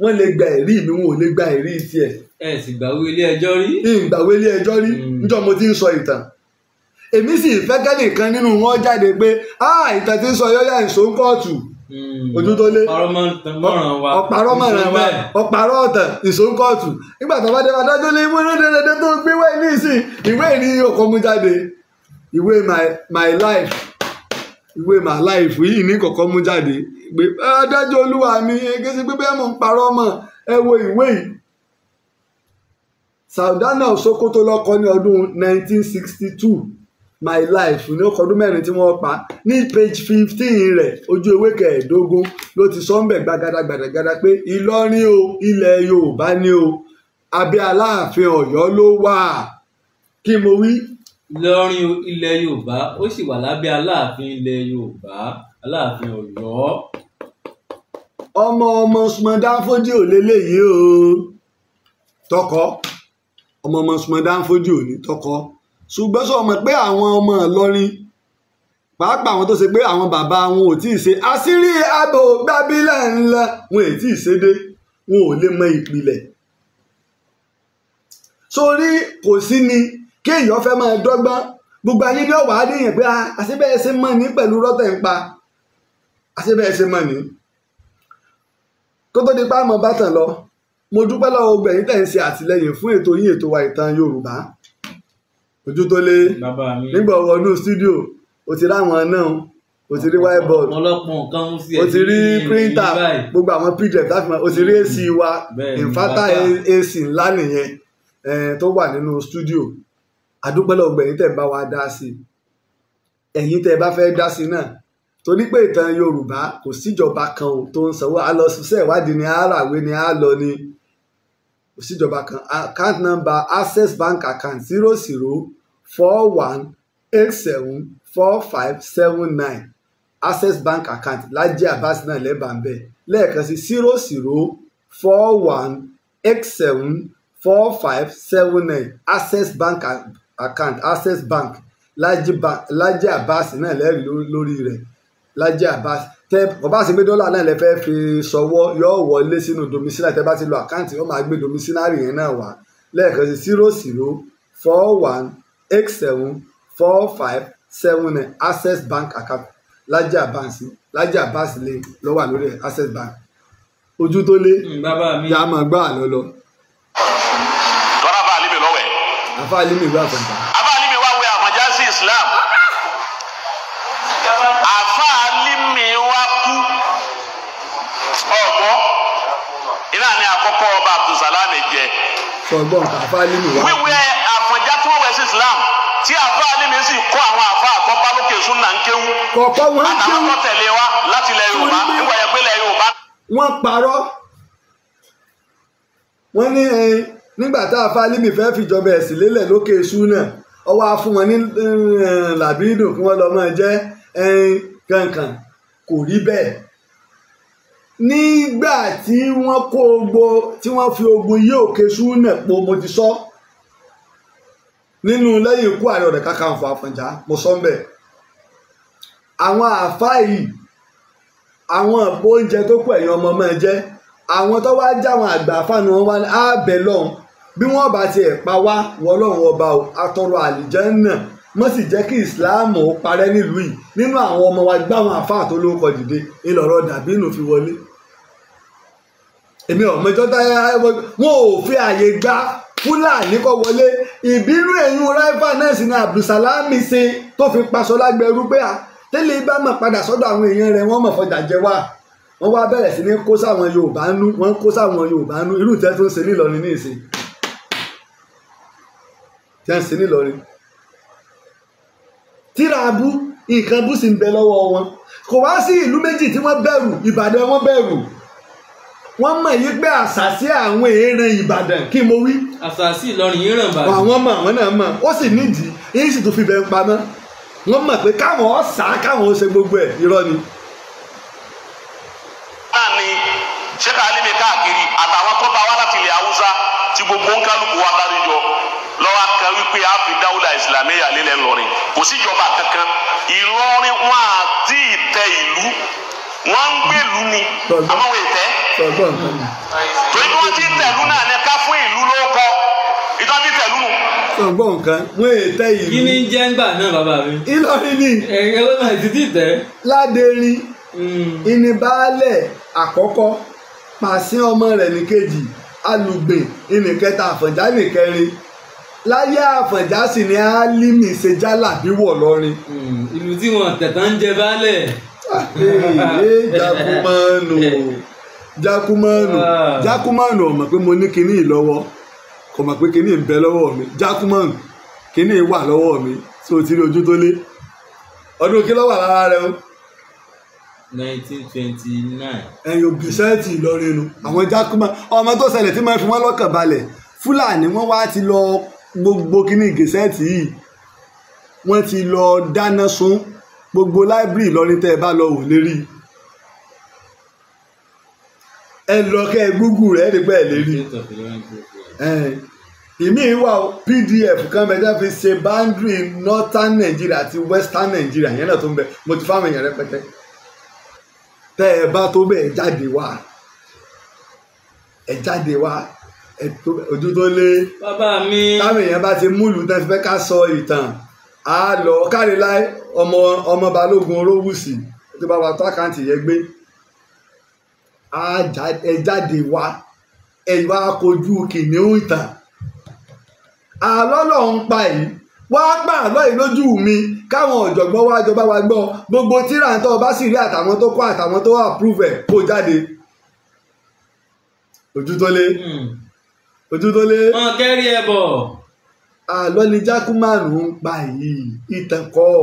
wọ́n lè gba ẹ̀rí mi wọn ò lè gba ẹ̀rí tiẹ̀. ẹ sì gbàwé ilé ẹjọ́ rí. ìgbàwé ilé ẹjọ́ rí hmm. níjọ́ mo ti ń sọ ìtàn èmi sì fẹ́ kẹ́nìkan nínú wọn jáde pé ìtàn ti ń sọ yọ́yà ìṣó kóòtù Hmm. ojútólé ọ̀pàrọ̀ mọ̀ràn wa ọ̀pàrọ̀ ọ̀tàn ìsókòtù nígbà tó bá dé adájọ́ lé ìwé rẹ́dẹ̀rẹ́dẹ́ tó gbé wáyé ní ìsìn ìwé ní ọkọ̀ mú jáde ìwé my life ìwé my life yìí ní kọ̀kọ́ mú jáde pé adájọ́ olúwa mi egéṣe pé bẹ́ẹ̀ mọ̀ ń parọ́ mọ̀ ẹ wo ìwé yìí Saudana Sokoto lọ́kọ ní ọdún 1962 my life ní ọkọ̀ ọdún mẹ́rin tí wọ́n pa ní page fifteen rẹ̀ ojú ewé kẹẹ̀ẹ́dógún ló ti sọ ń bẹ̀ gbàgàdàgbàdàgbàdà pé ìlọrin o ilẹ̀ yorùbá ni o abẹ́ aláàfin ọ̀yọ́ ló wà kí mo wí. ìlọrin ilẹ̀ yorùbá ó sì wà lábẹ́ aláàfin ilẹ̀ yorùbá aláàfin ọ̀yọ́. ọmọ ọmọ Usman Danfodio lélẹ́yìí o tọkọ ọmọ ọmọ Usman Danfodio ní tọkọ ṣùgbọ́n sọ mọ̀ pé àwọn ọmọ Ìlọrin pàápàá àwọn tó ṣe pé àwọn bàbá wọn ò tí ì ṣe àṣírí ààbò bábílẹ̀ ńlá wọn ò tí ì ṣe dé wọn ò lè mọ ìpìlẹ̀ sórí kò sí ni kéèyàn fẹ́ máa dọ́gbọ́n gbogbo ayé ní ọ̀wá adéyàn pé ah, àṣebẹ́ẹ̀ ṣe mọ̀ ní pẹ̀lú rọ́tẹ̀ ń pa àṣebẹ́ẹ̀ ṣe mọ̀ ní. kó tó di pa àmọ́ bá tàn lọ mo dúpẹ́ lọ́wọ́ gbẹ̀yìn tẹ̀ ń ṣe àtìlẹ́yìn fún ètò yín ètò wa ìtàn Yorùbá ojú tó lé nígbà wọnú studio o ti ráwọn náà o ti rí whiteboard o ti rí printer gbogbo àwọn pdf láti mọ o ti rí ac wa inverter ac ńlá nìyẹn tó wà nínú studio àdúpẹ́lẹ̀ ọgbẹ̀yìn tẹ̀ bá wa dá sí i ẹ̀yin tẹ̀ bá fẹ́ dá sí i náà torí pé ìtàn Yorùbá kò síjọba kan tó ń sanwó a lọ ṣiṣẹ́ ìwádìí ni a ni a ni òsìjọba kan account number access bank account zero zero four one eight seven four five seven nine access bank account Laji Abbas náà lẹ́bàá bẹ́ẹ̀ sí zero zero four one eight seven four five seven nine access bank account access bank Laji Abbas náà lẹ́rìí lórí rẹ̀ Laji Abbas tẹ ọba àti gbé dọ́là náà lẹ fẹ́ fi ṣọwọ́ yóò wọlé sínú domisila tẹ bá ti lo àkáǹtì ó máa gbé domisilari yẹn náà wá lẹ́ẹ̀kan sí zero zero four one eight seven four five seven nine access bank account Laji Abbas Laji Abbas lè lọ́ wà lórí access bank ojú tó lé hmm, yàá máa gbà lọ́lọ́. tọ́lá bá a lọ́wẹ̀. àfa lè mi ìwé àfẹ̀ǹtà. sọgbọn àfa alimi wa. wíwẹ́ àfọ̀njá tí wọ́n wẹ̀ sí Islam tí àfa alimi sì kó àwọn àfa àkọ́pá lókè sún náà ń kéwú. kọ̀ọ̀pá wọn ń kéwú. àtàwọn tẹ̀lé wa láti ilẹ̀ Yorùbá nígbà yẹn pé ilẹ̀ Yorùbá. wọ́n parọ́ wọ́n ní nígbà tá àfa alimi fẹ́ fìjọba ẹ̀sìn lélẹ̀ lókè sún náà ọwọ́ á fún wọn ní làbídùn kí wọ́n lọ máa jẹ́ kankan kò rí bẹ́ẹ̀ nígbà tí wọ́n kó ogbo tí wọ́n fi ogun yí òkè ṣúnà po mo ti sọ nínú lẹ́yìn ikú ààrẹ ọ̀rẹ́ kákàǹfò àfọ̀njá mo sọ ń bẹ̀ àwọn àáfàá yìí àwọn àpò oúnjẹ tó kù ẹ̀yìn ọmọ máa jẹ́ àwọn tó wá jáwọn àgbà fáànù wọn wá ní ààbẹ̀ lọ́hùn bí wọ́n bá tiẹ̀ pa wá wọlọ́run ọba àtọrọ àlìjẹ́nà mọ́ sì jẹ́ kí ìsìláàmù ó parẹ́ nílùú yìí nínú àwọn ọmọ wa gbáwọn àfáà tó lórúkọ dìde ńlọrọ dàbí nù fi wọlé èmi ò mẹjọ táyà wọn ò fi àyè gba fúlàní kọ wọlé ìbínú ẹ̀yìn ráìfà náà sì ni abdulsalami ṣe tó fi paṣọ lágbẹrú pé à tẹ́lẹ̀ bá mọ̀ padà sọ́dọ̀ àwọn èèyàn rẹ̀ wọ́n mọ̀ fọjà jẹ wá wọ́n wá bẹ̀rẹ̀ sí ní kó sáwọn yorùbá nú wọ́n kó sáwọn yorùbá nú irú ìtẹ́ tó ń ṣe nílọrin ní ìsìn tẹ́ ń ṣe nílọrin tírabú nǹkan bú sì ń bẹ lọ́wọ́ wọn kò wá sí ìlú méjì tí wọ́n bẹ̀rù ìbàdàn wọn bẹ̀rù wọ́n mọ̀ yí pé àṣàṣì àwọn èèrè ìbàdàn kí mo wí. àṣàṣì ìlọrin yìí ràn bàdàn. àwọn mọ̀ àwọn náà mọ̀ ó sì nídìí èyí sì tún fi bẹ́ẹ̀ pamọ́ wọ́n mọ̀ pé káwọn ọ̀sà káwọn ó ṣe gbogbo ẹ̀ irọ́ ni. náà ni ṣé ká lémi káàkiri àtàwọn tó bá wá láti ilẹ̀ haúsá tí gbogbo ń kálukú wa bá níjọ lọ́wọ́ kan wípé a fi dáwúlà ìsìlámẹ́yà lélẹ̀ ńlọrin kò wọ́n ń gbèlú ni àwọn òwe tẹ́ torí bí wọ́n ti tẹ̀lú náà ni ká fún ìlú ló kọ ìtọ́ ti tẹ̀lú nù. sọgbọn nǹkan wọn èyí tẹ ìlú. kí ni jẹ́ ń gbà náà bàbá mi. Ìlọrin ni. ẹ̀yin ọlọ́nà ìdídì tẹ́. Ládẹrin hmm. ìníbàálẹ̀ àkọ́kọ́ pàṣẹ ọmọ rẹ̀ ní kejì alùgbè ìnìkẹta àfọ̀njá nìkẹrin láyé àfọ̀njá sì ni alimi ṣe jálà bí wọ̀ lọ́rin. Hmm, ìlú tí wọn tẹ̀tàn ń jẹ baálẹ̀ jakumanu jakumanu jakumanu ọmọ pé mo ní kinní yìí lọ́wọ́ kò mọ̀ pé kinní ń bẹ lọ́wọ́ mi jakumanu kinní yìí wà lọ́wọ́ mi tí o ti rí ojú tó lé ọdún kí ló wà rẹ o. nineteen twenty nine. ẹ̀yin òbí sẹ́ẹ̀tì Ìlọrin nu àwọn jakumanu ọmọ tó ṣẹlẹ̀ tí mo fi wọ́n lọ́kàn balẹ̀ Fúlàní wọ́n wá ti lọ gbogbo kinní gẹ̀ẹ́sẹ̀tì yìí wọ́n ti lọ dáná sun gbogbo láìbírì Ìlọrin tẹ́ ẹ bá lọ wò lérí ẹ lọ kẹ́ ẹ gúgù rẹ̀ ẹ́ nígbà ẹ̀ lérí ìmí wà pdf kan bẹ jáde ṣe boundary northern nigeria àti western nigeria yẹn náà tó ń bẹ mo ti fáwọn èèyàn rẹpẹtẹ tẹ ẹ bá tó bẹ ẹ jáde wá ẹ jáde wá ojú tó lé bàbá mi táwọn èèyàn bá ti múlùú tẹ fẹ ká sọ ìtàn a lọ káre láì ọmọ ọmọ balógun olówùsì tó bá wa tó àkáǹtì yẹn gbé a jáde wá ẹ wá kojú kìnìún ìtàn àlọ́lọ́ ń pa yìí wá gbà lọ́yìn lójú mi káwọn ọ̀jọ̀gbọ́n wá jọba wa gbọ́ gbogbo tíra ń tọ́ ọba sì rí àtàwọn tó kọ́ àtàwọn tó approve ẹ̀ kó jáde ojú tó lé hmm. ojú tó lé. wọn kẹ́rì ẹ̀ bọ̀ àlọ́ ni jákúmánù ń pa yìí ìtàn kọ́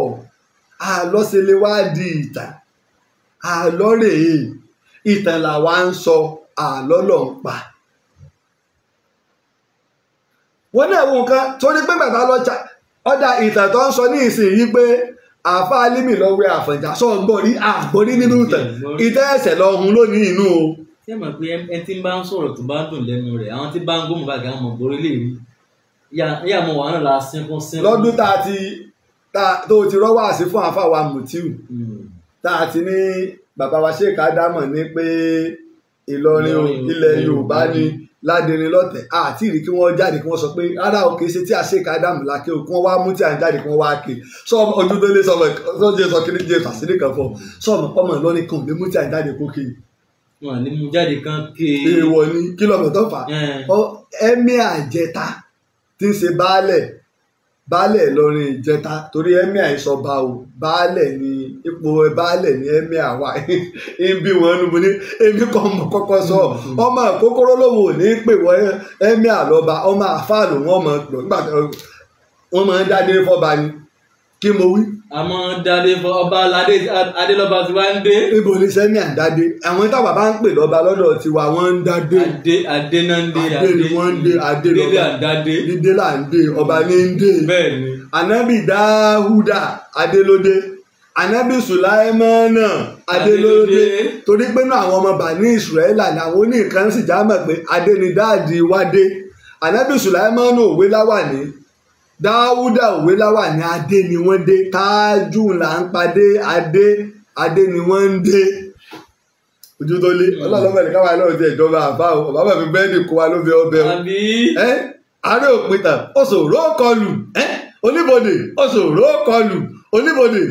àlọ́ ṣe lè wá di ìtàn àlọ́ rèé ìtàn làwa ń sọ àlọ́ lọ́ ń pa. wọ́n náà wo nǹkan torí pé bàbá lọ́jà ọ̀dà ìtàn tó ń sọ ní ìsinyìí pé àfa alimi lọ wẹ àfọ̀njá sọ ń gbọ́ rí nínú ìtàn ìtẹ́ ẹ̀sẹ̀ lọ hun lónìí inú o. ṣé ẹ mọ̀ ẹ ti ń bá ń sọ̀rọ̀ tó bá dùn lẹ́nu rẹ̀ àwọn tí bá ń gómìnà bá gà mọ̀ borí lè rí yà mọ wàhánà la sínkún sínkún. lọ́dún tá a ti tó o ti rọ́wọ́ àṣì fún àfàwà Mutiu hmm. tá a ti ní bàbá wa ṣe kádàmọ̀ ní pé Ìlọrin ilẹ̀ Yorùbá ni ládìrín lọ́tẹ̀ àti ìrí kí wọ́n jáde kí wọ́n sọ pé rárá òkè ṣe tí a ṣe kádàmù lákè o kí wọ́n wá mú tí a ń jáde kí wọ́n wá ké sọmọ ọdún tó lé sọmọ ọdún sọ kí ní jẹ fàṣírí kan fọ sọmọ pọmọ lọ́ni kan ò ní mú tí a ń jáde kó ké. wọn ní mú kan ké. èèwọ̀ ni kí lọ́mọ tó fà á tí ń ṣe baálẹ̀ baálẹ̀ lọrin ìjẹta torí emir ìsọba o baálẹ̀ ni ipò baálẹ̀ ni emir wa ń bí wọn nu ní èmi kọ́kọ́ sọ ọmọ lòun ò ní pè emir lọba ọmọ àfáà lòun ọmọ wọn máa ń dádé kí mo wí. àmọ́ dade ọba alade adélọ́ba ti wá ń dé. ibo ni sẹ́mi à ń dade àwọn táwa bá ń pè lọ́ba lọ́dọ̀ tiwa wọ́n ń dade. adé adé náà ń dé adé adé ni wọ́n ń de, adé lọ́ba dídé à ń dade. dídé là ń dé ọba ní ń dé. bẹ́ẹ̀ni. anabi dahuda adélódé anabi sulaimana adélódé torí pé náà àwọn ọmọ bani israẹla làwọn oníkan sì já mọ̀ pé adé ni dáàdi wá dé anabi sulaimana òwe láwà ní dáúdà òwe láwà ní adé ni wọn dé táájú là ń padé adé adé ni wọn ń dé ojú tó lé ẹ̀ka wa ti àbá o bàbá kó wa ló fi ọbẹ̀ o ẹ àárẹ̀ òpìtà kọlù ẹ oníbodè kọlù oníbodè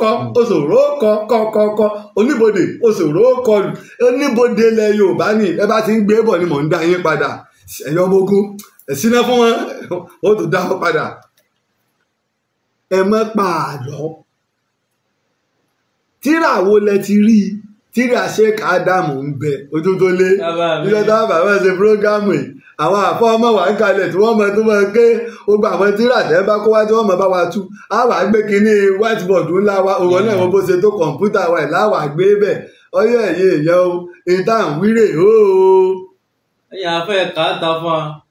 kọ kọ oníbodè kọlù oníbodè Yorùbá ni ẹ bá ti ń ẹ̀sìnà fún wọn ó tún dá wọn padà ẹ má pa àlọ́ tíra wo lẹ ti rí i tíra sheik ádámù ń bẹ ojú tó lé nígbà táwọn bàbá ṣe prógámù yìí àwọn àfọ ọmọ wa ń kalẹ̀ tí wọ́n mọ tó mọ ké gbogbo àwọn tíra tẹ́ bá kó wá tí wọ́n mọ bá wa tú á wà gbé kínní whiteboard ńlá wa òwò náà wọ́n bó ṣe tó kọ̀ǹpútà wa ẹ̀ láwà gbé bẹ̀ ọyọ ẹ̀yẹ ìyẹn o ìtàn wíre o. ẹ̀yin afẹ́ ẹ̀ka ta fún wa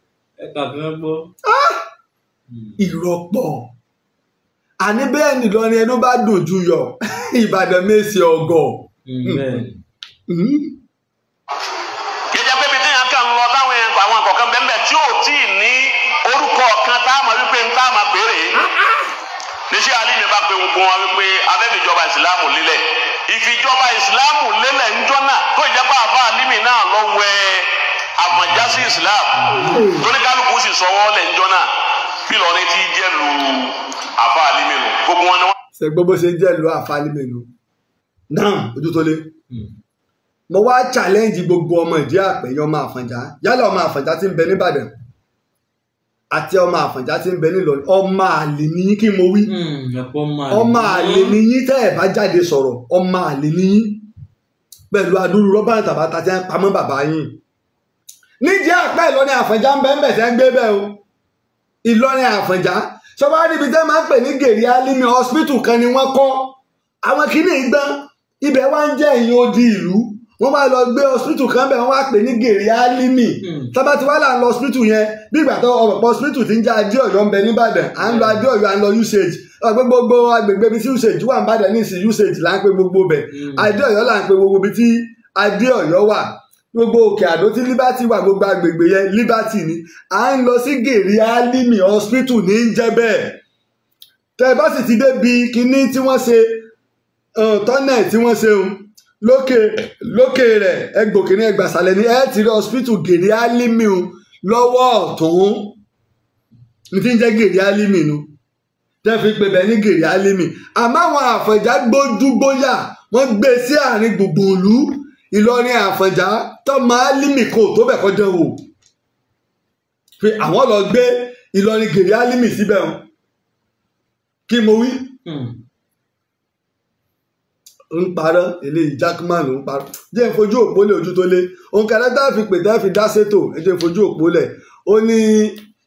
ẹ̀ka tí wọ́n gbọ́. Ah! ìrọ̀pọ̀ àní bẹ́ẹ̀ ni Ìlọrin ẹnu bá dojú yọ Ìbàdàn mèsì ọgọ́. jẹjẹ hmm? pé bíi tíyan kan lọ táwọn àwọn kọ̀ọ̀kan bẹ́ẹ̀ tí ò tí ì ní orúkọ kan táwọn wípé ń táwọn péré níṣẹ́ alẹ́ mi bá pe gbogbo wọn wípé abẹ́bíjọba ìsìlámù lílẹ̀ ìfìjọba ìsìlámù lélẹ̀ ńjọ́ náà tó ìjẹ́pá àfa alimi náà lọ́wọ́ ẹ̀ àmọ̀jásí islam tóníkálukú sì sọwọ́ lẹ̀ ńjọ́ náà bí lọ́ọ́rẹ́ tí jẹ́ lu àfa àlímẹ̀nu gbogbo wọn ni wọ́n. ṣe gbọ́ bó ṣe ń jẹ́ lu àfa àlímẹ̀nu náà ojú tó lé hmm. mo wá challenge gbogbo ọmọ ìdí àpẹyọ ọmọ àfànjá yálà ọmọ àfànjá tí ń bẹ nìbàdàn àti ọmọ àfànjá tí ń bẹ nílọrin ọmọ àlè níyín kí mo wí hmm, ọmọ àlè níyín tẹ́ ẹ̀ bá jáde sọ̀rọ̀ ọmọ àlè níyín pẹ̀lú adúrú rọ́bà tàbátà tí wọ́n pamọ́ bàbá yín níjẹ́ àpá ìlọrin àfọ̀njá ń bẹ́ẹ̀ bẹ́ẹ̀ sẹ́ ń gbé bẹ́ẹ̀ o ìlọrin àfọ̀njá sọba níbi tẹ́ máa ń pè ní gèrè alimi hospital kan ni wọ́n kọ́ àwọn kìíní gbọ́n ibẹ̀ wá ń jẹ́ ìyẹn odi ìlú wọ́n bá lọ gbé hospital kan bẹ̀ wọ́n wá pè ní gèrè alimi hmm. tọ́ba ti wá là ń lọ hospital yẹn bí ìgbà tó ọ̀pọ̀ hospital ti ń jẹ́ adé ọ̀yọ́ ń bẹ nìbàdàn à ń lọ adé à ń lọ usage ọ̀pẹ gbogbo agbègbè bíi usage wà ń bàdàn ní ìsìn usage là ń pe gbogbo bẹ̀ hmm. adé là ń pe gbogbo bíi tí adé wà gbogbo òkè àdó tí liberty wà gbogbo agbègbè yẹn liberty ni à ń lọ sí gèrè alimi hospital ní í jẹ́ bẹ́ẹ̀ tẹ bá sì ti débi kinní tí wọ́n ṣe tọ́nẹ̀ tí wọ́n ṣe ń lókè lókè rẹ̀ ẹgbòkìnrin ẹgbàsálẹ̀ ní ẹ ti hospital gèrè alimi o lọ́wọ́ ọ̀tún ní ti ń jẹ́ gèrè alimi nu tẹ́ fi pè bẹ́ẹ̀ ní gèrè alimi àmọ́ àwọn àfẹ̀já gbóyà wọ́n gbé sí àárín gbùngbùn ìlú Ìlọrin Àfọ̀njá tó máa límì kò tó bẹ̀ kọjá o pé àwọn lọ gbé Ìlọrin gèrè álímì síbẹ̀ o kí mo wí hmm. ń parọ́ eléyìí Jackman ń parọ́ jẹ́ ìfojú òpó lè ojú tó lé òun kẹrẹ́tà fi pè tẹ́ dá sétò ẹ jẹ́ ìfojú òpó lẹ̀ ó ní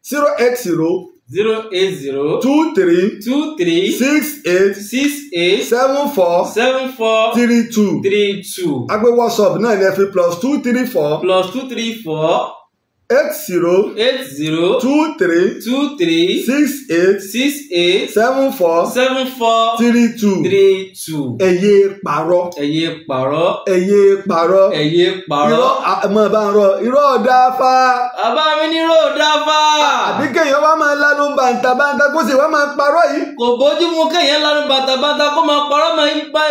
zero x zero zero eight zero. two three. two three. six eight. six eight. seven four. seven four. three two. three two. agbe WhatsApp náà ní ẹ fi plus two three four. plus two three four eight zero. eight zero. two three. two three. six eight. six eight. seven four. seven four. three two. three two. ẹ yé parọ́. ẹ yé parọ́. ẹ yé parọ́. ẹ yé parọ́. irọ́ àmọ́ bá ń rọ irọ́ ọ̀dà fa. bàbá mi ní irọ́ ọ̀dà fa. àbí kéèyàn wá máa lanu bàǹtà bàǹtà kó sì wá máa parọ́ yìí. kò bójú mu kéèyàn lanu bàǹtà bàǹtà kó máa parọ́ máa ń bá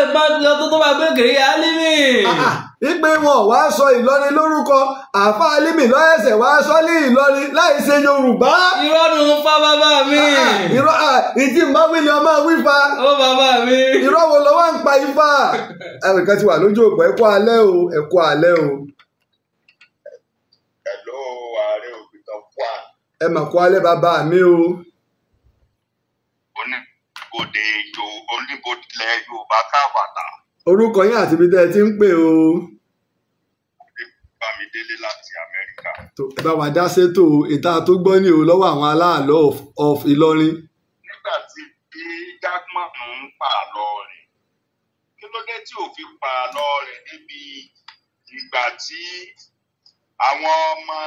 tó tó bá gbé kiri alimi. Ah, ah. ìpè wọn wá sọ ìlọrin lórúkọ àfa alimi wá sọ ní ìlọrin láì ṣe yorùbá. irọ́ fa bàbá mi. Ah, ah, irọ́ ah, ìdí mbáwílì ọmọ wífa. ó bàbá mi. irọ́ wo ló wá ń pa ifá. ti wà lójú òpó ẹ alẹ́ o ẹ alẹ́ o. ẹ̀ló ààrẹ òbítàn kwá. ẹ mà kú alẹ́ bàbá mi o. oníbodè ìjọ oníbodè yorùbá káwàtà. orúkọ yín àti ibi tẹ́ ẹ ti ń pè o. Bámidélé láti Amẹ́ríkà. ẹ bá wa dá sétò ìta tó gbọ́ ní o lọ́wọ́ àwọn aláàlọ́ of Ìlọrin. nígbà tí bí Dagman ń pa àlọ́ kí ló dé tí ò pa àlọ́ níbi ìgbà tí àwọn ọmọ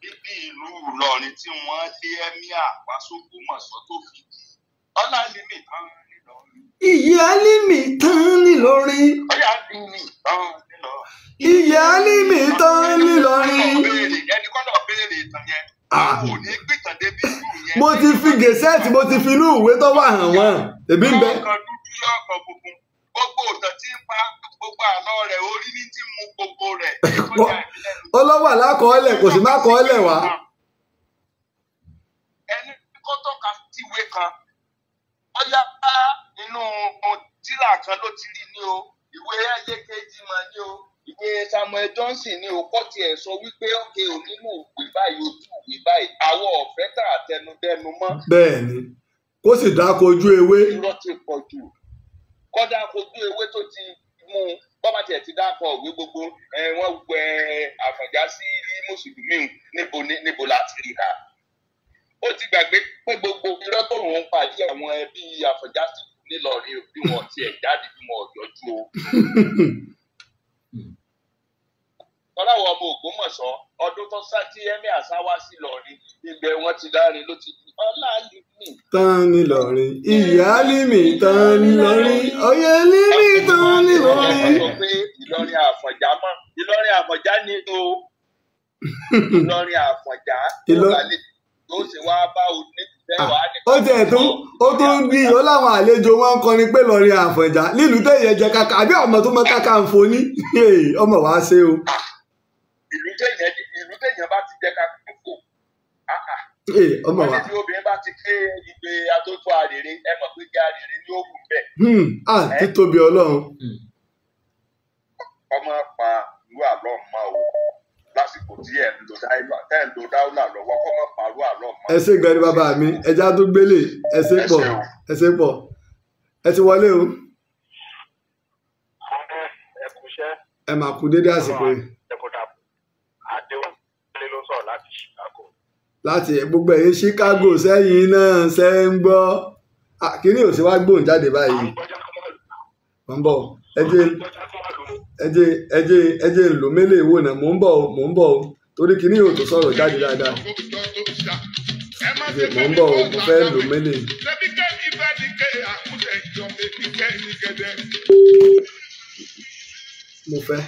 bíbí ìlú Ìlọrin tí wọ́n lé ẹ́míà wá sókòmọ̀ṣọ́ tó fi di ọlá límì tán nílọrin Ìyè Álímì tán nílọrin. Ìyè Álímì tán nílọrin. Ah. Mo ti fi gèsẹ́ẹ̀tì mo ti fi inú ìwé tó wà hàn wọ́n. Èmi ń bẹ. Gbogbo alákọ̀ọ́lẹ̀ kò sí má kọ́ọ́lẹ̀ wá. Ẹni kó tọ́ka sí ìwé kan, ó bá inú tíra kan ló ti rí ni o ìwé ayékejì mà ni o ìwé Samuel Johnson ni o kọ́ tiẹ̀ sọ wípé ókè onínú òwe báyìí ojú òwe báyìí àwọn ọ̀fẹ́ tà àtẹnudẹnu mọ́. bẹ́ẹ̀ni kó sì dáko ojú ewé. irọ́ ti pọ̀ jù kọ́ dáko ojú ewé tó ti mú un bọ́bá tiẹ̀ ti dáko òwe gbogbo wọ́n wẹ Àfọ̀njá sí mùsùlùmí níbo níbo láti rí ha ó ti gbàgbé pé gbogbo irọ́ tó ń pa yí àwọn ẹbí Àfọ̀njá sí nílọrin bí wọn tiẹ̀ jáde bí wọn yọjú o. tọ́láwọ̀ ọmọ Ògbómọ̀ṣọ́ ọdún tó sá tí ẹ̀mí àṣà wá sí Ìlọrin ibẹ̀ wọn ti dárin ló ti di ọlá límì. tán ni lọrin ìyá límì tán ni lọrin ọyẹ límì tán ni lọrin. Ìlọrin Àfọ̀njá mọ́ Ìlọrin Àfọ̀njá ni o Ìlọrin Àfọ̀njá tó ṣe wá bá o níbi. Ah, ó tiẹ̀ tún ó tún ń bí ó láwọn àlejò wọn ń kọrin pé lọ́ọ̀rì àfọ̀njá nílùú tẹ̀yẹ jẹ kàkà àbí ọmọ tó mọ kàkà ń foni ọmọ wàá ṣe o. Ah, ìlú tẹ̀yẹ ìlú tẹ̀yẹ bá ti jẹ kàkà kò ah, ọmọ wa. wọ́n tí obìnrin bá ti ké ìgbé atótó àrèrè ẹ pé ga àrèrè ni ó wù bẹ́ẹ̀. a hmm, ti tóbi ọlọ́run. Hmm. ọmọ pa ìlú àlọ́ mọ́ o lásìkò tí ẹ̀ ń lo dáúlà lọ́wọ́ kọ́ mọ́ pàrọ̀ àlọ́ mọ́. ẹ ṣe gan ni bàbá mi ẹja tó gbélé ẹ ṣe pọ̀ ẹ ṣe pọ̀ ẹ ti wọlé o. ẹ máa kú dédé àsìkò yìí. láti gbogbo ẹ̀yìn Chicago sẹ́yìn náà ṣe ń gbọ́ kí ni òsínwá gbóhùn jáde báyìí. wọ́n bọ̀ ẹ jẹ́ ẹjẹ ẹjẹ ẹjẹ lòmẹlẹ ìwò náà mò ń bọ̀ o mò ń bọ̀ o torí kí ni yóò tó sọ̀rọ̀ jáde dáadáa ẹjẹ mò ń bọ̀ o mo fẹ́ lòmẹlẹ. mo fẹ́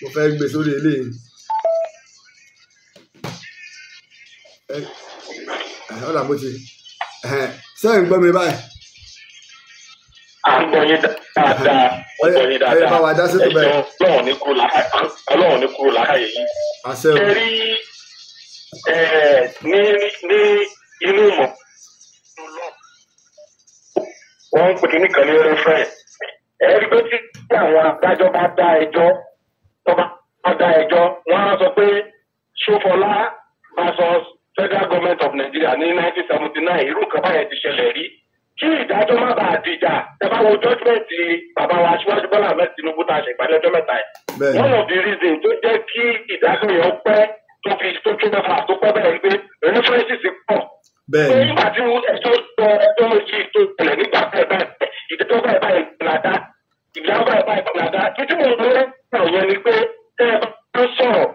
mo fẹ́ gbé sórí eléyìí. ọ̀là bó ti ṣé ń gbọ́ mi báyìí àgbọ̀nyin dáadáa àgbọ̀nyin dáadáa ẹ̀jọ̀ ọlọ́run ní kúrò láàyè ọlọ́run ní kúrò láàyè yìí. kẹrí ní ní inú mọ̀ wọ́n ń pè ní kan ní rẹ́fẹ̀rẹ̀ ẹ̀rí pé tí àwọn adájọ́ bá dá ẹjọ́ tó bá dá ẹjọ́ wọ́n á sọ pé Ṣófọlá versus Federal Government of Nigeria ní nineteen seventy nine irú kan báyẹn ti ṣẹlẹ̀ rí kí ìdájọ́ má bàa dìjà ẹ bá wo judgement bàbá wa aṣíwájú bọ́lá ahmed tinubu tá a ṣe ìpàdé ọjọ́ mẹ́ta yìí one of the reasons tó jẹ́ kí ìdájọ́ yẹn pẹ́ tó fi tó tún mẹ́fà tó pẹ́ bẹ́ẹ̀ gbé references pọ̀ bẹ́ẹ̀ ni nígbà tí ẹjọ́ sọ ẹjọ́ yìí tó tẹ̀lé nígbà bẹ́ẹ̀ bẹ́ẹ̀ ìdájọ́ bẹ́ẹ̀ báyìí gbọ̀nàdá ìdájọ́ bẹ́ẹ̀ báyìí gbọ̀nàdá títí mo lọ sọ̀rọ̀ yẹn ni pé tẹ́ ẹ bá sọ̀rọ̀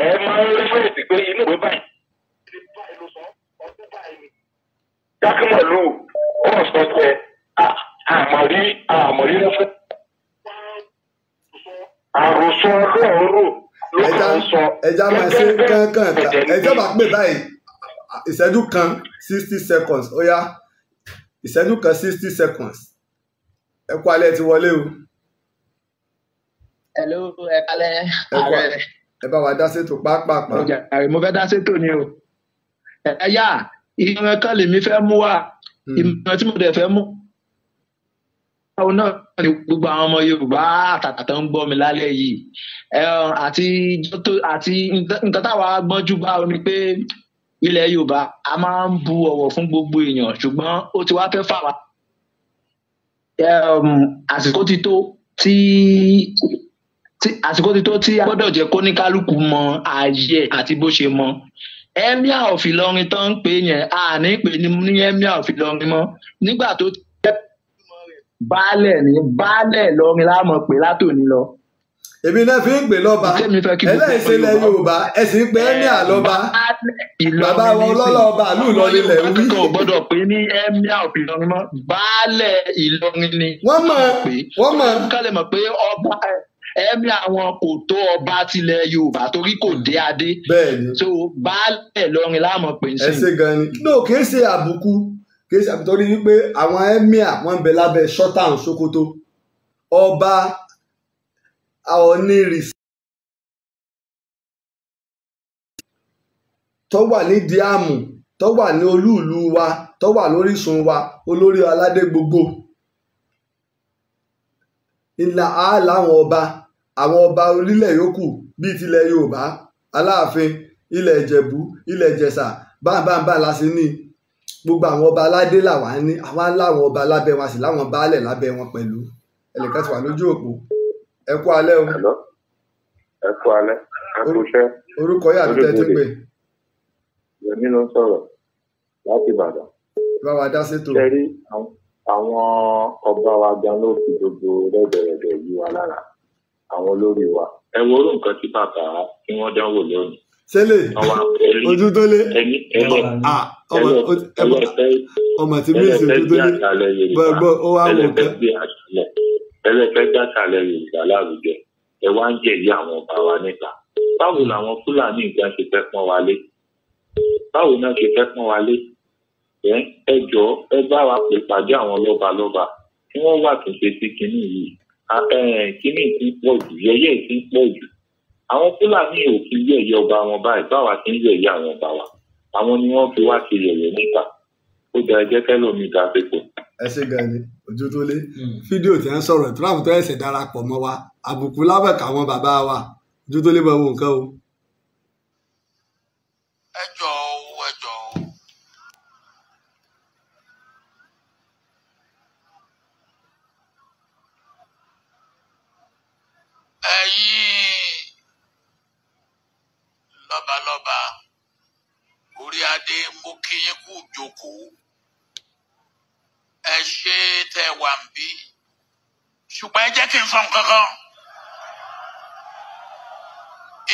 ẹ máa ń reference pé inú ìwé báyìí pẹpẹ àmọ̀rí àmọ̀rí rẹ́fẹ́. àròsọ ọlọ́run ló kàn sọ. ẹja máa ṣe kankan ẹjọ́ bá pè báyìí ìṣẹ́jú kan sixty seconds ó yá ìṣẹ́jú kan sixty seconds ẹ kú alẹ́ ti wọlé o. hello ẹ kálẹ́ ààrẹ. ẹ bá wa dá sétò pápápá. mo fẹ́ dá sétò ni o. ẹ̀yà ìran kan lèmi fẹ́ mú wá ìmọ̀ tí mo dẹ̀ fẹ́ mú báwo náà ni gbogbo àwọn ọmọ Yorùbá àtàtà tó ń gbọ́ mi lálẹ́ yìí àti àti nǹkan táwa gbọ́njú bá o ni pé ilẹ̀ Yorùbá a máa ń bu ọ̀wọ̀ fún gbogbo èèyàn ṣùgbọ́n ó ti wá fẹ́ fà wá um, àsìkò ti tó tí àsìkò ti tó tí a gbọ́dọ̀ jẹ́ kóníkálukú mọ ààyè àti bó ṣe mọ emir of Ìlọrin tó ń pè yẹn a ní pè ní emir of Ìlọrin mọ́ nígbà tó tẹ́ baálẹ̀ ní baálẹ̀ lọrin láàmú pè látòní lọ. èmi náà fi ń pè lọ́ba ẹlẹ́sìn ilẹ̀ Yorùbá ẹ sì ń pè emir lọ́ba bàbá wọn lọ́lọ́ọ̀ba àlù Ìlọrin lẹ̀ wí. kò gbọ́dọ̀ pé ní emir of Ìlọrin mọ́ Ìlọrin ni. wọ́n mọ̀ pé ọba ẹ̀mí àwọn kò tó ọba tilẹ̀ Yorùbá torí kò dé adé so baálẹ̀ lọrin láàmú pé n ẹ ṣe gan ni no kì í ṣe àbùkù kì í ṣe àbùkù torí wípé àwọn ẹ̀mí àwọn ń bẹ lábẹ́ shortown Sokoto ọba Ọ̀nìrìsì tó wà ní díàmù tó wà ní olúùlú wa tó wà lórísun wa olórí aládé gbogbo ńlá àá láwọn ọba àwọn ọba onílẹ̀ yòókù bíi tilẹ̀ yorùbá aláàfin ilẹ̀ ìjẹ̀bú ilẹ̀ ìjẹ̀ṣà báńbáńbá la sì ní gbogbo àwọn ọba aládé làwa ní àwa láwọn ọba lábẹ́ wọn sì láwọn baálẹ̀ lábẹ́ wọn pẹ̀lú ẹnìkan ti wà lójú òpó ẹ kú alẹ́ o. ẹ kú alẹ́ ẹ kú iṣẹ́. orúkọ yàtọ̀ tẹ́ ti pè. Yẹmí ló ń sọ̀rọ̀ láti Ìbàdàn. bá dá sétò. ṣe rí àwọn ọba wa gan ló fi gbogbo rẹ́gbẹ̀rẹ̀gbẹ̀ yí wa lára àwọn olórí wa ẹ wo orú nǹkan tí bàbá tí wọ́n dánwò lónìí. sẹ́lẹ̀ ojú tó lé ọmọ tí mi sì ojú tó lé gbọ́ ó wá wò kẹ́. ẹlẹ́fẹ́ dátàlẹ̀ yorùbá láwùjọ ẹ wá ń jẹ̀yí àwọn ọba wa níta báwo làwọn fúlàní nǹkan ṣe fẹ́ pọ́n wa lé báwo náà ṣe fẹ́ pọ́n wa lé ẹ jọ ẹ bá wa pè pàdé àwọn lọ́balọ́ba kí wọ́n wà tó ṣe sí kinní yìí kíní ìpín pọ̀ jù yẹyẹ ìpín pọ̀ jù àwọn fúlàní ò fi yẹyẹ ọba wọn báyìí báwa ti ń yẹyẹ àwọn ọba wa àwọn ni wọ́n fi wá ṣe yẹyẹ níta ó jẹ ẹjẹ kẹlòmí ta pípọ̀. ẹ ṣe gan ojú tó lé hmm. fídíò tí wọn sọ̀rọ̀ trump tó ẹsẹ darapọ̀ mọ́ wa àbùkù lábẹka àwọn bàbá wa ojú tó lé bọ ohun kan o. ẹ jọ jókòó ẹ ṣe tẹ wà ń bí ṣùgbọ́n ẹ jẹ́ kí n sọ nǹkan kan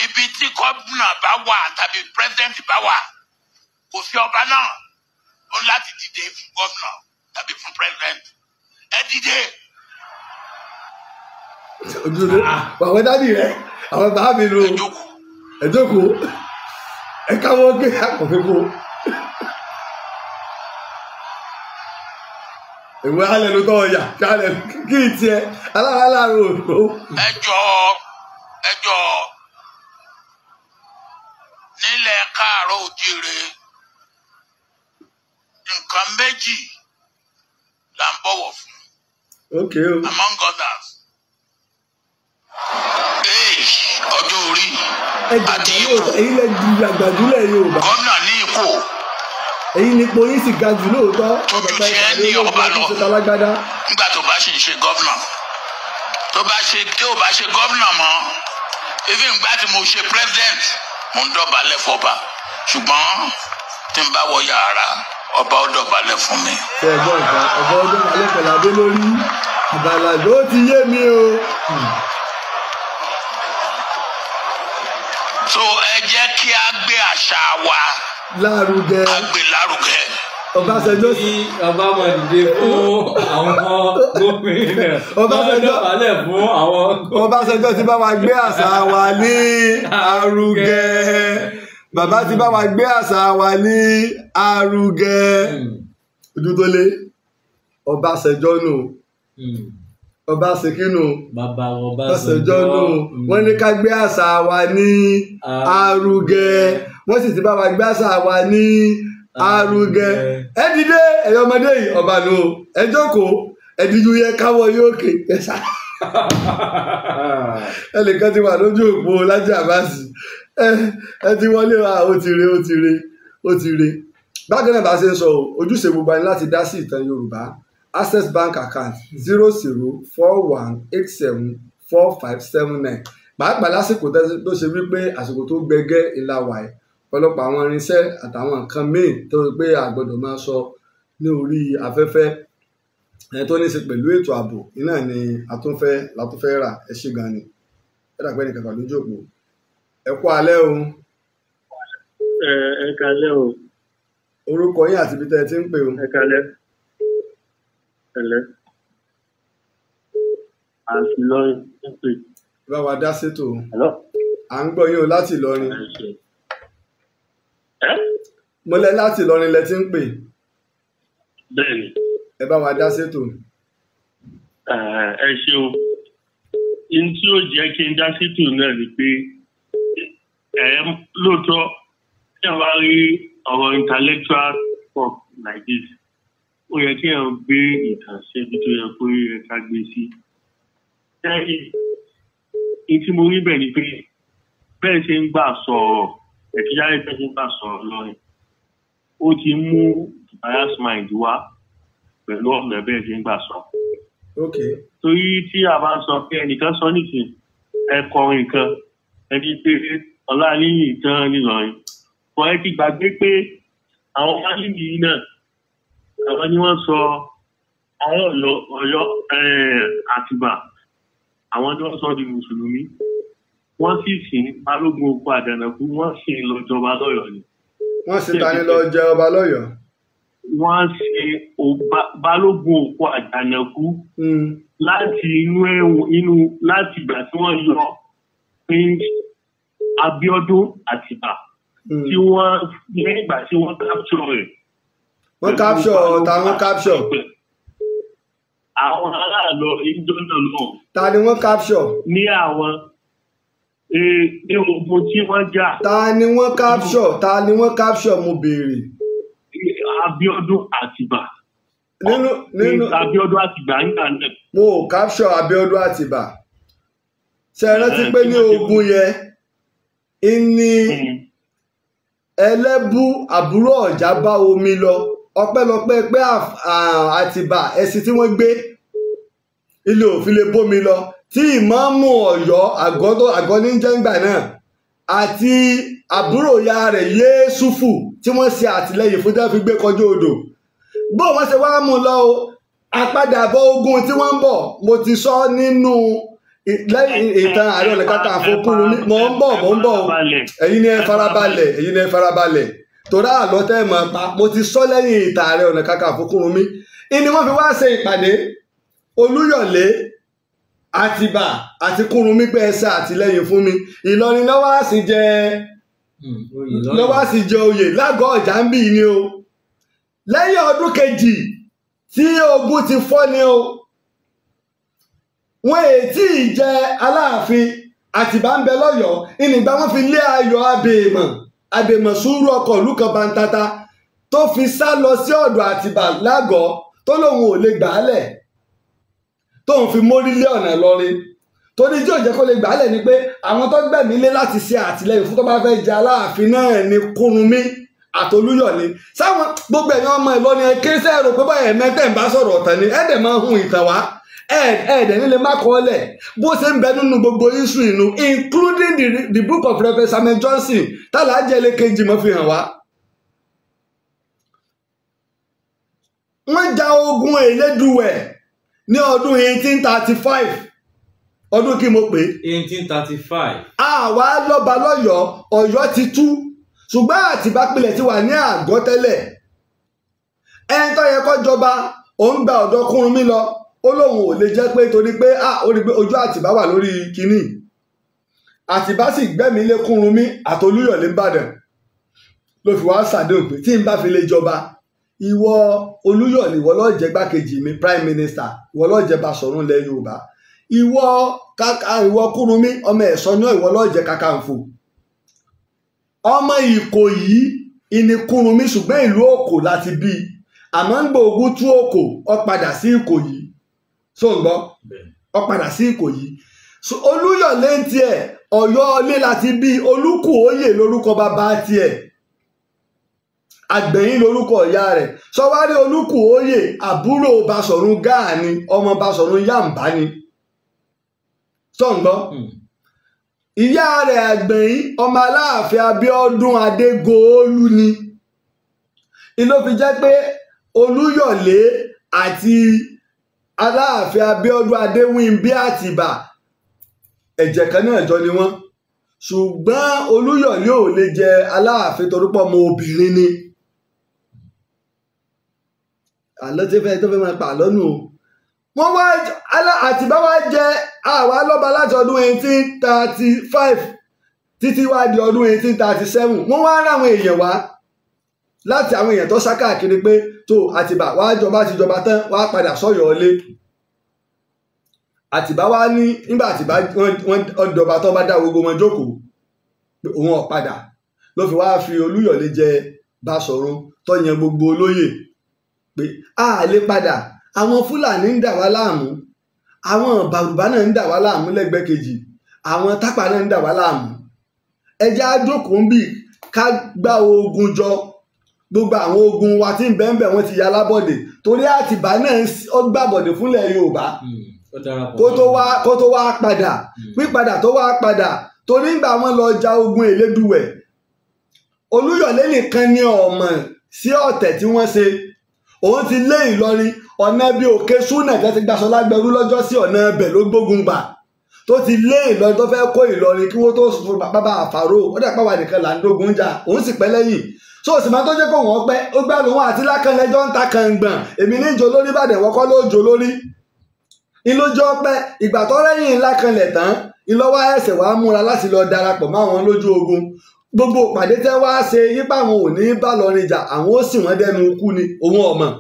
ibi tí gómìnà bá wà tàbí president bá wà kò sí ọba náà ó láti dìde fún gómìnà tàbí fún president ẹ dìde. ojúlé àwọn dábì rẹ àwọn bàbá mi ló ẹ jókòó ẹ káwọ́ gbé àpò fífún. ìwé alẹ́ ló tọ́ ọ̀yà kálẹ̀ kí n tiẹ̀ aláàárọ̀ òòrùn. ẹ jọ ẹ jọ nílẹ̀ káàárọ̀ òjìrè nǹkan méjì là ń bọ̀wọ̀ fún. among others. ọjọ́ orí àti ipò. ẹ̀yin lẹ́yìn àgbàdúrà yóò bá. gómìnà ní ipò èyí ni ipò yín sì ga jù lóòótọ́ ọbẹ̀ tá ìpàdé yóò gba ìṣe talágbádá. nígbà tó bá ṣì ń ṣe gọ́vnà tó bá ṣe tí ò bá ṣe gọ́vnà mọ́ ebi ìgbà tí mo ṣe president mo ń dọ̀bálẹ̀ fọba ṣùgbọ́n tí n bá wọ yàrá ọba ó dọ̀bálẹ̀ fún mi. ẹ̀gbọ́n ìgbà ọba ó dọ̀bálẹ̀ pẹ̀lú adé lórí àgbàlagbà ó ti yé mi o. so ẹ jẹ́ kí a gbé àṣà wa lárugẹ. a gbé lárugẹ. Ọbásanjọ́ sí. Ọba máa dìde fún àwọn gómìnà. Ọbásanjọ́ balẹ̀ fún àwọn. Ọbásanjọ́ ti bá wa gbé àṣà wa ní arugẹ. Bàbá ti bá wa gbé àṣà wa ní arugẹ. Hmm. Ojú tó lé Ọbásanjọ́ nù. No. Mm ọba sekinu ọbàṣẹjọ nù mm. wọn ní ká gbé àṣà wa ní arugẹ wọn sì ti bá wa gbé àṣà wa ní arugẹ ẹ dìde ẹyọ ọmọdé yìí ọba nù ẹ jókòó ẹ díjú yẹ káwọ yóò ké ẹ sá ẹnìkan ti wà lójú òpó lájà báàsì ẹ ti wọlé wa ó ti re ó ti re ó ti re bákan náà bá ṣe ń sọ ojúṣe gbogbo ẹni láti dá sí ìtàn yorùbá access bank account zero zero four one eight seven four five seven nine pàápàá lásìkò tó ṣe wípé àsìkò tó gbẹgẹ́ ìlà wàyí ọ̀pọ̀lọpọ̀ àwọn irinṣẹ́ àtàwọn nǹkan míì tó rí pé àgbọ́dọ̀ máa sọ ní orí afẹ́fẹ́ tó ní í ṣe pẹ̀lú ètò ààbò iná ni àtúnfẹ́ látúnfẹ́ rà ẹ ṣe gan ni ẹ dàgbẹ́ nìkan pàdé ojú òpó ẹ kú alẹ́ o. ẹ ẹ kalẹ́ o. orúkọ yín àti ibi tẹ́ ẹ ti ń pè o. ẹ kalẹ́ ẹlẹ àti lọrin ń pè. bá wa dá sétò à ń gbọ́ yín o láti Ìlọrin mo lẹ láti Ìlọrin lẹ ti ń pè. bẹ́ẹ̀ni. ẹ bá wa dá sétò. ẹ ṣeun n tí ó jẹ́ kí n dá sétò náà ni pé ẹ lóòótọ́ tí a rí ọ̀rọ̀ intellectual talk like this ó yẹ kí àwọn gbé ìtàn síbi tó yẹ kó yẹ ká gbé sí. Ṣẹ́yìn ní tí mo rí bẹ̀ ni pé bẹ́ẹ̀ ṣe ń gbà sọ̀rọ̀ ẹ̀kíyàrá ìfẹ́ ṣe ń gbà sọ̀rọ̀ lọ́rẹ̀. Ó ti mú bias mind wá pẹ̀lú ọ̀nà bẹ́ẹ̀ ṣe ń gbà sọ. Torí tí a bá ń sọ pé ẹnìkan sọ nìkan ẹ kọrin kan ẹni pé ọlá níyìn tán nílọrin. Kọ̀ ẹ ti gbàgbé pé àwọn fámìlì náà àwọn ni wọ́n sọ àwọn Ọ̀yọ́ Àtìbà àwọn ni wọ́n sọ di mùsùlùmí wọ́n sì sìn balógun oko àdànàkú wọ́n sì lọ jọba lọ́yọ̀ọ́ ni. wọ́n sì ta ni lọ jẹ ọba lọ́yọ̀ọ́. wọ́n ṣe balógun oko àdànàkú hmm. láti inú ẹ̀wọ̀n inú láti ìgbà tí wọ́n yọ prince Abíọ́dún Àtìbà hmm. tí wọ́n lẹ́yìn ìgbà tí wọ́n capture rẹ̀ wọ́n capture táwọn capture. àwọn aráàlú ìjọ náà lọ. ta ni wọ́n capture. ní àwọn e, ní ogun tí wọ́n jà. ta ni wọ́n capture ta ni wọ́n capture mo béèrè. Abíọ́dún Àtìbà. nínú nínú Abíọ́dún Àtìbà ń náà. mo ò capture Abíọ́dún Àtìbà. ṣe é rántí pé ní ogun yẹn ní hmm. ẹlẹ́bù àbúrò ọ̀já bá omi lọ ọpẹ́lọpẹ́ pé àtìbà ẹ̀sìn tí wọ́n gbé ilé òfin lè bómi lọ tí ìmáàmù ọ̀yọ́ àgọ́ ní jẹ́ngbà náà àti àbúrò ya rẹ̀ yéésùfù tí wọ́n ṣe àtìlẹyìn fún jẹ́ fi gbé kọjú odò bó wọ́n ṣe wá mú lọ o àpadàbọ̀ ogun tí wọ́n ń bọ̀ mo ti sọ nínú lẹ́yìn ìtàn Ààrẹ Ọ̀nà Kakanfò kúrú mo ń bọ̀ mo ń bọ̀ ẹ̀yin ni ẹ farabalẹ̀ ẹ̀yin ni ẹ farabalẹ̀ torí àlọ́ tẹ́ ẹ̀ máa pa mo ti sọ lẹ́yìn ìta Ààrẹ Ọ̀nà Kakanfò Kúrunmí ìní wọ́n fi wá ṣe ìpàdé Olúyọ̀lé Àtìbà àti Kúrunmí pé ẹ ṣe àtìlẹ́yìn fún mi Ìlọrin lọ́wọ́ á sì jẹ hmm, lọ́wọ́ á sì jẹ oyè lágọ̀ọ́ ọ̀jà ń bì ní o lẹ́yìn ọdún kejì tí ogun ti fọ́ ni o wọn ètí ìjẹ Aláàfin Àtìbà ń bẹ lọ́yọ̀ọ́ ìnìgbà wọn fi lé Ayọ̀ Abèèmọ̀ àbèmọ̀sùnrú ọkọ̀ ìlú kan bantata tó fi sá lọ sí ọ̀dọ̀ àtìbà lágọ̀ọ́ tó lòun ò lè gbàálẹ̀ tóun fi mórí lé ọ̀nà lọrin torí tí òjẹ́ kó lè gbàálẹ̀ ni pé àwọn tó gbẹ̀mí lé láti ṣe àtìlẹyìn fún tó bá fẹ́ jẹ aláàfin náà ni Kúrúnmí àtolúyọ̀ni sáwọn gbogbo ẹ̀yàn ọmọ Ìlọrin ẹ kérésẹ́ rò pé báyẹn mẹ́tẹ̀ ń bá sọ̀rọ̀ ọ̀tàn ni ẹ̀ẹ́dẹ̀ máa ń hun ìtàn wá ẹ̀ẹ́dẹ̀ẹ́lẹ́ má kọ́ ọ́lẹ̀ bó ṣe ń bẹ nínú gbogbo iṣu inú including the, the book of Reverend Samuel Johnson tálà jẹ́lẹ̀ kejì mọ́ fi hàn wá. wọ́n ja ogun Elédùwẹ̀ ní ọdún 1835 ọdún kí mo pè é. 1835. àwa lọ́ba lọ́yọ̀ọ́ ọ̀yọ́ ti tú ṣùgbọ́n àtìbá pilẹ̀ ti wà ní àgọ́ tẹ́lẹ̀ ẹni tó yẹ kó jọba òun gba ọ̀dọ́ Kúrúnmí lọ ó lóun ò lè jẹ́ pé torí pé ah ó rí i pé ojú àtìbá wà lórí kínní àtìbá sì gbẹ́mí lé Kúrúnmí àtolúyọ̀lé ńbàdàn ló fi wá ṣàdéhùn tí n bá fi lè jọba ìwọ olúyọ̀lé ìwọ ló jẹ́ gbákejì mi prime minister ìwọ ló jẹ́ Basọ̀rún ilẹ̀ Yorùbá ìwọ kàkà ìwọ Kúrúnmí ọmọ ẹ̀sọ́ náà ìwọ ló jẹ́ Kakanfò ọmọ Ìkòyí ìní Kúrúnmí ṣùgbọ́n ìlú Òkò láti bí àmọ́ ń gbòògùn tú Òkò ó padà sí Ìkòyí so ń gbọ́ ọ padà sí Ìkòyí Olúyọ̀lé ń tiẹ̀ Ọ̀yọ́ ilé láti bí Olúkùoyè lórúkọ bàbá tiẹ̀ àgbẹ̀yìn lórúkọ ìyá rẹ̀ sọwárí Olúkùoyè àbúrò Basọ̀run Gáà ni ọmọ Basọ̀run Yàmbá ni so ń gbọ́ hmm. ìyá rẹ̀ àgbẹ̀yìn ọmọ Aláàfin Abíọ́dún Adégòólú ni ìlò fi jẹ́ pé Olúyọ̀lé àti aláàfin abíọ́dún adéwìnbí àtìbà ẹ̀jẹ̀ kan náà jọ ni wọ́n ṣùgbọ́n olúyọ̀lé ò lè jẹ aláàfin torúpọ̀ ọmọ obìnrin ni àlọ́ tí fẹ́ẹ́ tó fẹ́ máa pa àlọ́ nù o wọ́n wá àtìbá wá jẹ àwa lọ́ba láti ọdún eighteen thirty five títí wá di ọdún eighteen thirty seven wọ́n wá ráwọn èèyàn wá láti àwọn èèyàn tó sá káàkiri pé tó àtìbà wá jọba ti jọba tán wá padà sọyọ ọlé àtìbá wá ní nígbà àtìbá wọn dọba tó bá dá gbogbo wọn jókòó òun ọ̀padà ló fi wá fi olúyọ̀lé jẹ Báṣọ̀run tó yan gbogbo olóyè pé a lè padà àwọn fúlàní ń dà wá láàmú àwọn bàrùbá náà ń dà wá láàmú lẹ́gbẹ̀ẹ́ kejì àwọn tápà náà ń dà wá láàmú ẹjẹ́ àjókòó ń bì ká gbá ogun jọ gbogbo àwọn ogun wa tí ń bẹ́ẹ̀ bẹ́ẹ̀ wọ́n ti ya lábọ̀dé torí Àtìbá náà ó gbàbọ̀dé fúnlẹ̀ Yorùbá hmm, kó tó wá padà hmm. pípadà tó wá padà torí ń gbà wọ́n lọ ja ogun Elédùwẹ̀ Olúyọ̀lé nìkan ní ọ̀mọ̀ sí ọ̀tẹ̀ tí wọ́n ṣe òun ti lé Ìlọrin ọ̀nà bíi òkè súnà tẹ́tí gbaṣọ lágbẹ̀rú lọ́jọ́ sí ọ̀nà ibẹ̀ ló gbógun gbà tó ti lé ìlọrin tó fẹ́ kó ìlọrin kí wọ́n tó sùn bàbá àfàrò ó dẹ̀ pàwọn nìkan là ń dógun jà òun sì pẹ́ lẹ́yìn so sì máa tó jẹ́ kó wọ́n pẹ́ ó gbá lòun àti lákànlẹ́jọ́ ń ta kàngbọ̀n èmi ní ìjọ lórí bàdẹ̀ wọ́kọ́ ló jò lórí ìlójọ́ pẹ́ ìgbà tó rẹ́yìn lákànlẹ̀ tán ìlọ́wọ́ ẹsẹ̀ wàá múra láti lọ darapọ̀ máwọn lójú ogun gbogbo pàdé tẹ́ wá ṣe yípa àwọn ò ní bá lọrin jà àwọn ó sì wọ́n dẹnu kú ni òun ọ̀mọ̀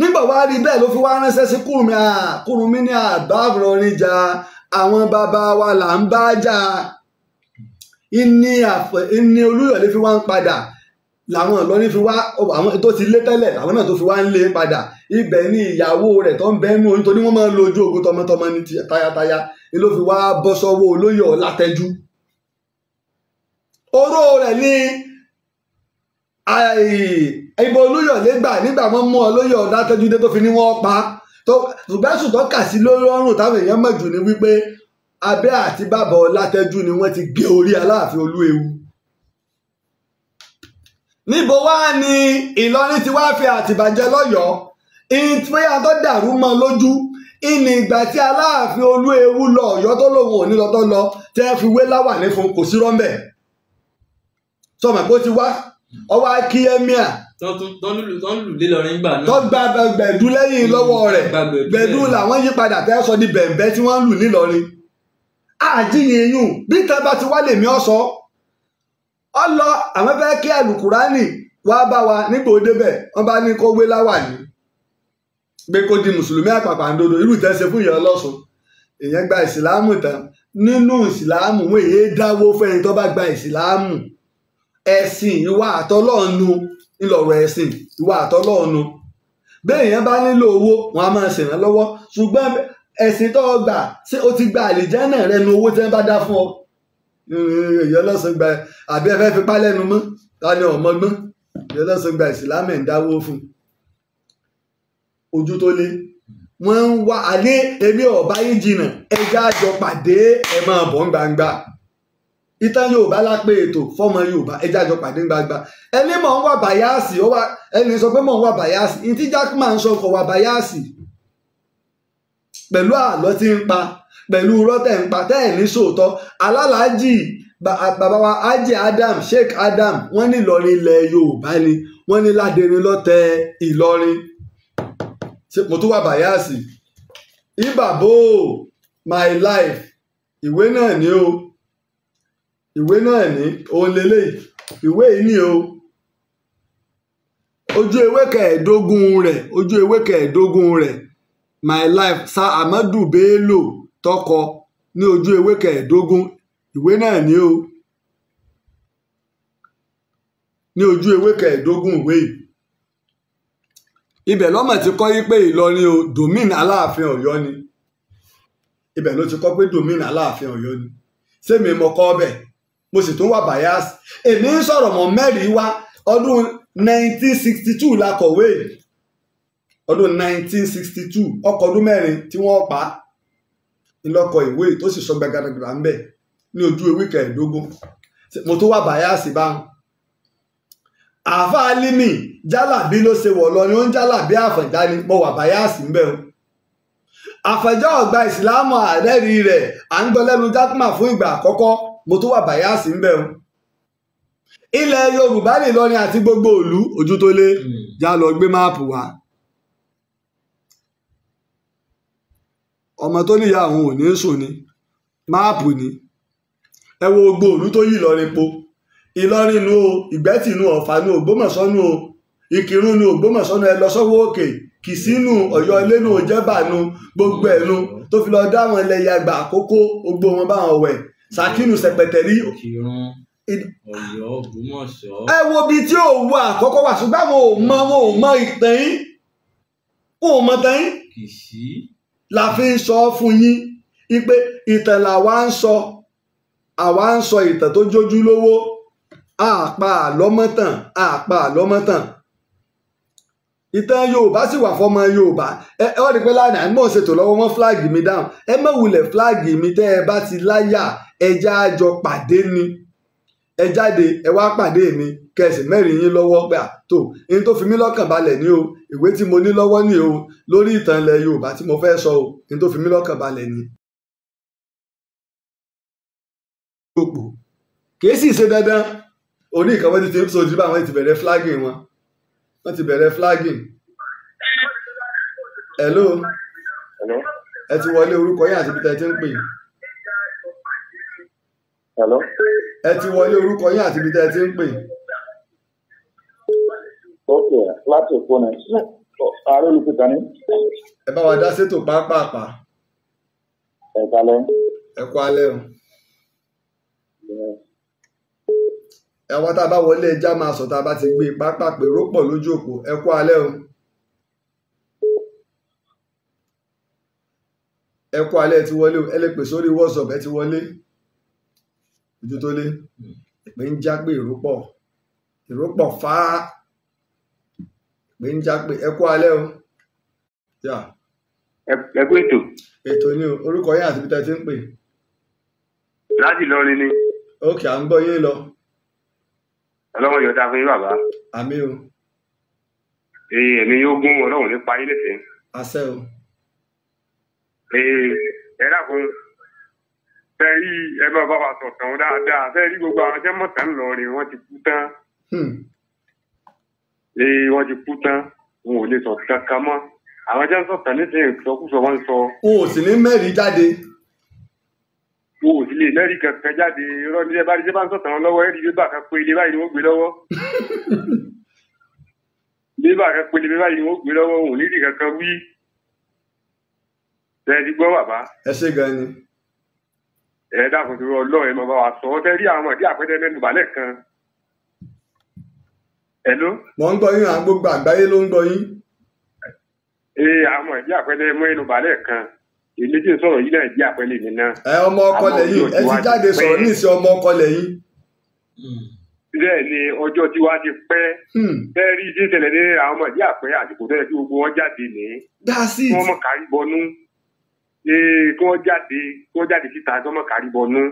nígbà wá rí bẹ́ẹ̀ ló fi wá ránṣẹ́ sí kùrùmí ní àbá lọrin jà àwọn bàbá wa là ń bá jà ìní olúyọ̀lé fi wá ń padà làwọn ìlọrin fi wá àwọn tó ti lé tẹ́lẹ̀ làwọn náà tó fi wá ń lé padà ibẹ̀ ni ìyàwó rẹ̀ tó ń bẹ́nu oyún torí wọ́n máa ń lo ojú ogun tọmọtọmọ ní tayataya ni ló fi wá bọ́ sọ́wọ́ olóyè ọ̀làtẹ́jú oró rẹ̀ ní ibo olóyọ̀lé gbà nígbà wọ́n mú olóyè ọ̀làtẹ́jú dé tó fi ní wọ́n pa á tó ṣùgbọ́n ṣùgbọ́n kà sí lórí ọrùn táwọn èèyàn mọ̀ jù ní wípé abẹ́ àti bàbá ọlátẹ́jú ni wọ́n ti gé orí aláàfin olúewu níbo wá ni ìlọrin ti wá fi àtìbàjẹ́ lọ́yọ̀ọ́ ìpínyà tó dàrú mọ́ lójú ìní ìgbà tí aláàfin olúewu lọ ọ̀yọ́ tó lòun ò ní lọ tó lọ tẹ́ fi wé láwà fún kò sí rọ́ńbẹ̀ sọmọ pé ó ti wá ọwọ́ akíyẹ́míà tọ́n lùlé lọ́rin gbà náà. tọ́n gba gbẹ̀dú lẹ́yìn lọ́wọ́ rẹ̀ gbẹ̀dú làwọn yí padà tẹ́ sọ ní bẹ̀m̀bẹ́ tí wọ́n ń lù nílọrin. àjíyìn yún bí tẹ́ bá ti wá lè mí ọ̀sọ́ ọ lọ àwọn fẹ́ kí àlùkùránì wá bá wa nígbà ó débẹ̀ wọ́n bá ní kó gbé láwà ní pé kó di mùsùlùmí àpàpàǹdodo irú ìtẹ́sẹ̀ fún ìyá ọlọ́sùn èèyàn gba ìsìláàmù tán nínú ìsìláàmù wọn èyí dáwó fẹ́yìn tó bá gba ìsìláàmù ẹ̀sìn ìwà àtọ́lọ́ọ̀nù ńlọrọ̀ ẹ̀sìn ìwà àtọ́lọ́ọ̀nù bẹ́ẹ̀ yẹn bá nílò owó wọn a máa ṣèràn lọ́wọ́ ṣùgbọ́n ẹ̀sìn tó gbà ṣé o ti gba àlìjánà rẹ nu owó tí wọ́n bá dá fún ọ èyí ọlọ́sìn gba àbí ẹ fẹ́ fipá lẹ́nu mọ́ ta ni ọ̀mọ́gbọ́n èyí ọlọ́sìn gba ìsìlámù ń dáwó fún ojú tó lé wọ́n ń wá àlé èmi ọ̀bá yìí jìnnà ẹja àjọpàdé ẹ̀ máa bọ̀ ń gbangba ìtàn yorùbá lápé ètò fọmọ yorùbá ẹjẹ àjọ pàdé gbangba ẹni mọ̀ ń wà bàyáàsì ẹni sọ pé mọ̀ ń wà bàyáàsì ìtí jákèmá ń sọ kọ̀ wà bàyáàsì pẹ̀lú àlọ́ tí ń pa pẹ̀lú rọ́tẹ̀ ń pa tẹ́ ẹ̀ ní sòótọ́ alálàájì bàbá wa Haji Adam Sheikh Adam wọ́n ní Ìlọrin ilẹ̀ yorùbá ni wọ́n ní ládẹrin lọ́tẹ̀ Ìlọrin mo tún wà bàyáàsì ìbàbò my life ìwé náà ni o. ìwé náà ni òun lélẹ́yìí ìwé yìí ni o ojú ewé kẹẹ̀ẹ́dógún rẹ̀ ojú ewé kẹẹ̀ẹ́dógún rẹ̀ my life sa amadu bello tọkọ ní ojú ewé kẹẹ̀ẹ́dógún ìwé náà ni o ní ojú ewé kẹẹ̀ẹ́dógún ìwé yìí ibẹ̀ lọ́mọ̀ ti kọ́ yí pé ìlọrin o domin aláàfin ọ̀yọ́ ni ibẹ̀ ló ti kọ́ pé domin aláàfin ọ̀yọ́ ni sẹ́mi mo kọ́ bẹ́ẹ̀ mo sì tún wà bias èmi ń sọ̀rọ̀ mọ́ mẹ́rin wá ọdún 1962 la kọ̀wé ọdún 1962 ọkọ̀ ọdún mẹ́rin tí wọ́n pa ńlọkọ̀ ìwé tó sì sọ gbàgàdàgbà ń bẹ̀ ní ojú ewé kẹrìndógún mo tún wà bias báwọn àáfàá límì jálàbí ló ṣe wọ̀ lọ ni ó ń jálàbí àfẹ̀dá mo wà bias ń o àfẹ̀jọ́ ọ̀gbà ìsìlámù àrẹ́rí rẹ̀ à ń gbọ́ lẹ́nu jákùmá fún ìgbà àkọ́kọ́ mo tó wà bàyáàsì ń bẹ̀ o ilẹ̀ yorùbá nìlọrin àti gbogbo ìlú ojú tó lé hmm. já lọ gbé máàpù wá ọmọ tó níyà òun ò ní sùn ni máàpù ni ẹ wo gbogbo ìlú tó yí ìlọrin po ìlọrin nu o ìgbẹ́tì nu ọ̀fà nu ògbómọ̀ṣọ́ nu o ìkírun nu ògbómọ̀ṣọ́ nu ẹ lọ sọ́wọ́ òkè kìsínú ọ̀yọ́ ilé nu òjẹ́bà nu gbogbo ẹ̀ nu tó fi lọ dá àwọn àkókò gbogbo wọn báwọn wẹ̀ Ṣàkínú Sẹ̀pẹ̀tẹ̀rí. Ọ̀yọ́ Ògbómọ̀ṣọ́. ẹ wo ibi tí o wà àkọ́kọ́ wà ṣùgbọ́n wọn ò mọ wọn ò mọ ìtàn yín wọn ò mọ tán yín. Kìṣí. la fi ń sọ fún yín ipe ìtàn làwa ń sọ àwa ń sọ ìtàn tó jójú lówó àpá àlọ́mọ́tàn àpá àlọ́mọ́tàn ìtàn yorùbá sì wà fọmọ yorùbá ẹ ọ rí pé lánàá mò ń ṣètò lọ́wọ́ wọn fúláàgì mi dáhùn ẹ má wulẹ̀ fúláàgì mi tẹ́ ẹ bá ti láyà ẹja àjọ pàdé ni ẹ jáde ẹ wá pàdé mi kẹsì mẹ́rin yín lọ́wọ́ gbà tó ní tó fi mí lọ́kàn balẹ̀ ni o ìwé tí mo ní lọ́wọ́ ni o lórí ìtàn ilẹ̀ yorùbá tí mo fẹ́ sọ o ní tó fi mí lọ́kàn balẹ̀ ni. kìí sì ṣe dandan oní ìkàwé ti ti sọ ti bá àwọn ti fúláàgì wọn wọ́n ti bẹ̀rẹ̀ flagging. hello. hello. ẹ ti wọlé orúkọ yín àti ibi tẹ́ ẹ ti ń pè. hello. ẹ ti wọlé orúkọ yín àti ibi tẹ́ ẹ ti ń pè. ok láti èkó ni ààrẹ olùkúta ni. ẹ bá wa dá sétò pápápá. ẹ kalẹ. ẹ kú alẹ́ o. Yeah ẹwà tá a bá wọlé ẹja máa sọ tá a bá ti gbé e, pápá pèrò pọ̀ lójú òpó ẹ kú alẹ́ o ẹ kú alẹ́ ti wọlé o ẹ lè pè sórí WhatsApp ẹ ti wọlé ojú tó lé ìpè ń já pé èrò pọ̀ èrò pọ̀ fáá ìpè ń já pé ẹ kú alẹ́ o ẹ kú ètò. ètò ni o orúkọ yín àti ibi tá ti ń pè. láti lọ ni ni. ókè à ń gbọ́ yín lọ ọlọ́run yóò dáa fún yín bàbá. àmín o. ee èmi yóò gún ọlọ́run nípa yín lẹ́sẹ̀. àṣẹ o. ee ẹ dákun fẹ́ rí ẹ bá bá wa sọ̀tàn dáadáa fẹ́ rí gbogbo àwọn jẹ́mọ̀tà ńlọrin wọ́n ti kú tán. ee hmm. wọ́n ti kú tán wọn ò lè sọ̀tàn kankan mọ́ àwọn jẹ́mọ̀tà nísìnyí ìsọkúsọ wọn sọ. o ò sì ní mẹ́rin jáde kú òsílẹ̀ lẹ́rìí kankan jáde irọ́ ní ẹbá ní sẹ́bánsọ̀ tàn án lọ́wọ́ ẹ̀rí bébà kan pé ilé báyìí ni wọ́n gbé lọ́wọ́ bébà kan pé ilé báyìí ni wọ́n gbé lọ́wọ́ òun nídìí kankan wí tẹ́ẹ̀dí gbọ́ bàbá. ẹ ṣe gan ni. ẹ dákun tó Ọlọ́run ẹ máa bá wa sọ ọ tẹ́rí àwọn ìdí àpẹẹrẹ mẹ́nu bàálẹ̀ kan. Hello. mo ń gbọ́ yín àwọn gbogbo àgbáyé ló ń gbọ́ yín. ee àwọn ìdí àpẹẹrẹ mẹ́nu bàálẹ̀ kan ilé tí n sọ̀rọ̀ yìí náà jẹ́ àpẹẹlẹ mi náà. ẹ ọmọ ọkọ lẹ́yìn ẹ ti jáde sọ̀rọ̀ ní ìsìn ọmọ ọkọ lẹ́yìn. Hmm. bẹ́ẹ̀ ni ọjọ́ tí wàá ti pẹ́ bẹ́ẹ̀ hmm. rí sí ìṣẹ̀lẹ̀ ní àwọn ọmọ ìdí àpẹ àsìkò tẹ́lẹ̀ tí gbogbo wọn jáde ní. kí wọ́n mọ̀ kárí bọnú kí wọ́n jáde kí wọ́n jáde síta kí wọ́n mọ̀ kárí bọnú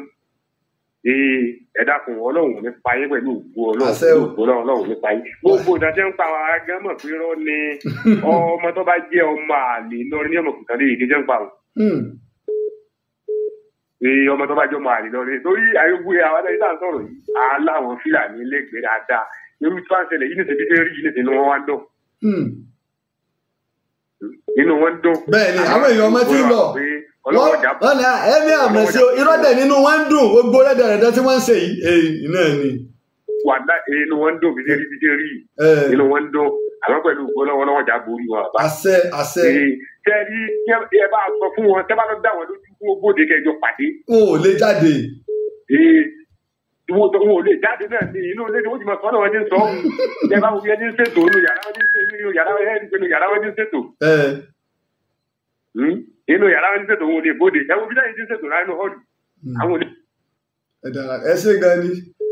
ẹ dákun ọlọ́run ní payé pẹ̀lú ògbó ọlọ́run ọlọ́run ní payé gbogbo ìdájọ́ ń pa àwọn arágán pé rọ́ ni ọmọ tó bá jẹ́ ọmọ àlè lọ́rin ní ọmọkùnrin kan lè dé jẹ́ ń pa àwọn. Hmm. ọmọ tó bá jọ máa rí lọrẹ torí àyọkúrẹ àwọn adájọ́ tá à ń sọ̀rọ̀ yìí aláwọn fúlàní lẹ́gbẹ̀ẹ́ dáadáa irú tí wọn ṣẹlẹ̀ yìí ní ṣèbí fẹẹ rí yìí ní ṣèbí wọn wá dùn. Hmm. inú wọn dùn. bẹ́ẹ̀ni àwọn èèyàn ọmọ tí ń lọ wọn ni ẹmí àmọsí irọ́ dẹ̀ nínú wọn ń dùn gbogbo rẹ̀dẹ̀rẹ̀dẹ̀ tí wọ́n ń ṣe yìí náà ni. wàhálà inú wọn dùn bìtẹ́rì bìtẹ́rì eh. inú wọn dùn àmọ́ pẹ̀lú gbọ́lọ́wọ́lọ́wọ́ jà borí wọn. àṣẹ àṣẹ. ṣe rí ẹ bá sọ fún wọn tẹ bá lọ dá wọn lójú fún ogóde kẹjọ pàdé. n ò lè jáde. wọn ò lè jáde náà ní inú ilé ìwé ìjùmọ̀ sọ́nà wọn ti ń sọ. ẹ bá wọlé ẹni ṣètò inú yàrá wọn ti ń ṣètò inú yàrá wọn ti ń ṣètò hmm? yàrá wọn ti ń inú yàrá wọn ti ń wọn ò lè bóde ẹ wo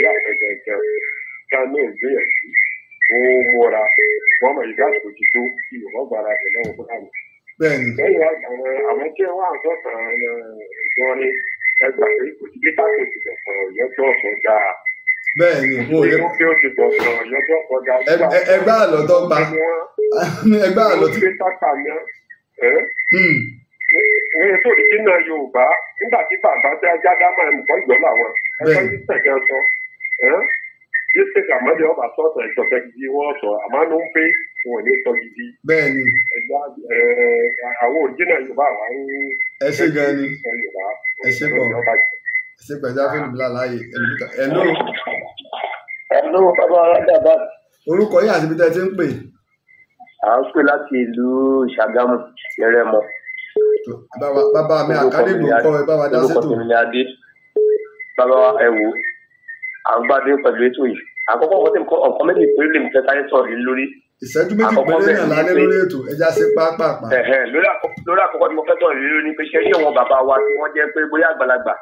ìyá àgbẹjẹjẹ ká ní ìgbìyànjú wọn múra wọn mọ ìgbà tó ti tó kí wọn gbára rẹ lọ́wọ́ fún àná. lẹ́yìn àwọn àwọn tí wọn àjọ kan ìjọni ẹgbà pé kò sí bí táwọn ti bọ̀ sọ̀rọ̀ yọjọ́ ọ̀sán dáa. bẹ́ẹ̀ni mo yẹ kí o ti bọ̀ sọ̀rọ̀ yọjọ́ ọ̀sán dáa. ẹgbẹ́ àlọ́ tó pa ẹgbẹ́ àlọ́ tó pa ní ètò ìdínà yorùbá nígbà tí bàbá tí ajá dá máa ń bọ́ ìgbọ́ làwọn ẹgbẹ́ ní sẹ̀gẹ́ sọ district àmọ́dé ọba sọ̀tọ̀ ìsọ̀tọ̀ gidi wọ́n sọ àmọ́ ló ń pé wọn ò ní sọ gidi. bẹ́ẹ̀ni. ẹja ẹ àwọn òjìnà yorùbá wa ń. ẹ ṣe gan ni ẹ ṣe bọ ẹ ṣe gbàjá fílùmù láàyè ẹlò. ẹlò bàbá aládé àbá. orúkọ yìí àti ibi tẹ́ ẹ ti ń pè. à ń pè láti ìlú Ṣàgámù Ìrẹ́mọ. bàbá mi àkádé ìgbòkọ ẹ bá wa dá sí tò. orúkọ mi ni adé bàbá ẹ wò à ń gbádùn pẹ̀lú ètò yìí àkọ́kọ́ ọkọ tí ọkọ méjì péré lè fẹ́ táyé sọ̀rọ̀ yìí lórí. ìṣẹ́jú méjì péré náà lálẹ́ lórí ètò ẹja ṣe pápápá. lórí àkọ́kọ́ tí mo fẹ́ sọ̀rọ̀ yìí lórí pé ṣé yí àwọn bàbá wa tí wọ́n jẹ́ pé bóyá àgbàlagbà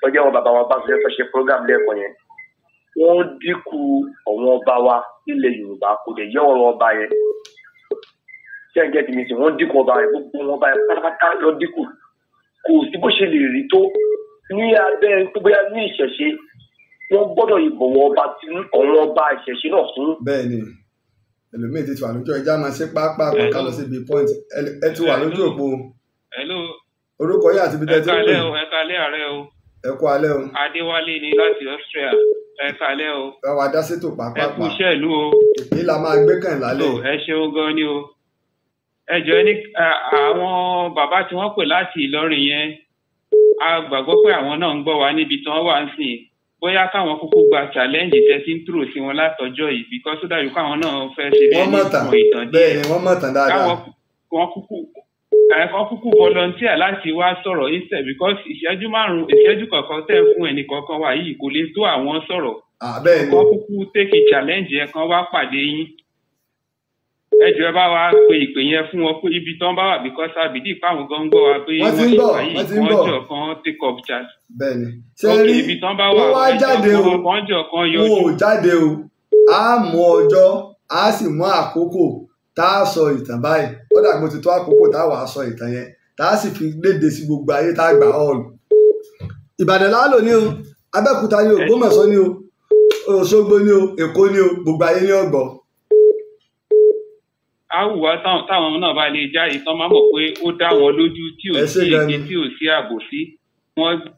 tó jẹ́ àwọn bàbá wa bá fẹ́ fẹ́ ṣe program lẹ́ẹ̀kan yẹn wọ́n dínkù àwọn ọba wa nílẹ̀ Yorùbá kò dẹ̀ yẹ ọ̀rọ̀ ọba yẹn ṣé ẹ̀jẹ̀ ti mi sì wọ́n dínkù ọba yẹn gbogbo wọn ọba yẹn pátápátá lọ dínkù kò sí bó ṣe lè rí tó ní abẹ́ bóyá ní ìṣẹ̀ṣe wọ́n gbọ́dọ̀ ìbọ̀wọ̀ ọba tí ọ̀wọ́n ọba ìṣẹ̀ṣe náà fún. bẹ́ẹ̀ni ẹlòmíín ti wà lójú ẹja máa ṣe pápá ká lọ síbi point ẹ ti wà lójú òpó. orúkọ yìí àti ibi tẹ́ ń pè. ẹ káalẹ́ ààrẹ o. ẹ kú alẹ́ o. adéwálé ni láti austria ẹ káalẹ́ o. ẹ wá dá sétò pápá. ẹ kú iṣẹ́ ìlú o. èyí la máa gbé kàn lálẹ́. ẹ ṣeun gan ni o. ẹ jọ ní àwọn bàbá tí wọ́n pè láti ìlọrin yẹn a gbàgbọ́ pé àwọn náà ń gbọ́ wa níbi tí wọ́n wà ń sìn bóyá káwọn kúkú gba challenge thirteen throw sí wọn látọjọ́ yìí because ó dàbí káwọn náà fẹ́ ṣe bí ẹni ìmọ̀ ìtàn díẹ̀ bẹ́ẹ̀ ni wọ́n mọ̀ tán dáadáa káwọn kúkú ẹ̀kọ́ kúkú volunteer láti wá sọ̀rọ̀ instead because ìṣẹ́jú márùn-ún ìṣẹ́jú kọ̀ọ̀kan tẹ̀ fún ẹnì kọ̀ọ̀kan wà yìí kò lè tó àwọn sọ̀rọ̀ ẹ̀kọ́ kúkú take a challenge ẹ̀kan wá pàdé yín ẹ jọ ẹ bá wa pe ìpè yẹn fún wọn pé ibi tán bá wà because àbídí ìpáwọn gan gbọ́ wa pé wọ́n ti ń bọ̀ wọ́n ti ń bọ̀ wọ́n jọ kan take up charge. bẹ́ẹ̀ni ṣe rí wọ́n jáde o wọ́n ò jáde o a mú ọjọ́ a sì mú àkókò tá a sọ ìtàn báyìí ó dàgbò ti tó àkókò tá a wàá sọ ìtàn yẹn tá a sì fi léde sí gbogbo ayé tá a gbà ọ̀lù ìbàdàn láàlò ni o abẹ́òkúta ni o gbọ́mọ̀sán o òṣogbo ni o èkó ni o áwùwá táwọn náà bá lè jáde tán máa mọ̀ pé ó dá wọn lójú tí ò sí èké tí ò sí ààbò sí.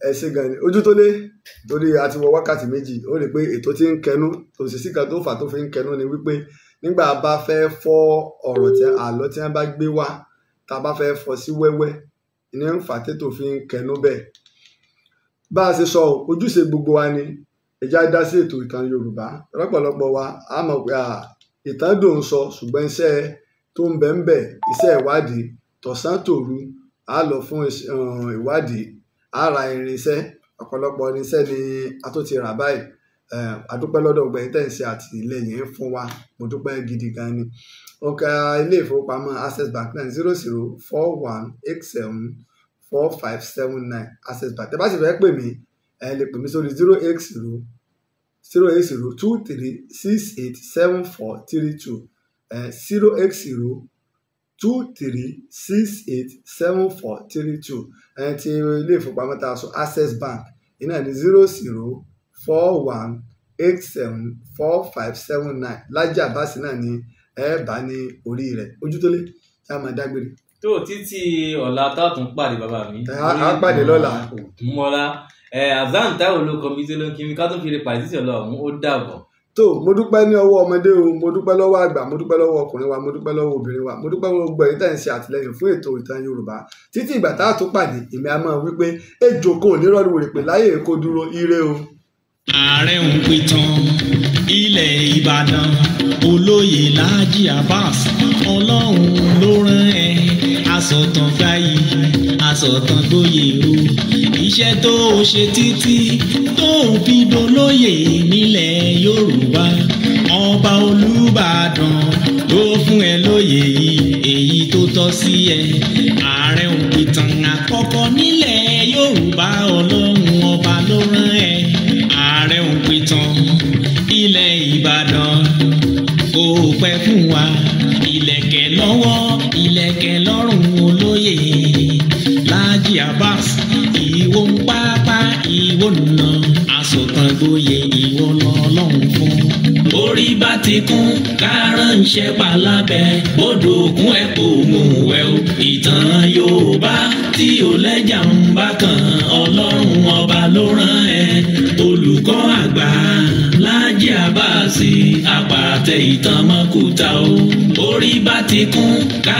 ẹ ṣe gan ni ojú tó lé torí a ti wọ wákàtí méjì ó rí i pé ètò tí ń kẹnu tó sì síkà tó fà tó fi ń kẹnu ni wípé nígbà bá fẹ́ fọ́ ọ̀rọ̀ tí àlọ́ tí wọ́n bá gbé wá tá a bá fẹ́ fọ́ sí wẹ́wẹ́ ní ń fà tètò fi ń kẹnu bẹ́ẹ̀. bá a ṣe sọ ojúṣe gbogbo wa ni ẹ̀já dá sí ètò ìtàn Yorùbá lọ́pọ̀lọpọ̀ wa a mọ̀ pé ìtàn dùn sọ ṣùgbọ́n iṣẹ́ tó ń bẹ̀ ń bẹ̀ iṣẹ́ ìwádìí tọ̀sán tòru a lọ fún eh, ìwádìí a ra irinṣẹ́ ọ̀pọ̀lọpọ̀ irinṣẹ́ ni a tó ti rà báyìí àdúpẹ́ eh, lọ́dọ̀ ọgbẹ̀yìn tẹ̀ ń ṣe àtìlẹ́yìn fún wa mo dúpẹ́ gidi gan ni ọ̀ka ilé ìfowópamọ́ access bank náà zero zero four one eight seven four five seven nine access bank tẹ́ bá sì fẹ́ pè mí ẹ lè pè mí sórí zero eight zero zero eight zero two three six eight seven four three two zero X zero two three six eight seven four three two ti ilé ìfowópamọ́ tá a access bank iná ní zero zero four one eight seven four five seven nine lájà báàsì náà ní ẹ bá ní orí rẹ̀ ojútólé tá a máa dágbére tó títí ọ̀la tààtún pàdé bàbá mi. a pàdé lọ́la. ògùnmọ́lá azan táwọn olókọ́ mi tó ló ń kí mi ká tó fi lè pàdé sí ọ̀la ọ̀hún ó dàbọ̀ tó mo dúpẹ́ ní ọwọ́ ọmọdé o mo dúpẹ́ lọ́wọ́ àgbà mo dúpẹ́ lọ́wọ́ ọkùnrin wa mo dúpẹ́ lọ́wọ́ obìnrin wa mo dúpẹ́ lọ́wọ́ gbogbo ẹ̀yin tẹ̀sí àtìlẹyìn fún ètò ìtàn yorùbá títí ìgbà tá a tún pàdé èmi a máa wípé ejò kò ní rọrùn láyé èkó dúró ire o. ààrẹ ń pìtàn ilẹ̀ ìbàdàn olóyè Láàjì Abbas ọlọ́run ló rán ẹ asọ̀tàn fáyì asọ̀tàn gbóyè o iṣẹ́ tó o ṣe títí tó o fi dolóyè nílẹ̀ Yorùbá ọba Olúbàdàn ló fún ẹ lóyè èyí tó tọ́ sí ẹ ààrẹ òpìtàn àkọ́kọ́ nílẹ̀ Yorùbá ọlọ́run ọba ló rán ẹ ààrẹ òpìtàn ilẹ̀ Ìbàdàn kò pẹ́ fún wa ìlẹ̀kẹ̀ lọ́wọ́ ìlẹ̀kẹ̀ lọ́rùn olóyè Láàjì abas ìwọ ń pápá ìwọ nùnà àsọ̀tàgbóyè ìwọ lọ́lọ́run fún. orí bá ti kún kárán ń ṣẹ́pà lábẹ́ bọ́dọ̀ òkun ẹ̀ kò mú wẹ́ o ìtàn Yorùbá tí ò lẹ́jà ń bá kan Ọlọ́run ló rán ẹ olùkọ́ àgbà Láàjì Àbáàsì àpàtẹ ìtàn mọ́kúta o orí bá ti kún ká.